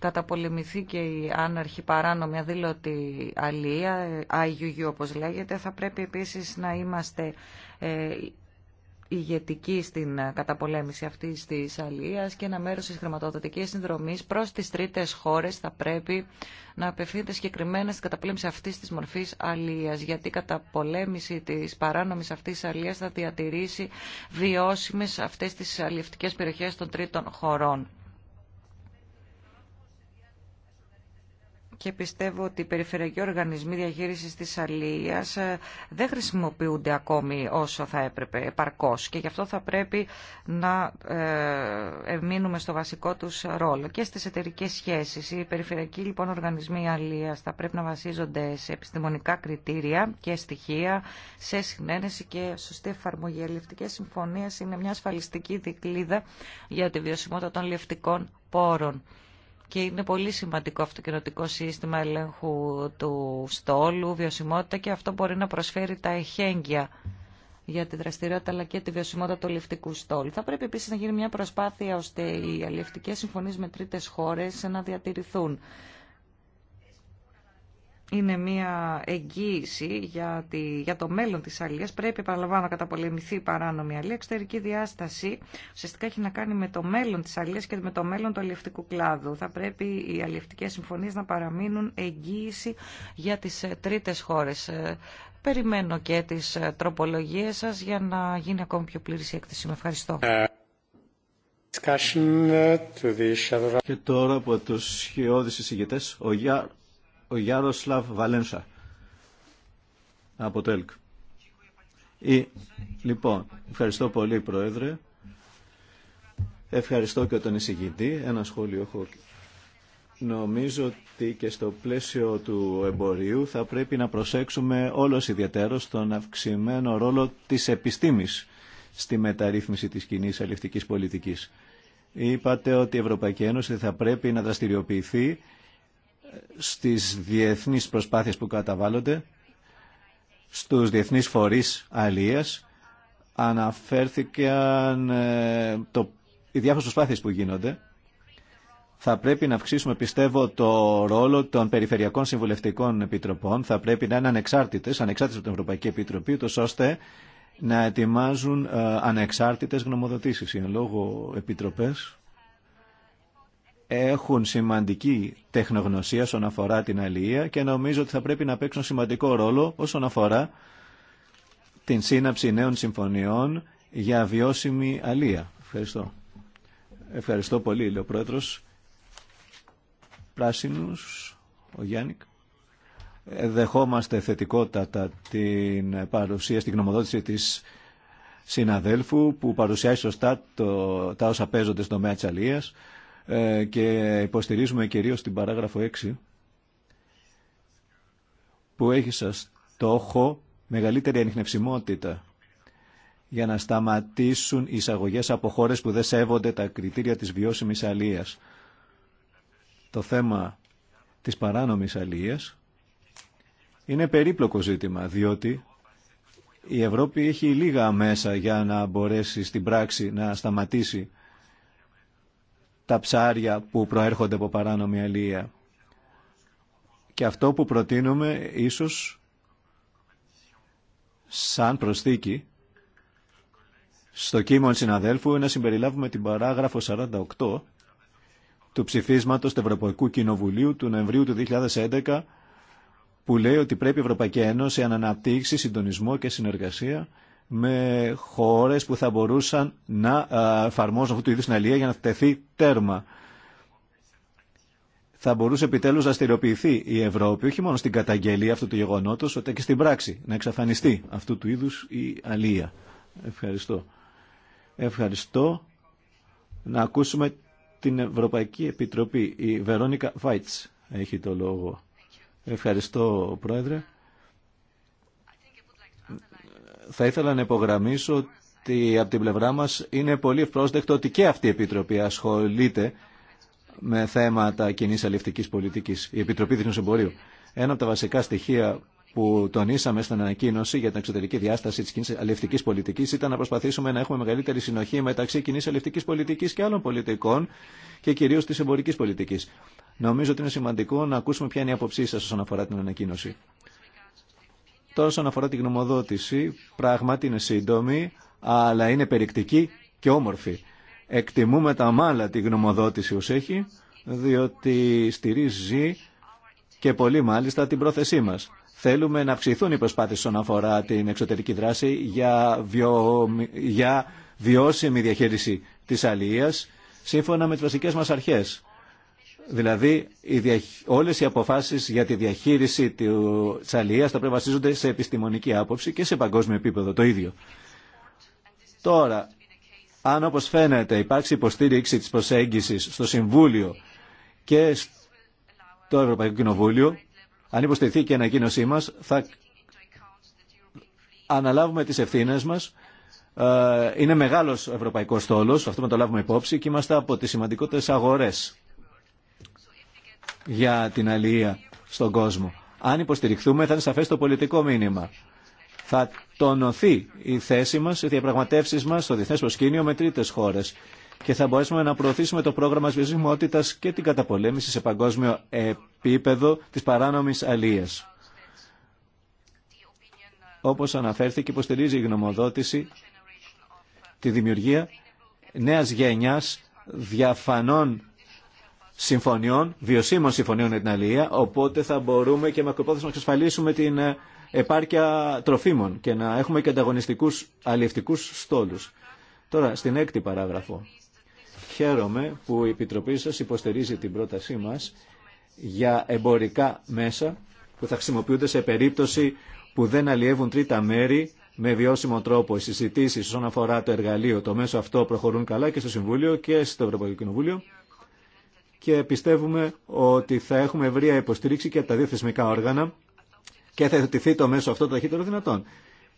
καταπολεμηθεί και η άναρχη παράνομη αδήλωτη αλία, ε, IUU όπως λέγεται. Θα πρέπει επίσης να είμαστε ε, ηγετική στην ε, καταπολέμηση αυτή τη αλληλεία και ένα μέρο τη χρηματοδοτική συνδρομή προ τι τρίτε χώρε θα πρέπει να απευθύνεται συγκεκριμένα στην καταπολέμηση αυτή τη μορφή αλληλεία. Γιατί η καταπολέμηση τη παράνομη αυτή αλληλεία θα διατηρήσει βιώσιμε αυτέ τι αλληλευτικέ περιοχέ των τρίτων χωρών. και πιστεύω ότι οι περιφερειακοί οργανισμοί διαχείρισης της αλίας ε, δεν χρησιμοποιούνται ακόμη όσο θα έπρεπε επαρκώς και γι' αυτό θα πρέπει να ε, μείνουμε στο βασικό τους ρόλο και στις εταιρικέ σχέσεις. Οι περιφερειακοί λοιπόν οργανισμοί αλίας θα πρέπει να βασίζονται σε επιστημονικά κριτήρια και στοιχεία, σε συνένεση και σωστή εφαρμογή. Οι συμφωνίες είναι μια ασφαλιστική δικλίδα για τη βιωσιμότητα των λευτικών πόρων και είναι πολύ σημαντικό αυτό το κοινοτικό σύστημα ελέγχου του στόλου, βιωσιμότητα και αυτό μπορεί να προσφέρει τα εχέγγυα για τη δραστηριότητα αλλά και τη βιωσιμότητα του αλληλευτικού στόλου. Θα πρέπει επίση να γίνει μια προσπάθεια ώστε οι αλληλευτικέ συμφωνίε με τρίτε χώρε να διατηρηθούν είναι μια εγγύηση για, τη, για το μέλλον της αλίας. Πρέπει, παραλαμβάνω, να καταπολεμηθεί η παράνομη αλία. Εξωτερική διάσταση ουσιαστικά έχει να κάνει με το μέλλον της αλίας και με το μέλλον του αλληλευτικού κλάδου. Θα πρέπει οι αλληλευτικές συμφωνίες να παραμείνουν εγγύηση για τις ε, τρίτες χώρες. Ε, περιμένω και τις ε, τροπολογίες σας για να γίνει ακόμη πιο πλήρης η έκθεση. Με ευχαριστώ. Και τώρα από ο ο Γιάροσλαβ Βαλένσα από το ΕΛΚ. λοιπόν, ευχαριστώ πολύ Πρόεδρε. Ευχαριστώ και τον εισηγητή. Ένα σχόλιο έχω. Νομίζω ότι και στο πλαίσιο του εμπορίου θα πρέπει να προσέξουμε όλος ιδιαίτερος τον αυξημένο ρόλο της επιστήμης στη μεταρρύθμιση της κοινή αλληλευτικής πολιτικής. Είπατε ότι η Ευρωπαϊκή Ένωση θα πρέπει να δραστηριοποιηθεί στις διεθνείς προσπάθειες που καταβάλλονται, στους διεθνείς φορείς αλίας, αναφέρθηκαν ε, το, οι διάφορες προσπάθειες που γίνονται. Θα πρέπει να αυξήσουμε, πιστεύω, το ρόλο των περιφερειακών συμβουλευτικών επιτροπών. Θα πρέπει να είναι ανεξάρτητες, ανεξάρτητες από την Ευρωπαϊκή Επιτροπή, ούτως ώστε να ετοιμάζουν ε, ανεξάρτητες γνωμοδοτήσεις. Είναι λόγω επιτροπές έχουν σημαντική τεχνογνωσία όσον αφορά την αλληλεία και νομίζω ότι θα πρέπει να παίξουν σημαντικό ρόλο όσον αφορά την σύναψη νέων συμφωνιών για βιώσιμη αλληλεία. Ευχαριστώ. Ευχαριστώ πολύ, λέει ο Πρόεδρος. Πράσινους, ο Γιάννικ. Ε, δεχόμαστε θετικότατα την παρουσία, στην γνωμοδότηση της συναδέλφου που παρουσιάζει σωστά τα όσα παίζονται στον τομέα της αλληλείας... Ε, και υποστηρίζουμε κυρίως την παράγραφο 6 που έχει σαν στόχο μεγαλύτερη ανιχνευσιμότητα για να σταματήσουν οι εισαγωγές από χώρε που δεν σέβονται τα κριτήρια της βιώσιμης αλίας. Το θέμα της παράνομης αλίας είναι περίπλοκο ζήτημα, διότι η Ευρώπη έχει λίγα μέσα για να μπορέσει στην πράξη να σταματήσει τα ψάρια που προέρχονται από παράνομη αλία. Και αυτό που προτείνουμε ίσως σαν προσθήκη στο κείμενο συναδέλφου είναι να συμπεριλάβουμε την παράγραφο 48 του ψηφίσματος του Ευρωπαϊκού Κοινοβουλίου του Νοεμβρίου του 2011 που λέει ότι πρέπει η Ευρωπαϊκή Ένωση να αναπτύξει συντονισμό και συνεργασία με χώρε που θα μπορούσαν να ε, εφαρμόζουν αυτού του είδου την για να τεθεί τέρμα. Θα μπορούσε επιτέλους να στηριοποιηθεί η Ευρώπη, όχι μόνο στην καταγγελία αυτού του γεγονότος, αλλά και στην πράξη, να εξαφανιστεί αυτού του είδου η αλληλεία. Ευχαριστώ. Ευχαριστώ. Να ακούσουμε την Ευρωπαϊκή Επιτροπή. Η Βερόνικα Βάιτς έχει το λόγο. Ευχαριστώ, Πρόεδρε θα ήθελα να υπογραμμίσω ότι από την πλευρά μας είναι πολύ ευπρόσδεκτο ότι και αυτή η Επιτροπή ασχολείται με θέματα κοινή αλληλευτικής πολιτικής, η Επιτροπή Διεθνούς Εμπορίου. Ένα από τα βασικά στοιχεία που τονίσαμε στην ανακοίνωση για την εξωτερική διάσταση της κοινή αλληλευτικής πολιτικής ήταν να προσπαθήσουμε να έχουμε μεγαλύτερη συνοχή μεταξύ κοινή αλληλευτικής πολιτικής και άλλων πολιτικών και κυρίως της εμπορικής πολιτικής Νομίζω ότι είναι σημαντικό να ακούσουμε ποια είναι η άποψή σα όσον αφορά την ανακοίνωση. Τώρα όσον αφορά τη γνωμοδότηση, πράγματι είναι σύντομη, αλλά είναι περιεκτική και όμορφη. Εκτιμούμε τα μάλα τη γνωμοδότηση ως έχει, διότι στηρίζει και πολύ μάλιστα την πρόθεσή μας. Θέλουμε να αυξηθούν οι προσπάθειες όσον αφορά την εξωτερική δράση για, βιο... για βιώσιμη διαχείριση της αλληλείας, σύμφωνα με τις βασικές μας αρχές Δηλαδή, οι όλες οι αποφάσεις για τη διαχείριση της αλληλείας θα πρέπει να σε επιστημονική άποψη και σε παγκόσμιο επίπεδο το ίδιο. Τώρα, αν όπως φαίνεται υπάρξει υποστήριξη της προσέγγισης στο Συμβούλιο και στο Ευρωπαϊκό Κοινοβούλιο, αν υποστηριχθεί και η ανακοίνωσή μας, θα αναλάβουμε τις ευθύνες μας. Ε, είναι μεγάλος ευρωπαϊκός στόλος, αυτό να το λάβουμε υπόψη και είμαστε από τις σημαντικότερες αγορές για την αλληλεία στον κόσμο. Αν υποστηριχθούμε θα είναι σαφές το πολιτικό μήνυμα. Θα τονωθεί η θέση μας, οι διαπραγματεύσεις μας στο διεθνές προσκήνιο με τρίτες χώρες και θα μπορέσουμε να προωθήσουμε το πρόγραμμα σβησιμότητας και την καταπολέμηση σε παγκόσμιο επίπεδο της παράνομης αλίας. Όπως αναφέρθηκε, υποστηρίζει η γνωμοδότηση τη δημιουργία νέας γενιάς διαφανών συμφωνιών, βιωσίμων συμφωνιών με την αλληλεία, οπότε θα μπορούμε και μακροπρόθεσμα να εξασφαλίσουμε την ε, επάρκεια τροφίμων και να έχουμε και ανταγωνιστικούς αλληλευτικούς στόλους. Τώρα, στην έκτη παράγραφο. Χαίρομαι που η Επιτροπή σας υποστηρίζει την πρότασή μας για εμπορικά μέσα που θα χρησιμοποιούνται σε περίπτωση που δεν αλλιεύουν τρίτα μέρη με βιώσιμο τρόπο. Οι συζητήσει όσον αφορά το εργαλείο, το μέσο αυτό προχωρούν καλά και στο Συμβούλιο και στο Ευρωπαϊκό Κοινοβούλιο και πιστεύουμε ότι θα έχουμε ευρία υποστήριξη και από τα δύο θεσμικά όργανα και θα εθετηθεί το μέσο αυτό το ταχύτερο δυνατόν.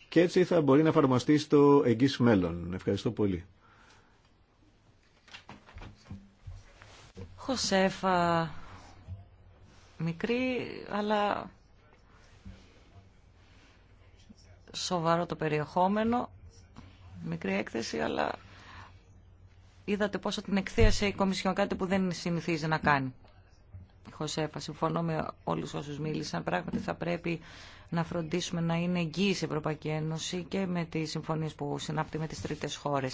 Και έτσι θα μπορεί να εφαρμοστεί στο εγγύς μέλλον. Ευχαριστώ πολύ. Χωσέφα, μικρή αλλά σοβαρό το περιεχόμενο, μικρή έκθεση αλλά είδατε πόσο την εκθέασε η Κομισιόν, κάτι που δεν συνηθίζει να κάνει. Χωσέφα, συμφωνώ με όλου όσου μίλησαν. Πράγματι, θα πρέπει να φροντίσουμε να είναι εγγύη η Ευρωπαϊκή Ένωση και με τι συμφωνίε που συνάπτει με τι τρίτε χώρε.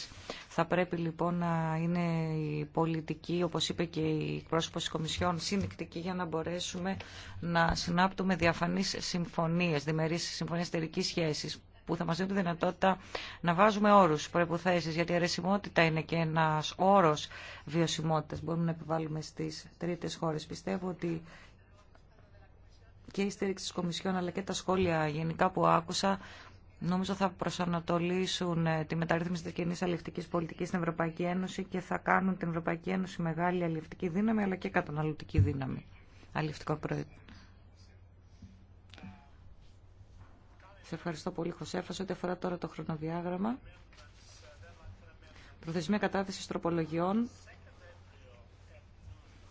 Θα πρέπει λοιπόν να είναι η πολιτική, όπω είπε και η πρόσωπο τη Κομισιόν, συνεκτική για να μπορέσουμε να συνάπτουμε διαφανεί συμφωνίε, διμερεί συμφωνίε εταιρική σχέση που θα μας δίνουν τη δυνατότητα να βάζουμε όρου προποθέσει, γιατί η αρεσιμότητα είναι και ένα όρο βιωσιμότητα που Μπορούμε να επιβάλλουμε στι τρίτε χώρε. Πιστεύω ότι και η στήριξη τη Κομισιόν αλλά και τα σχόλια γενικά που άκουσα νομίζω θα προσανατολίσουν ε, τη μεταρρύθμιση της κοινή αλληλευτικής πολιτικής στην Ευρωπαϊκή Ένωση και θα κάνουν την Ευρωπαϊκή Ένωση μεγάλη αλληλευτική δύναμη αλλά και καταναλωτική δύναμη αλληλευτικό Σε ευχαριστώ πολύ, Χωσέφα. Σε ό,τι αφορά τώρα το χρονοδιάγραμμα, προθεσμία κατάθεση τροπολογιών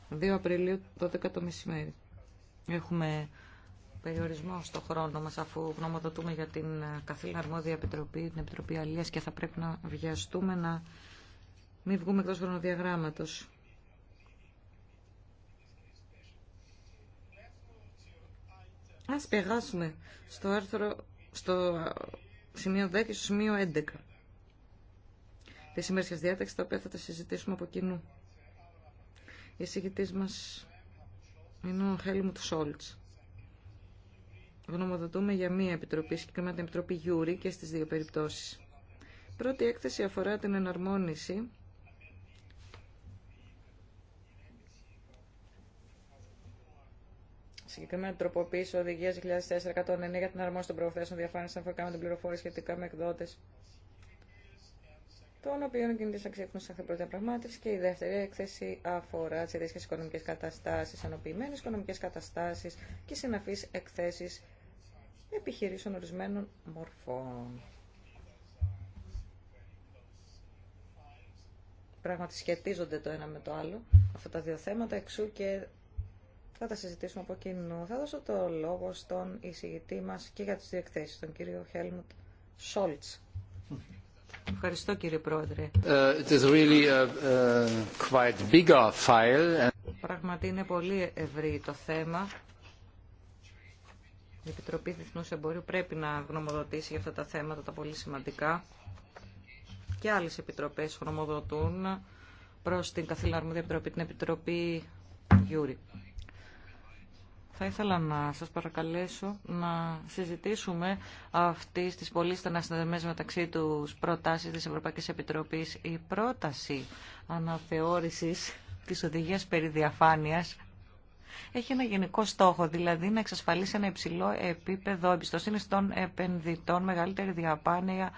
2 Απριλίου, 12 το μεσημέρι. Έχουμε περιορισμό στο χρόνο μας αφού γνωμοδοτούμε για την ε, καθήλυνα αρμόδια επιτροπή, την Επιτροπή Αλίας και θα πρέπει να βιαστούμε να μην βγούμε εκτός χρονοδιαγράμματος. Ας περάσουμε στο άρθρο στο σημείο 10 και στο σημείο 11 τη διάταξη, τα οποία θα τα συζητήσουμε από κοινού. Η εισηγητή μα είναι ο Χέλμουτ του Σόλτ. Γνωμοδοτούμε για μία επιτροπή, συγκεκριμένα την Επιτροπή Γιούρι και στι δύο περιπτώσει. Η πρώτη έκθεση αφορά την εναρμόνιση Συγκεκριμένα τροποποίηση οδηγία για την αρμόνιση των προθέσεων διαφάνεια αφορικά με την πληροφόρηση σχετικά με εκδότε των οποίων κινητή αξία έχουν την πρώτη διαπραγμάτευση και η δεύτερη έκθεση αφορά τι ρίσκε οικονομικέ καταστάσει, ανοποιημένε οικονομικέ καταστάσει και συναφεί εκθέσει επιχειρήσεων ορισμένων μορφών. Πράγματι σχετίζονται το ένα με το άλλο αυτά τα δύο θέματα, εξού και θα τα συζητήσουμε από κοινού. Θα δώσω το λόγο στον εισηγητή μας και για τις διεκθέσεις, τον κύριο Χέλμουτ Σόλτς. Ευχαριστώ κύριε Πρόεδρε. Ε, it is really a, quite bigger file. Πραγματικά είναι πολύ ευρύ το θέμα. Η Επιτροπή Διεθνού Εμπορίου πρέπει να γνωμοδοτήσει για αυτά τα θέματα τα πολύ σημαντικά. Και άλλες επιτροπές γνωμοδοτούν προς την Καθήλυνα Αρμόδια Επιτροπή, την Επιτροπή θα ήθελα να σας παρακαλέσω να συζητήσουμε αυτή τις πολύ στενασυνδεμένες μεταξύ τους προτάσεις της Ευρωπαϊκής Επιτροπής. Η πρόταση αναθεώρησης της οδηγίας περί διαφάνειας έχει ένα γενικό στόχο, δηλαδή να εξασφαλίσει ένα υψηλό επίπεδο εμπιστοσύνη των επενδυτών, μεγαλύτερη διαπάνεια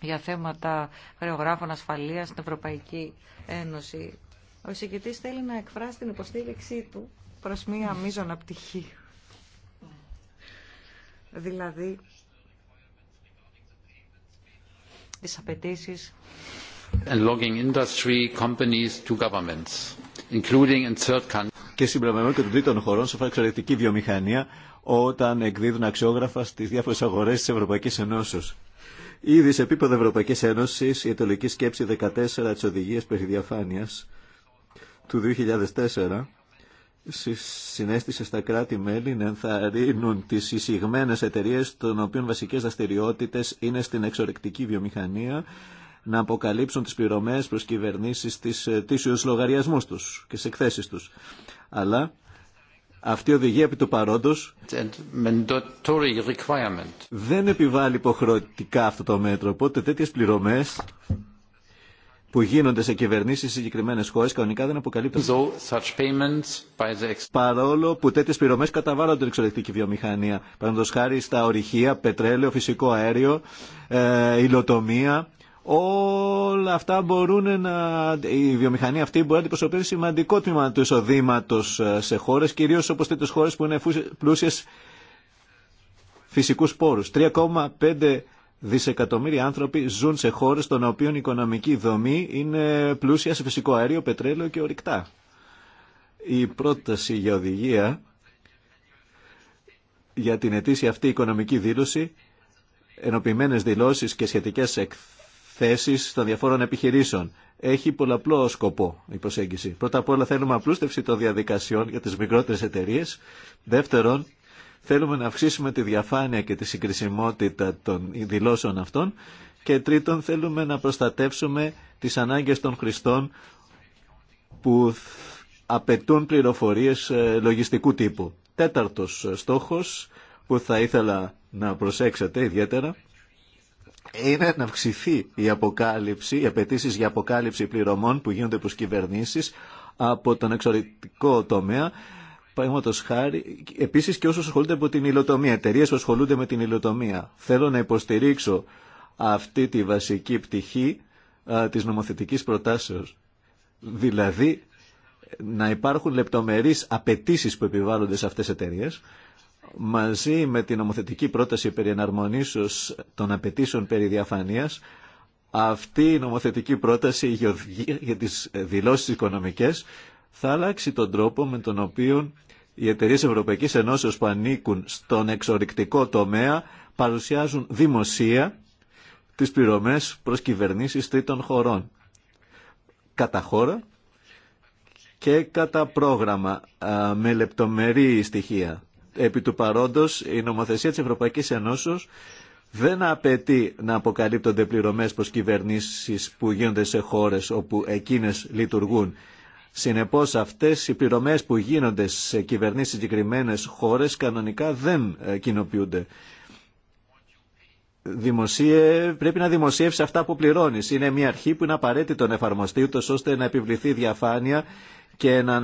για θέματα χρεογράφων ασφαλείας στην Ευρωπαϊκή Ένωση. Ο εισηγητής θέλει να εκφράσει την υποστήριξή του προς μία μείζωνα πτυχή. Δηλαδή, τις απαιτήσει. And logging industry, companies to governments, including in third countries. Και συμπληρωμένο και των τρίτων χωρών σε εξαιρετική βιομηχανία όταν εκδίδουν αξιόγραφα στις διάφορες αγορές της Ευρωπαϊκής Ένωσης. Ήδη σε επίπεδο Ευρωπαϊκή Ένωση, η ετολική σκέψη 14 τη Οδηγία Περιδιαφάνεια του 2004 συνέστησε στα κράτη-μέλη να ενθαρρύνουν τις εισηγμένε εταιρείες των οποίων βασικές δραστηριότητε είναι στην εξορεκτική βιομηχανία να αποκαλύψουν τις πληρωμέ προ κυβερνήσει της ε, τήσιους λογαριασμούς τους και σε εκθέσει τους. Αλλά αυτή η οδηγία επί του παρόντος δεν επιβάλλει υποχρεωτικά αυτό το μέτρο, οπότε τέτοιε πληρωμές που γίνονται σε κυβερνήσει, σε συγκεκριμένε χώρε κανονικά δεν αποκαλύπτουν. Παρόλο που τέτοιε πληρωμέ καταβάλλονται την εξωτερική βιομηχανία. Παραδείγματο χάρη στα ορυχεία, πετρέλαιο, φυσικό αέριο, ε, υλοτομία. Όλα αυτά μπορούν να... Η βιομηχανία αυτή μπορεί να αντιπροσωπεύει σημαντικό τμήμα του εισοδήματο ε, σε χώρε, κυρίω όπω τέτοιε χώρε που είναι πλούσιε φυσικούς πόρους. 3,5 Δισεκατομμύρια άνθρωποι ζουν σε χώρε των οποίων η οικονομική δομή είναι πλούσια σε φυσικό αέριο, πετρέλαιο και ορυκτά. Η πρόταση για οδηγία για την ετήσια αυτή οικονομική δήλωση, ενοποιημένες δηλώσεις και σχετικές εκθέσεις των διαφόρων επιχειρήσεων. Έχει πολλαπλό σκοπό η προσέγγιση. Πρώτα απ' όλα θέλουμε απλούστευση των διαδικασιών για τις μικρότερες εταιρείες. Δεύτερον, Θέλουμε να αυξήσουμε τη διαφάνεια και τη συγκρισιμότητα των δηλώσεων αυτών και τρίτον θέλουμε να προστατεύσουμε τις ανάγκες των χρηστών που απαιτούν πληροφορίες ε, λογιστικού τύπου. Τέταρτος στόχος που θα ήθελα να προσέξετε ιδιαίτερα είναι να αυξηθεί η αποκάλυψη, οι απαιτήσει για αποκάλυψη πληρωμών που γίνονται προς κυβερνήσεις από τον εξωτερικό τομέα Παραδείγματο χάρη, επίση και όσου ασχολούνται με την υλοτομία, εταιρείε που ασχολούνται με την υλοτομία. Θέλω να υποστηρίξω αυτή τη βασική πτυχή τη της νομοθετικής Δηλαδή, να υπάρχουν λεπτομερεί απαιτήσει που επιβάλλονται σε αυτές τι εταιρείε, μαζί με την νομοθετική πρόταση περί εναρμονίσεως των απαιτήσεων περί αυτή η νομοθετική πρόταση για τις δηλώσεις οικονομικές θα αλλάξει τον τρόπο με τον οποίο οι εταιρείε Ευρωπαϊκής Ενώσεως που ανήκουν στον εξορρυκτικό τομέα παρουσιάζουν δημοσία τις πληρωμές προς κυβερνήσεις τρίτων χωρών. Κατά χώρα και κατά πρόγραμμα με λεπτομερή στοιχεία. Επί του παρόντος η νομοθεσία της Ευρωπαϊκής Ενώσεως δεν απαιτεί να αποκαλύπτονται πληρωμές προς κυβερνήσεις που γίνονται σε χώρες όπου εκείνες λειτουργούν. Συνεπώ, αυτέ οι πληρωμέ που γίνονται σε κυβερνήσει συγκεκριμένε χώρε κανονικά δεν ε, κοινοποιούνται. Δημοσίε, πρέπει να δημοσιεύσει αυτά που πληρώνει. Είναι μια αρχή που είναι απαραίτητο να εφαρμοστεί, ούτω ώστε να επιβληθεί διαφάνεια και να,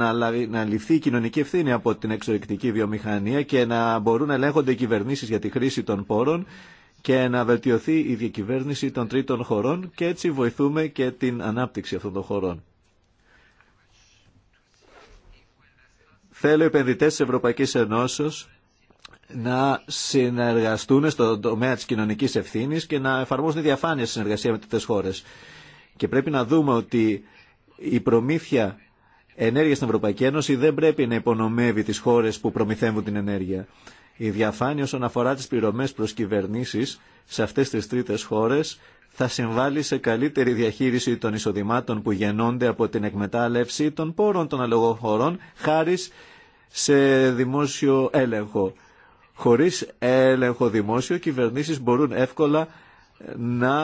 να ληφθεί η κοινωνική ευθύνη από την εξωτερική βιομηχανία και να μπορούν να ελέγχονται οι κυβερνήσει για τη χρήση των πόρων και να βελτιωθεί η διακυβέρνηση των τρίτων χωρών και έτσι βοηθούμε και την ανάπτυξη αυτών των χωρών. Θέλω οι επενδυτέ τη Ευρωπαϊκή Ενώσεω να συνεργαστούν στον τομέα τη κοινωνική ευθύνη και να εφαρμόσουν διαφάνεια στη συνεργασία με τέτοιε χώρε. Και πρέπει να δούμε ότι η προμήθεια ενέργεια στην Ευρωπαϊκή Ένωση δεν πρέπει να υπονομεύει τι χώρε που προμηθεύουν την ενέργεια. Η διαφάνεια όσον αφορά τι πληρωμέ προ κυβερνήσει σε αυτέ τι τρίτε χώρε θα συμβάλλει σε καλύτερη διαχείριση των εισοδημάτων που γεννώνται από την εκμετάλλευση των πόρων των αλογοχωρών χάρη σε δημόσιο έλεγχο. Χωρίς έλεγχο δημόσιο, κυβερνήσεις μπορούν εύκολα να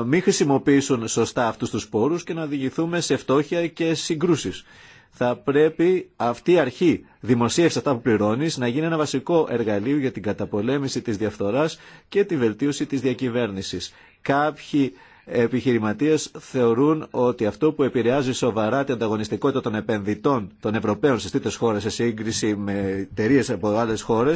ε, μην χρησιμοποιήσουν σωστά αυτούς τους πόρους και να διηγηθούμε σε φτώχεια και συγκρούσεις. Θα πρέπει αυτή η αρχή δημοσίευση αυτά που πληρώνεις να γίνει ένα βασικό εργαλείο για την καταπολέμηση της διαφθοράς και τη βελτίωση της διακυβέρνησης. Κάποιοι Επιχειρηματίε θεωρούν ότι αυτό που επηρεάζει σοβαρά την ανταγωνιστικότητα των επενδυτών των Ευρωπαίων στι τρίτε χώρε σε σύγκριση με εταιρείε από άλλε χώρε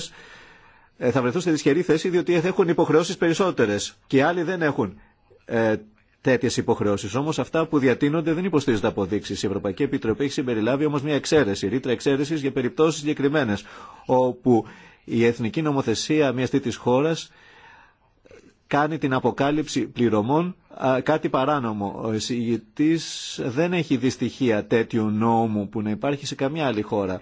ε, θα βρεθούν στη δυσχερή θέση διότι έχουν υποχρεώσει περισσότερε και οι άλλοι δεν έχουν ε, τέτοιε υποχρεώσει. Όμω αυτά που διατείνονται δεν υποστηρίζονται δείξει. Η Ευρωπαϊκή Επιτροπή έχει συμπεριλάβει όμω μια εξαίρεση, ρήτρα εξαίρεση για περιπτώσει συγκεκριμένε, όπου η εθνική νομοθεσία μια τρίτη χώρα κάνει την αποκάλυψη πληρωμών κάτι παράνομο. Ο εισηγητής δεν έχει δυστυχία τέτοιου νόμου που να υπάρχει σε καμιά άλλη χώρα.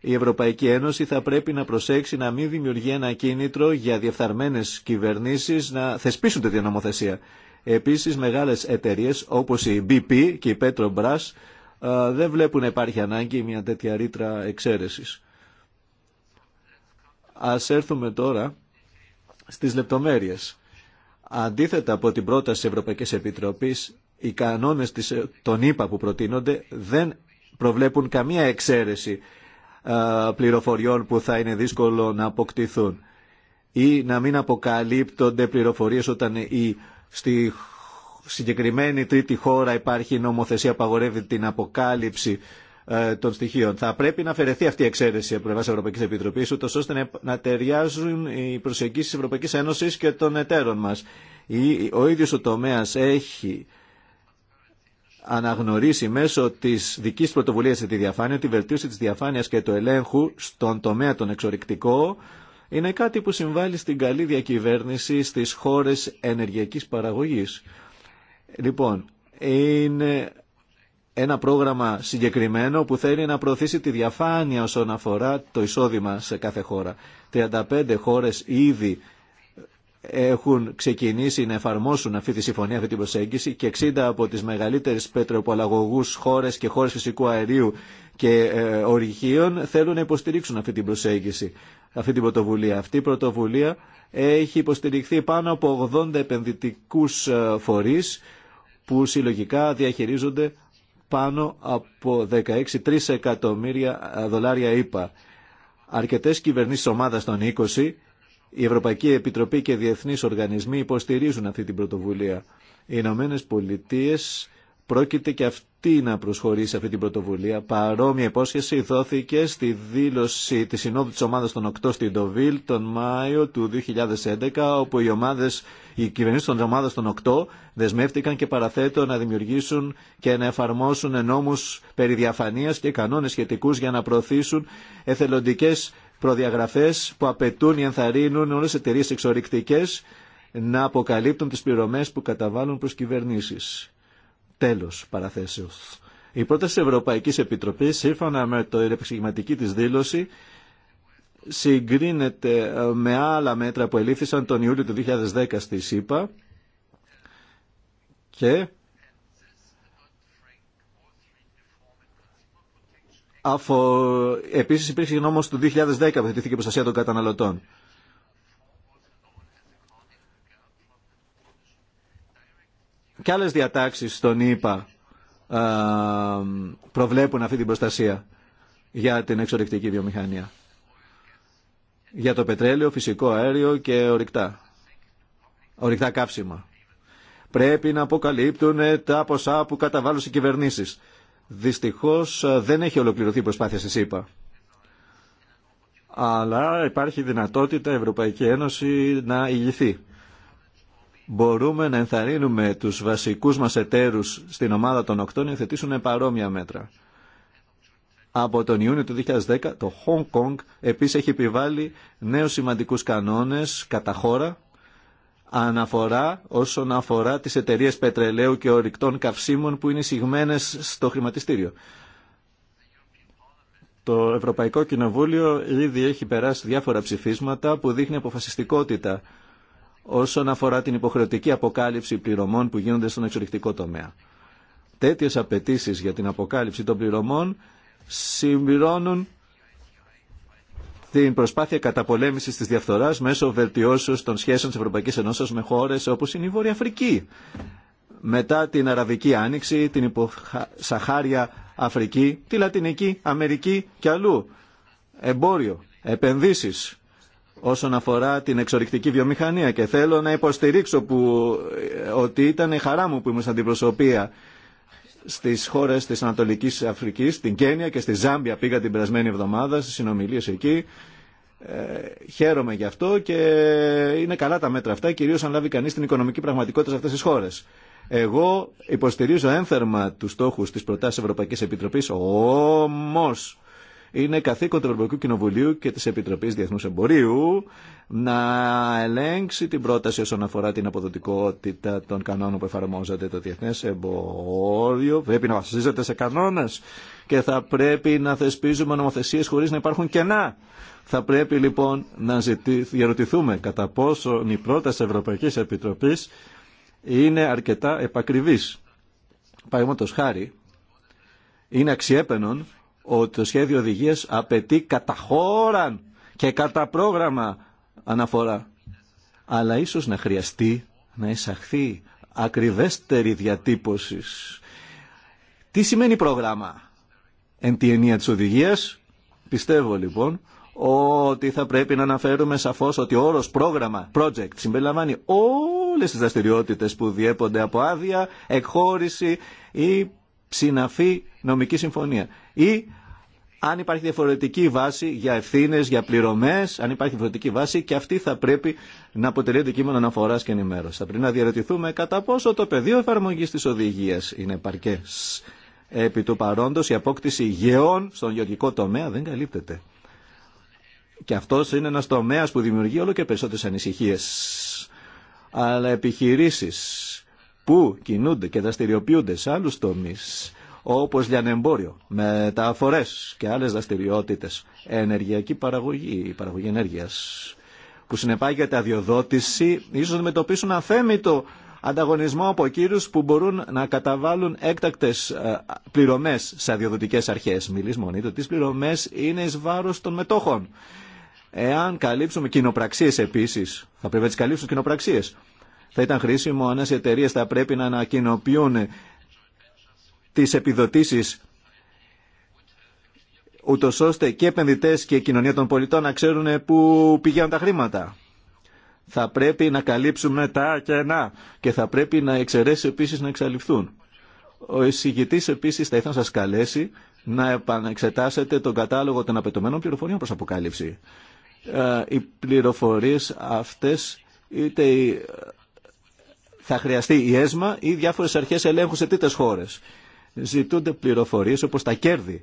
Η Ευρωπαϊκή Ένωση θα πρέπει να προσέξει να μην δημιουργεί ένα κίνητρο για διεφθαρμένες κυβερνήσεις να θεσπίσουν τέτοια νομοθεσία. Επίσης μεγάλες εταιρείες όπως η BP και η Petrobras δεν βλέπουν να υπάρχει ανάγκη μια τέτοια ρήτρα εξαίρεσης. Ας έρθουμε τώρα στις λεπτομέρειες Αντίθετα από την πρόταση της Ευρωπαϊκής Επιτροπής, οι κανόνες της, ε, των ΙΠΑ που προτείνονται δεν προβλέπουν καμία εξαίρεση πληροφοριών που θα είναι δύσκολο να αποκτηθούν ή να μην αποκαλύπτονται πληροφορίες όταν η, στη συγκεκριμένη τρίτη χώρα υπάρχει νομοθεσία που απαγορεύει την αποκάλυψη ε, των στοιχείων. Θα πρέπει να αφαιρεθεί αυτή η εξαίρεση από πλευρά Ευρωπαϊκή Επιτροπή, ούτω ώστε να ταιριάζουν οι προσεγγίσει τη Ευρωπαϊκή Ένωση και των εταίρων μα. Ο ίδιο ο τομέα έχει αναγνωρίσει μέσω τη δική πρωτοβουλία τη διαφάνεια ότι η βελτίωση τη διαφάνεια και του ελέγχου στον τομέα τον εξορυκτικό είναι κάτι που συμβάλλει στην καλή διακυβέρνηση στις χώρες ενεργειακής παραγωγής. Λοιπόν, είναι ένα πρόγραμμα συγκεκριμένο που θέλει να προωθήσει τη διαφάνεια όσον αφορά το εισόδημα σε κάθε χώρα. 35 χώρες ήδη έχουν ξεκινήσει να εφαρμόσουν αυτή τη συμφωνία, αυτή την προσέγγιση και 60 από τις μεγαλύτερες πετροπολαγωγούς χώρες και χώρες φυσικού αερίου και ε, ορυχείων θέλουν να υποστηρίξουν αυτή την προσέγγιση, αυτή την πρωτοβουλία. Αυτή η πρωτοβουλία έχει υποστηριχθεί πάνω από 80 επενδυτικούς ε, φορείς που συλλογικά διαχειρίζονται πάνω από 16-3 εκατομμύρια ε, δολάρια ήπα. Αρκετές κυβερνήσεις ομάδας των 20, η Ευρωπαϊκή Επιτροπή και Διεθνεί οργανισμοί υποστηρίζουν αυτή την πρωτοβουλία. Οι Ηνωμένε Πολιτείε πρόκειται και αυτή να προσχωρήσει αυτή την πρωτοβουλία. Παρόμοια υπόσχεση δόθηκε στη δήλωση της Συνόδου της Ομάδας των 8 στην Τοβίλ τον Μάιο του 2011, όπου οι, ομάδες, οι κυβερνήσεις των ομάδας των 8 δεσμεύτηκαν και παραθέτω να δημιουργήσουν και να εφαρμόσουν νόμους περί διαφανείας και κανόνες σχετικούς για να προωθήσουν εθελοντικές προδιαγραφές που απαιτούν ή ενθαρρύνουν όλες τις εταιρείες εξορρυκτικές να αποκαλύπτουν τις πληρωμές που καταβάλουν προς κυβερνήσεις. Τέλος παραθέσεως. Η πρόταση Ευρωπαϊκή Επιτροπής, σύμφωνα με το επεξηγηματική της δήλωση, συγκρίνεται ε, με άλλα μέτρα που ελήφθησαν τον Ιούλιο του 2010 στη ΣΥΠΑ και Αφο... Επίσης υπήρχε νόμος του 2010 που θετήθηκε η προστασία των καταναλωτών. και άλλες διατάξεις στον ΙΠΑ προβλέπουν αυτή την προστασία για την εξορυκτική βιομηχανία. Για το πετρέλαιο, φυσικό αέριο και ορυκτά. Ορυκτά καύσιμα. Πρέπει να αποκαλύπτουν τα ποσά που καταβάλουν οι κυβερνήσεις. Δυστυχώς δεν έχει ολοκληρωθεί η προσπάθεια στη ΣΥΠΑ. Αλλά υπάρχει δυνατότητα η Ευρωπαϊκή Ένωση να ηγηθεί μπορούμε να ενθαρρύνουμε τους βασικούς μας εταίρους στην ομάδα των οκτών να θετήσουν παρόμοια μέτρα. Από τον Ιούνιο του 2010 το Hong Kong επίσης έχει επιβάλει νέους σημαντικούς κανόνες κατά χώρα αναφορά όσον αφορά τις εταιρείε πετρελαίου και ορυκτών καυσίμων που είναι εισηγμένες στο χρηματιστήριο. Το Ευρωπαϊκό Κοινοβούλιο ήδη έχει περάσει διάφορα ψηφίσματα που δείχνει αποφασιστικότητα όσον αφορά την υποχρεωτική αποκάλυψη πληρωμών που γίνονται στον εξωτερικό τομέα. Τέτοιε απαιτήσει για την αποκάλυψη των πληρωμών συμπληρώνουν την προσπάθεια καταπολέμηση τη διαφθορά μέσω βελτιώσεω των σχέσεων τη Ευρωπαϊκή Ενώσεω με χώρε όπω είναι η Βόρεια Αφρική. Μετά την Αραβική Άνοιξη, την Σαχάρια Αφρική, τη Λατινική Αμερική και αλλού. Εμπόριο, επενδύσεις, όσον αφορά την εξορρυκτική βιομηχανία και θέλω να υποστηρίξω που, ε, ότι ήταν η χαρά μου που ήμουν στην αντιπροσωπεία στις χώρες της Ανατολικής Αφρικής, στην Κένια και στη Ζάμπια πήγα την περασμένη εβδομάδα στις συνομιλίες εκεί. Ε, χαίρομαι γι' αυτό και είναι καλά τα μέτρα αυτά, κυρίως αν λάβει κανείς την οικονομική πραγματικότητα σε αυτές τις χώρες. Εγώ υποστηρίζω ένθερμα τους στόχους της προτάσης Ευρωπαϊκής Επιτροπής, όμως είναι καθήκον του Ευρωπαϊκού Κοινοβουλίου και τη Επιτροπή Διεθνού Εμπορίου να ελέγξει την πρόταση όσον αφορά την αποδοτικότητα των κανόνων που εφαρμόζεται το διεθνέ εμπόριο. Πρέπει να βασίζεται σε κανόνε και θα πρέπει να θεσπίζουμε νομοθεσίε χωρί να υπάρχουν κενά. Θα πρέπει λοιπόν να διαρωτηθούμε κατά πόσο η πρόταση Ευρωπαϊκή Επιτροπή είναι αρκετά επακριβής. Παραδείγματο χάρη, είναι αξιέπαινον ότι το σχέδιο οδηγίας απαιτεί κατά χώραν και κατά πρόγραμμα αναφορά. Αλλά ίσως να χρειαστεί να εισαχθεί ακριβέστερη διατύπωση. Τι σημαίνει πρόγραμμα εν τη ενία της οδηγίας. Πιστεύω λοιπόν ότι θα πρέπει να αναφέρουμε σαφώς ότι ο όρος πρόγραμμα, project, συμπεριλαμβάνει όλες τις δραστηριότητε που διέπονται από άδεια, εκχώρηση ή συναφή νομική συμφωνία ή αν υπάρχει διαφορετική βάση για ευθύνε, για πληρωμέ, αν υπάρχει διαφορετική βάση και αυτή θα πρέπει να αποτελεί αντικείμενο αναφορά και ενημέρωση. Θα πρέπει να διαρωτηθούμε κατά πόσο το πεδίο εφαρμογή τη οδηγία είναι παρκέ. Επί του παρόντο, η απόκτηση γεών στον γεωργικό τομέα δεν καλύπτεται. Και αυτό είναι ένα τομέα που δημιουργεί όλο και περισσότερε ανησυχίε. Αλλά επαρκέ. επι του παροντο που κινούνται και δραστηριοποιούνται σε άλλου τομεί όπως λιανεμπόριο, μεταφορές και άλλες δραστηριότητες, ενεργειακή παραγωγή, παραγωγή ενέργειας, που συνεπάγεται αδειοδότηση, ίσως αντιμετωπίσουν αφέμητο ανταγωνισμό από κύριου που μπορούν να καταβάλουν έκτακτε πληρωμέ σε αδειοδοτικέ αρχέ. του ότι τι πληρωμέ είναι ει βάρο των μετόχων. Εάν καλύψουμε κοινοπραξίε επίση, θα πρέπει να τι καλύψουν κοινοπραξίε. Θα ήταν χρήσιμο αν οι εταιρείε θα πρέπει να ανακοινοποιούν τις επιδοτήσεις ούτω ώστε και επενδυτές και η κοινωνία των πολιτών να ξέρουν πού πηγαίνουν τα χρήματα. Θα πρέπει να καλύψουμε τα κενά και θα πρέπει να εξαιρέσει επίσης να εξαλειφθούν. Ο εισηγητής επίσης θα ήθελα να σας καλέσει να επανεξετάσετε τον κατάλογο των απαιτωμένων πληροφοριών προς αποκάλυψη. Ε, οι πληροφορίες αυτές είτε θα χρειαστεί η ΕΣΜΑ ή διάφορες αρχές ελέγχου σε τίτες χώρες ζητούνται πληροφορίες όπως τα κέρδη,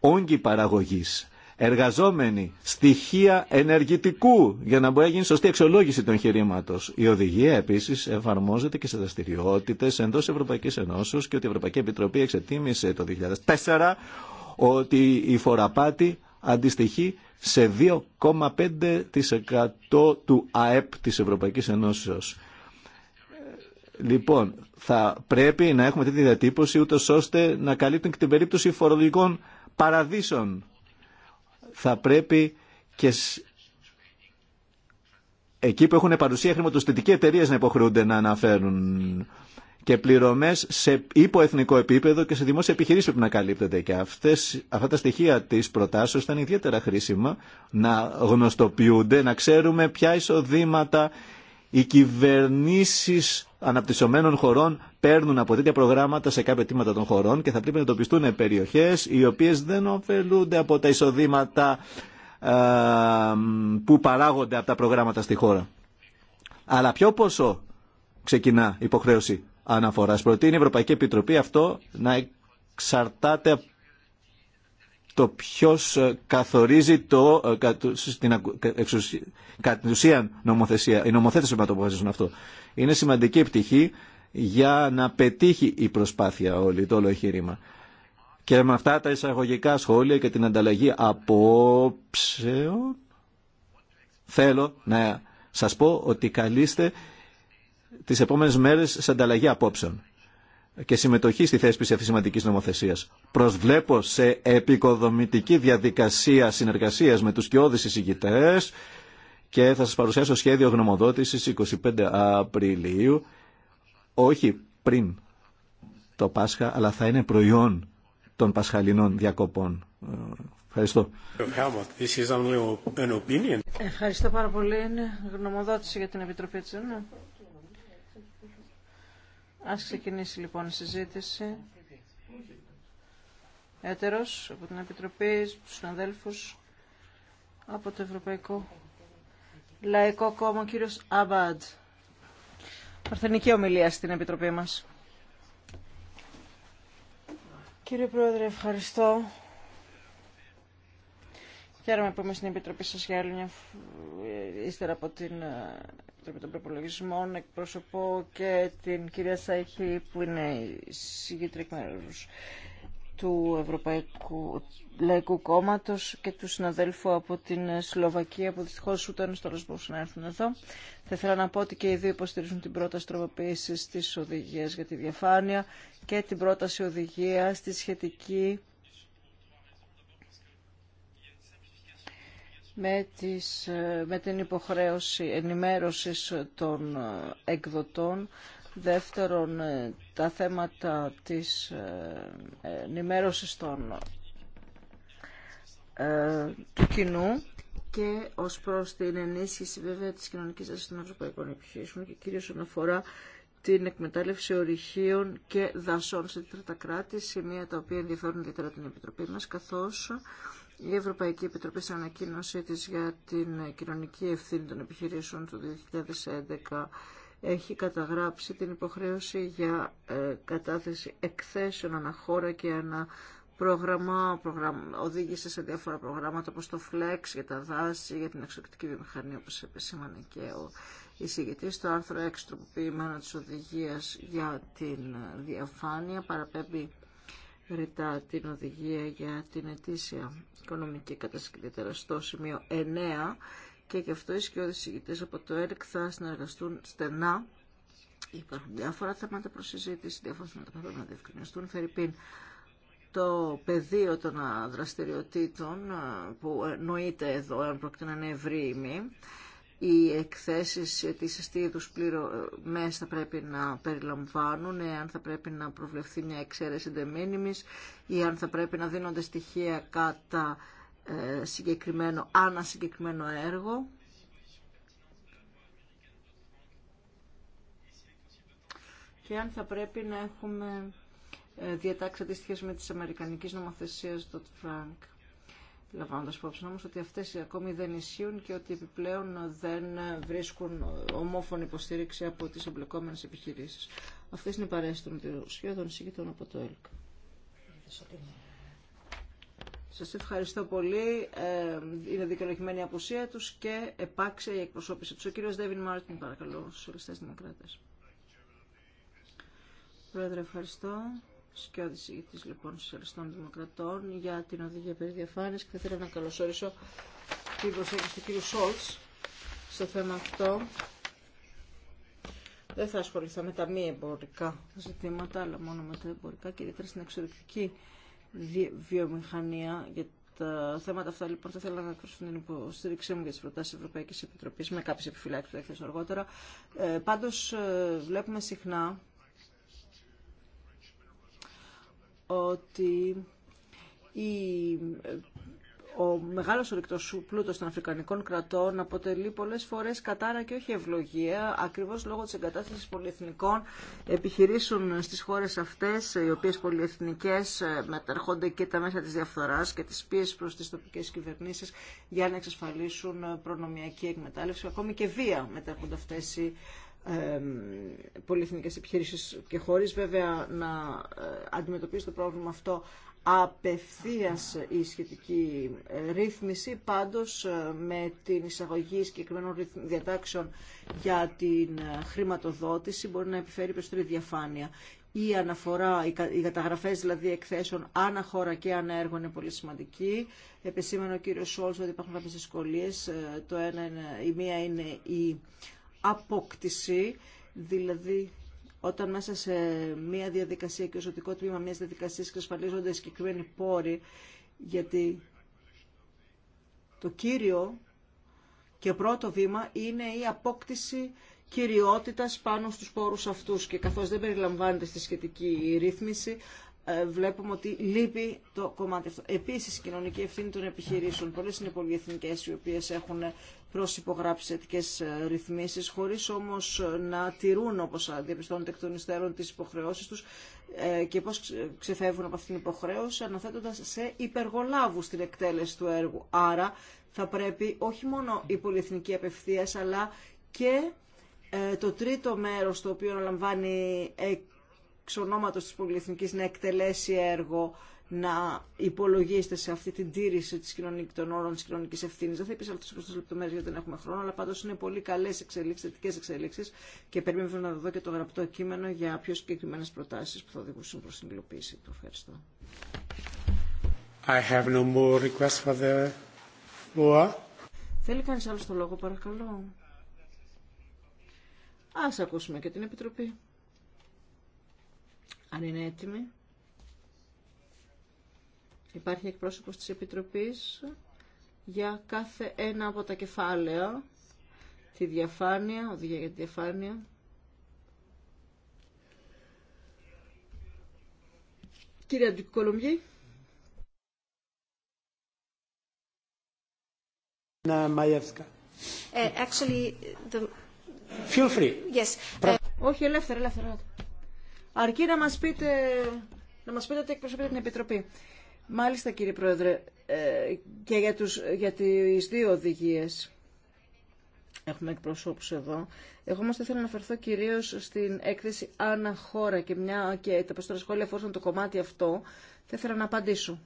όγκοι παραγωγής, εργαζόμενοι, στοιχεία ενεργητικού για να μπορεί να γίνει σωστή αξιολόγηση του εγχειρήματο. Η οδηγία επίση εφαρμόζεται και σε δραστηριότητε εντό Ευρωπαϊκή Ενώσεω και ότι η Ευρωπαϊκή Επιτροπή εξετίμησε το 2004 ότι η φοραπάτη αντιστοιχεί σε 2,5% του ΑΕΠ της Ευρωπαϊκής Ενώσεως. Λοιπόν, θα πρέπει να έχουμε τέτοια διατύπωση ούτω ώστε να καλύπτουν και την περίπτωση φορολογικών παραδείσων. Θα πρέπει και εκεί που έχουν παρουσία χρηματοστητική εταιρείε να υποχρεούνται να αναφέρουν και πληρωμές σε υποεθνικό επίπεδο και σε δημόσια επιχειρήσει που να καλύπτονται. Και αυτές, αυτά τα στοιχεία τη προτάσεω ήταν ιδιαίτερα χρήσιμα να γνωστοποιούνται, να ξέρουμε ποια εισοδήματα οι κυβερνήσει αναπτυσσομένων χωρών παίρνουν από τέτοια προγράμματα σε κάποια αιτήματα των χωρών και θα πρέπει να εντοπιστούν περιοχέ οι οποίες δεν ωφελούνται από τα εισοδήματα ε, που παράγονται από τα προγράμματα στη χώρα. Αλλά ποιο ποσό ξεκινά υποχρέωση αναφορά Προτείνει η Ευρωπαϊκή Επιτροπή αυτό να εξαρτάται το ποιο ε, καθορίζει το, ε, στην κατ' ουσία νομοθεσία. Οι νομοθέτηση πρέπει να το αποφασίσουν αυτό. Είναι σημαντική πτυχή για να πετύχει η προσπάθεια όλη, το όλο εγχείρημα. Και με αυτά τα εισαγωγικά σχόλια και την ανταλλαγή απόψεων θέλω να σας πω ότι καλείστε τις επόμενες μέρες σε ανταλλαγή απόψεων και συμμετοχή στη θέσπιση αυτής της σημαντικής νομοθεσίας. Προσβλέπω σε επικοδομητική διαδικασία συνεργασίας με τους κοιόδης εισηγητές και θα σας παρουσιάσω σχέδιο γνωμοδότησης 25 Απριλίου, όχι πριν το Πάσχα, αλλά θα είναι προϊόν των πασχαλινών διακοπών. Ευχαριστώ. Ευχαριστώ πάρα πολύ. Είναι γνωμοδότηση για την Επιτροπή της. Ας ξεκινήσει λοιπόν η συζήτηση. Έτερος από την Επιτροπή, του συναδέλφους, από το Ευρωπαϊκό Λαϊκό Κόμμα, κύριος Αμπάντ. Παρθενική ομιλία στην Επιτροπή μας. Κύριε Πρόεδρε, ευχαριστώ. Χαίρομαι που είμαι στην Επιτροπή σας για άλλη μια ύστερα από την ε, Επιτροπή των Προπολογισμών, εκπρόσωπο και την κυρία Σάιχη που είναι η συγκεκριτή του Ευρωπαϊκού Λαϊκού Κόμματο και του συναδέλφου από την Σλοβακία που δυστυχώ ούτε ένα τώρα μπορούσε να έρθουν εδώ. Θα ήθελα να πω ότι και οι δύο υποστηρίζουν την πρόταση τροποποίηση τη οδηγία για τη διαφάνεια και την πρόταση οδηγία στη σχετική με, τις, με την υποχρέωση ενημέρωσης των εκδοτών. Δεύτερον, ε, τα θέματα της ε, ενημέρωσης των, ε, του κοινού και ως προς την ενίσχυση βέβαια της κοινωνικής δράσης των ευρωπαϊκών επιχειρήσεων και κυρίως αφορά την εκμετάλλευση ορυχείων και δασών σε τρίτα κράτη, σημεία τα οποία ενδιαφέρουν ιδιαίτερα την Επιτροπή μας, καθώς η Ευρωπαϊκή Επιτροπή στην ανακοίνωσή της για την κοινωνική ευθύνη των επιχειρήσεων του 2011 έχει καταγράψει την υποχρέωση για ε, κατάθεση εκθέσεων αναχώρα και ανα πρόγραμμα, οδήγησε σε διάφορα προγράμματα όπως το Flex για τα δάση, για την εξωτερική βιομηχανία όπως επισήμανε και ο εισηγητής. Το άρθρο 6 τροποποιημένο της οδηγίας για την ε, διαφάνεια παραπέμπει ρητά την οδηγία για την ετήσια οικονομική κατασκευή. στο σημείο 9 και γι' αυτό οι σκιώδεις από το ΕΡΚ θα συνεργαστούν στενά. Υπάρχουν διάφορα θέματα προς συζήτηση, διάφορα θέματα που πρέπει να διευκρινιστούν. Φερρυπίν, το πεδίο των δραστηριοτήτων ε, που νοείται εδώ, αν πρόκειται να είναι ημί, οι εκθέσεις της τι είδους πληρωμές θα πρέπει να περιλαμβάνουν, αν θα πρέπει να προβλεφθεί μια εξαίρεση de ή αν θα πρέπει να δίνονται στοιχεία κατά ε, συγκεκριμένο, άνα συγκεκριμένο έργο. Και αν θα πρέπει να έχουμε ε, διατάξει αντίστοιχες με τις αμερικανικές νομοθεσίες του Frank λαμβάνοντας υπόψη όμως ότι αυτές ακόμη δεν ισχύουν και ότι επιπλέον δεν βρίσκουν ομόφωνη υποστήριξη από τις εμπλεκόμενες επιχειρήσεις. Αυτές είναι οι παρέσεις των σχεδόν σύγκητων από το ΕΛΚ. Σας ευχαριστώ πολύ. Ε, είναι δικαιολογημένη η απουσία τους και επάξια η εκπροσώπηση τους. Ο κύριος Ντέβιν Μάρτιν, παρακαλώ, στους Σοσιαλιστές Δημοκράτες. Πρόεδρε, ευχαριστώ σκιώδη ηγητή λοιπόν αριστών Δημοκρατών για την οδηγία περί διαφάνεια και θα ήθελα να καλωσορίσω την προσέγγιση του κ. Σόλτ στο θέμα αυτό. Δεν θα ασχοληθώ με τα μη εμπορικά ζητήματα, αλλά μόνο με τα εμπορικά και ιδιαίτερα στην εξωτερική βιομηχανία. Για τα θέματα αυτά λοιπόν θα ήθελα να εκφράσω την υποστήριξή μου για τι προτάσει τη Ευρωπαϊκή Επιτροπή με κάποιε επιφυλάξει που θα αργότερα. Ε, Πάντω ε, βλέπουμε συχνά ότι η, ο μεγάλος ορυκτός πλούτος των αφρικανικών κρατών αποτελεί πολλές φορές κατάρα και όχι ευλογία, ακριβώς λόγω της εγκατάστασης πολυεθνικών επιχειρήσεων στις χώρες αυτές, οι οποίες πολυεθνικές ε, μεταρχόνται και τα μέσα της διαφθοράς και της πίεσης προς τις τοπικές κυβερνήσεις για να εξασφαλίσουν προνομιακή εκμετάλλευση, ακόμη και βία μεταρχόνται αυτές οι ε, πολυεθνικές επιχειρήσεις και χωρίς βέβαια να ε, αντιμετωπίσει το πρόβλημα αυτό απευθείας η σχετική ε, ρύθμιση, πάντως ε, με την εισαγωγή συγκεκριμένων διατάξεων για την χρηματοδότηση μπορεί να επιφέρει περισσότερη διαφάνεια. Η αναφορά, οι καταγραφές δηλαδή εκθέσεων ανά χώρα και ανά έργο είναι πολύ σημαντική. Επεσήμανε ο κύριος Σόλς ότι υπάρχουν κάποιες δυσκολίε. η μία είναι η απόκτηση, δηλαδή όταν μέσα σε μία διαδικασία και ο ζωτικό τμήμα μιας διαδικασίας εξασφαλίζονται συγκεκριμένοι πόροι, γιατί το κύριο και πρώτο βήμα είναι η απόκτηση κυριότητας πάνω στους πόρους αυτούς και καθώς δεν περιλαμβάνεται στη σχετική ρύθμιση ε, βλέπουμε ότι λείπει το κομμάτι αυτό. Επίση, η κοινωνική ευθύνη των επιχειρήσεων. Πολλέ είναι πολυεθνικέ οι οποίε έχουν προσυπογράψει θετικέ ε, ρυθμίσει, χωρί όμω ε, να τηρούν, όπω διαπιστώνεται εκ των υστέρων, τι υποχρεώσει του και πώ ξεφεύγουν από αυτήν την υποχρέωση, αναθέτοντα σε υπεργολάβου την εκτέλεση του έργου. Άρα, θα πρέπει όχι μόνο η πολυεθνική απευθεία, αλλά και το τρίτο μέρος το οποίο αναλαμβάνει εξ ονόματος τη Πολυεθνική να εκτελέσει έργο, να υπολογίζεται σε αυτή την τήρηση της κοινωνικής, των όρων τη κοινωνική ευθύνη. Δεν θα είπε αυτέ τι λεπτομέρειε γιατί δεν έχουμε χρόνο, αλλά πάντω είναι πολύ καλέ εξελίξει, θετικέ εξελίξει και περιμένουμε να δω και το γραπτό κείμενο για πιο συγκεκριμένε προτάσει που θα οδηγούσουν προ την υλοποίηση του. Ευχαριστώ. I have no more for the Θέλει κάνει άλλο το λόγο, παρακαλώ. Ας ακούσουμε και την Επιτροπή αν είναι έτοιμη. Υπάρχει εκπρόσωπος της Επιτροπής για κάθε ένα από τα κεφάλαια, τη διαφάνεια, οδηγία για τη διαφάνεια. Κύριε Αντικολομπιέ. Ε, actually, the... Feel free. Yes. Ε, Όχι, ελεύθερα, ελεύθερα αρκεί να μας πείτε, να μας πείτε ότι εκπροσωπείτε την Επιτροπή. Μάλιστα κύριε Πρόεδρε, ε, και για, τους, για τις δύο οδηγίες έχουμε εκπροσώπους εδώ. Εγώ όμως θα να αναφερθώ κυρίως στην έκθεση χώρα» και μια και τα περισσότερα σχόλια αφορούσαν το κομμάτι αυτό. Θα ήθελα να απαντήσω.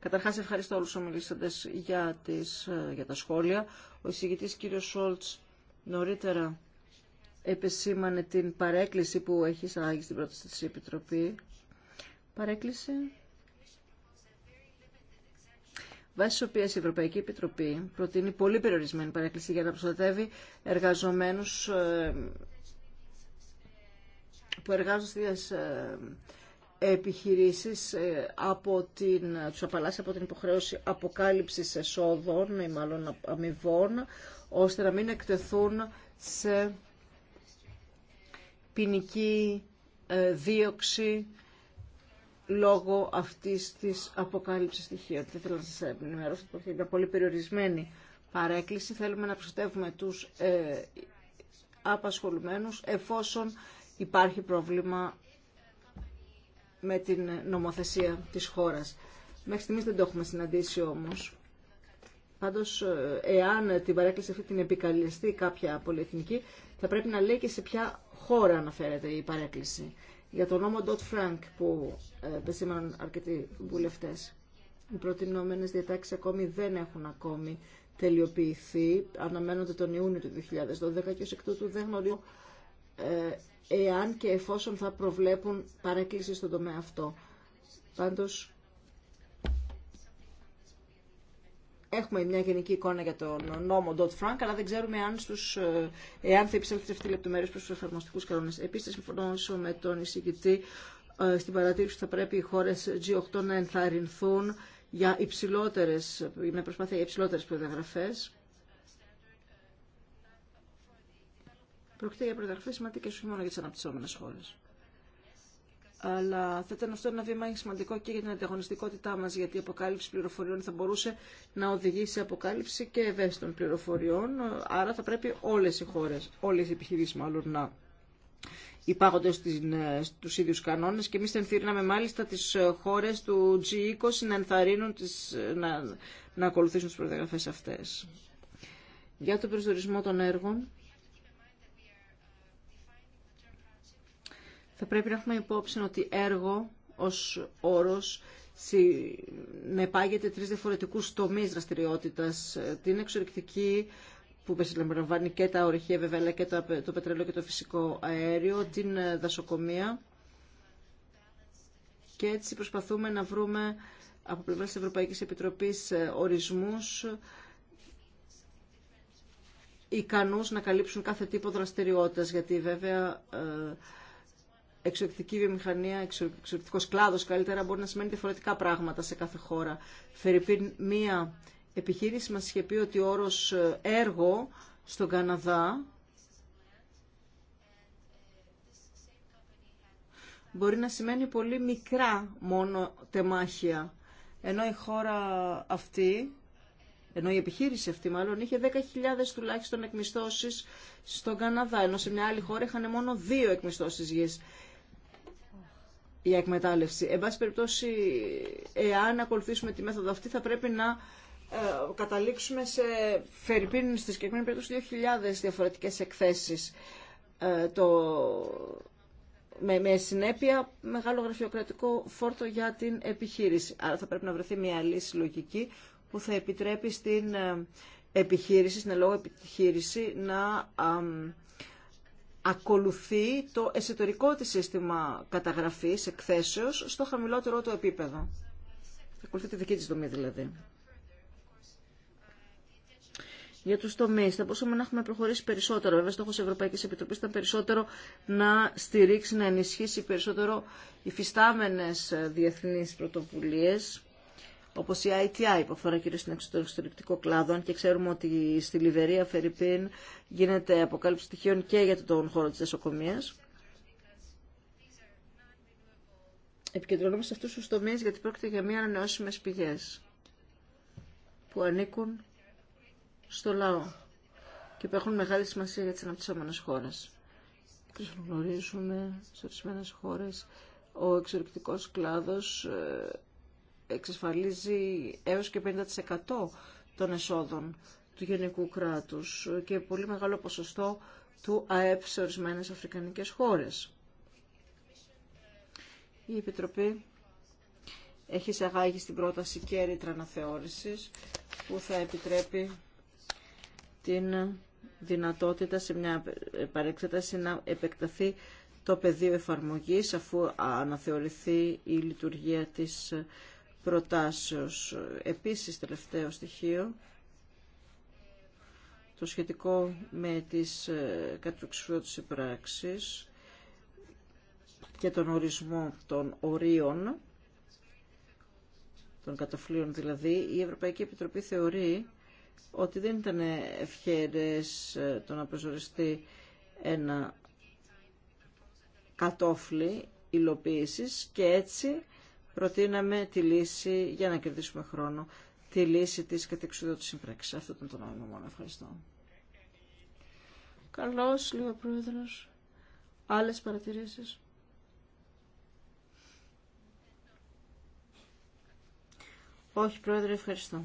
Καταρχάς ευχαριστώ όλους τους ομιλήσαντες για, τις, ε, για τα σχόλια. Ο εισηγητής κύριος Σόλτς νωρίτερα επεσήμανε την παρέκκληση που έχει εισαγάγει στην πρόταση της Επιτροπή. Παρέκκληση βάσει τη οποία η Ευρωπαϊκή Επιτροπή προτείνει πολύ περιορισμένη παρέκκληση για να προστατεύει εργαζομένους ε, που εργάζονται ε, επιχειρήσεις ε, από την, τους απαλλάσσει από την υποχρέωση αποκάλυψης εσόδων ή μάλλον αμοιβών, ώστε να μην εκτεθούν σε ποινική ε, δίωξη λόγω αυτής της αποκάλυψης στοιχείων. Δεν θέλω να σας ενημερώσω, είναι μια πολύ περιορισμένη παρέκκληση. Θέλουμε να προστατεύουμε τους ε, απασχολουμένους εφόσον υπάρχει πρόβλημα με την νομοθεσία της χώρας. Μέχρι στιγμής δεν το έχουμε συναντήσει όμως. Πάντως, ε, εάν την παρέκκληση αυτή την επικαλεστεί κάποια πολυεθνική, θα πρέπει να λέει και σε ποια χώρα αναφέρεται η παρέκκληση. Για τον νόμο Dot Frank που ε, επεσήμαναν αρκετοί βουλευτέ. Οι προτινόμενε διατάξει ακόμη δεν έχουν ακόμη τελειοποιηθεί. Αναμένονται τον Ιούνιο του 2012 και ω εκ τούτου δεν γνωρίζω ε, εάν και εφόσον θα προβλέπουν παρακλήσεις στον τομέα αυτό. Πάντως, έχουμε μια γενική εικόνα για τον νόμο Dodd Frank, αλλά δεν ξέρουμε αν στους, ε, εάν θα επισέλθει σε αυτή τη λεπτομέρεια προς τους εφαρμοστικούς κανόνες. Επίσης, συμφωνώ με τον εισηγητή ε, στην παρατήρηση ότι θα πρέπει οι χωρε g G8 να ενθαρρυνθούν για υψηλότερες, με προσπάθεια για υψηλότερες Πρόκειται για προδιαγραφέ σημαντικέ όχι μόνο για τι αναπτυσσόμενε χώρε. Αλλά θα ήταν αυτό ένα βήμα σημαντικό και για την ανταγωνιστικότητά μα, γιατί η αποκάλυψη πληροφοριών θα μπορούσε να οδηγήσει σε αποκάλυψη και ευαίσθητων πληροφοριών. Άρα θα πρέπει όλε οι χώρε, όλε οι επιχειρήσει μάλλον να υπάγονται ε, στους ίδιους κανόνες και εμείς θα ενθύρναμε μάλιστα τις ε, χώρες του G20 να ενθαρρύνουν τις, ε, να, να ακολουθήσουν τις προδιαγραφές αυτές. Για τον προσδορισμό των έργων, θα πρέπει να έχουμε υπόψη ότι έργο ως όρος συνεπάγεται τρεις διαφορετικούς τομείς δραστηριότητας. Την εξορρυκτική που περιλαμβάνει και τα ορυχεία βέβαια αλλά και το πετρέλαιο και το φυσικό αέριο, την ε, δασοκομεία και έτσι προσπαθούμε να βρούμε από πλευρά της Ευρωπαϊκής Επιτροπής ε, ορισμούς ικανούς να καλύψουν κάθε τύπο δραστηριότητας γιατί βέβαια ε, εξωτερική βιομηχανία, εξωτερικό κλάδος καλύτερα μπορεί να σημαίνει διαφορετικά πράγματα σε κάθε χώρα. Φερρυπίν, μία επιχείρηση μας είχε πει ότι ο όρος ε, έργο στον Καναδά μπορεί να σημαίνει πολύ μικρά μόνο τεμάχια. Ενώ η χώρα αυτή, ενώ η επιχείρηση αυτή μάλλον, είχε 10.000 τουλάχιστον εκμισθώσεις στον Καναδά, ενώ σε μια άλλη χώρα είχαν μόνο δύο εκμισθώσεις γης η εκμετάλλευση. Εν πάση περιπτώσει, εάν ακολουθήσουμε τη μέθοδο αυτή, θα πρέπει να ε, καταλήξουμε σε φερειπίν στη συγκεκριμένη περίπτωση 2.000 διαφορετικές εκθέσεις ε, το, με, με, συνέπεια μεγάλο γραφειοκρατικό φόρτο για την επιχείρηση. Άρα θα πρέπει να βρεθεί μια λύση λογική που θα επιτρέπει στην ε, επιχείρηση, στην λόγω επιχείρηση να ακολουθεί το εσωτερικό της σύστημα καταγραφής εκθέσεως στο χαμηλότερο του επίπεδο. Ακολουθεί τη δική της δομή δηλαδή. Για τους τομείς θα μπορούσαμε να έχουμε προχωρήσει περισσότερο. Βέβαια, στόχος Ευρωπαϊκής Επιτροπής ήταν περισσότερο να στηρίξει, να ενισχύσει περισσότερο οι υφιστάμενες ε, διεθνείς πρωτοβουλίες Όπω η ITI που αφορά κυρίως τον εξωτερικό κλάδο, και ξέρουμε ότι στη Λιβερία Φερρυπίν γίνεται αποκάλυψη στοιχείων και για τον χώρο της νοσοκομεία. Επικεντρωνόμαστε σε αυτού του τομείς γιατί πρόκειται για μία ανανεώσιμε πηγές που ανήκουν στο λαό και που έχουν μεγάλη σημασία για τι αναπτυσσόμενε χώρε. Τι γνωρίζουμε σε ορισμένε χώρε ο εξωτερικό κλάδος ε, εξασφαλίζει έως και 50% των εσόδων του γενικού κράτους και πολύ μεγάλο ποσοστό του ΑΕΠ σε ορισμένε αφρικανικές χώρες. Η Επιτροπή έχει εισαγάγει στην πρόταση και ρήτρα που θα επιτρέπει την δυνατότητα σε μια παρέξεταση να επεκταθεί το πεδίο εφαρμογής αφού αναθεωρηθεί η λειτουργία της προτάσεως. Επίσης, τελευταίο στοιχείο, το σχετικό με τις ε, κατεξουσιώτες πράξεις και τον ορισμό των ορίων, των κατοφλίων δηλαδή, η Ευρωπαϊκή Επιτροπή θεωρεί ότι δεν ήταν ευχαίρες ε, το να προσοριστεί ένα κατόφλι υλοποίησης και έτσι προτείναμε τη λύση, για να κερδίσουμε χρόνο, τη λύση της κατεξουδότησης σύμπραξης. Αυτό ήταν το νόημα μόνο. Ευχαριστώ. Καλώς, λίγο Πρόεδρος. Άλλες παρατηρήσεις. Όχι, Πρόεδρε, ευχαριστώ.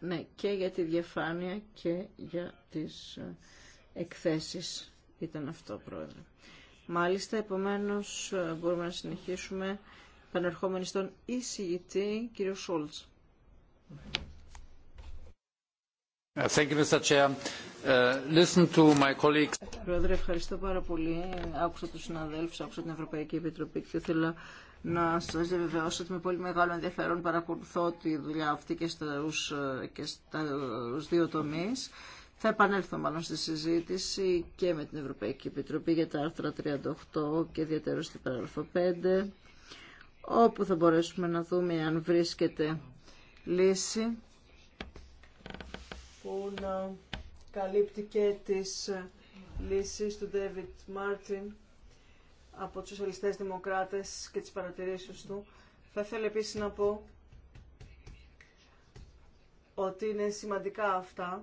Ναι, και για τη διαφάνεια και για τις ε, εκθέσεις ήταν αυτό, Πρόεδρε. Μάλιστα, επομένως, μπορούμε να συνεχίσουμε πανερχόμενοι στον εισηγητή, e e κύριο Σόλτς. Uh, thank uh, Πρόεδρε, ευχαριστώ πάρα πολύ. Άκουσα τους συναδέλφους, άκουσα την Ευρωπαϊκή Επιτροπή και θέλω να σας διαβεβαιώσω ότι με πολύ μεγάλο ενδιαφέρον παρακολουθώ τη δουλειά αυτή και, στους, και στους δύο τομείς. Θα επανέλθω μάλλον στη συζήτηση και με την Ευρωπαϊκή Επιτροπή για τα άρθρα 38 και ιδιαίτερα στην παράγραφο 5 όπου θα μπορέσουμε να δούμε αν βρίσκεται λύση που να καλύπτει και τις λύσεις του David Μάρτιν από τους σοσιαλιστές δημοκράτες και τις παρατηρήσεις του. Θα ήθελα επίσης να πω ότι είναι σημαντικά αυτά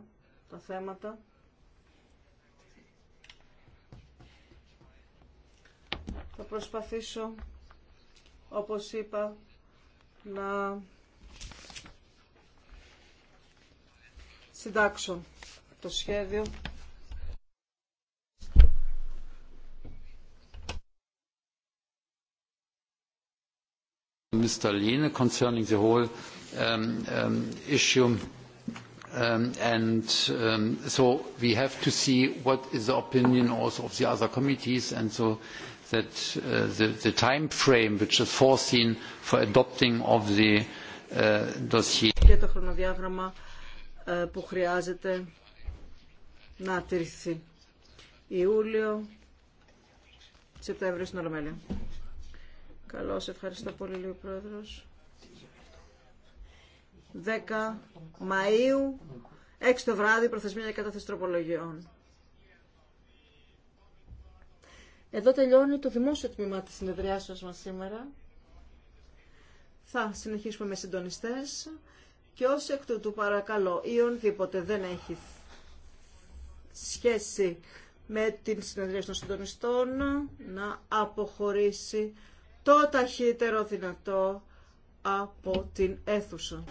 τα θέματα. Θα προσπαθήσω, όπως είπα, να συντάξω το σχέδιο. Mr. Lehne concerning the whole um, um, issue And so we have to see what is the opinion also of the other committees and so that the time frame which is foreseen for adopting of the dossier. Και το χρονοδιάγραμμα που χρειάζεται να τηρηθεί. Ιούλιο, Σεπτέμβριο στην Ολομέλεια. Καλώς, ευχαριστώ πολύ, λέει ο Πρόεδρος. 10 Μαΐου, 6 το βράδυ, προθεσμία για κατάθεση τροπολογιών. Εδώ τελειώνει το δημόσιο τμήμα της συνεδριάσεως μας σήμερα. Θα συνεχίσουμε με συντονιστές και ως εκ τούτου παρακαλώ ή ονδήποτε δεν έχει σχέση με την συνεδρία των συντονιστών να αποχωρήσει το ταχύτερο δυνατό από την αίθουσα.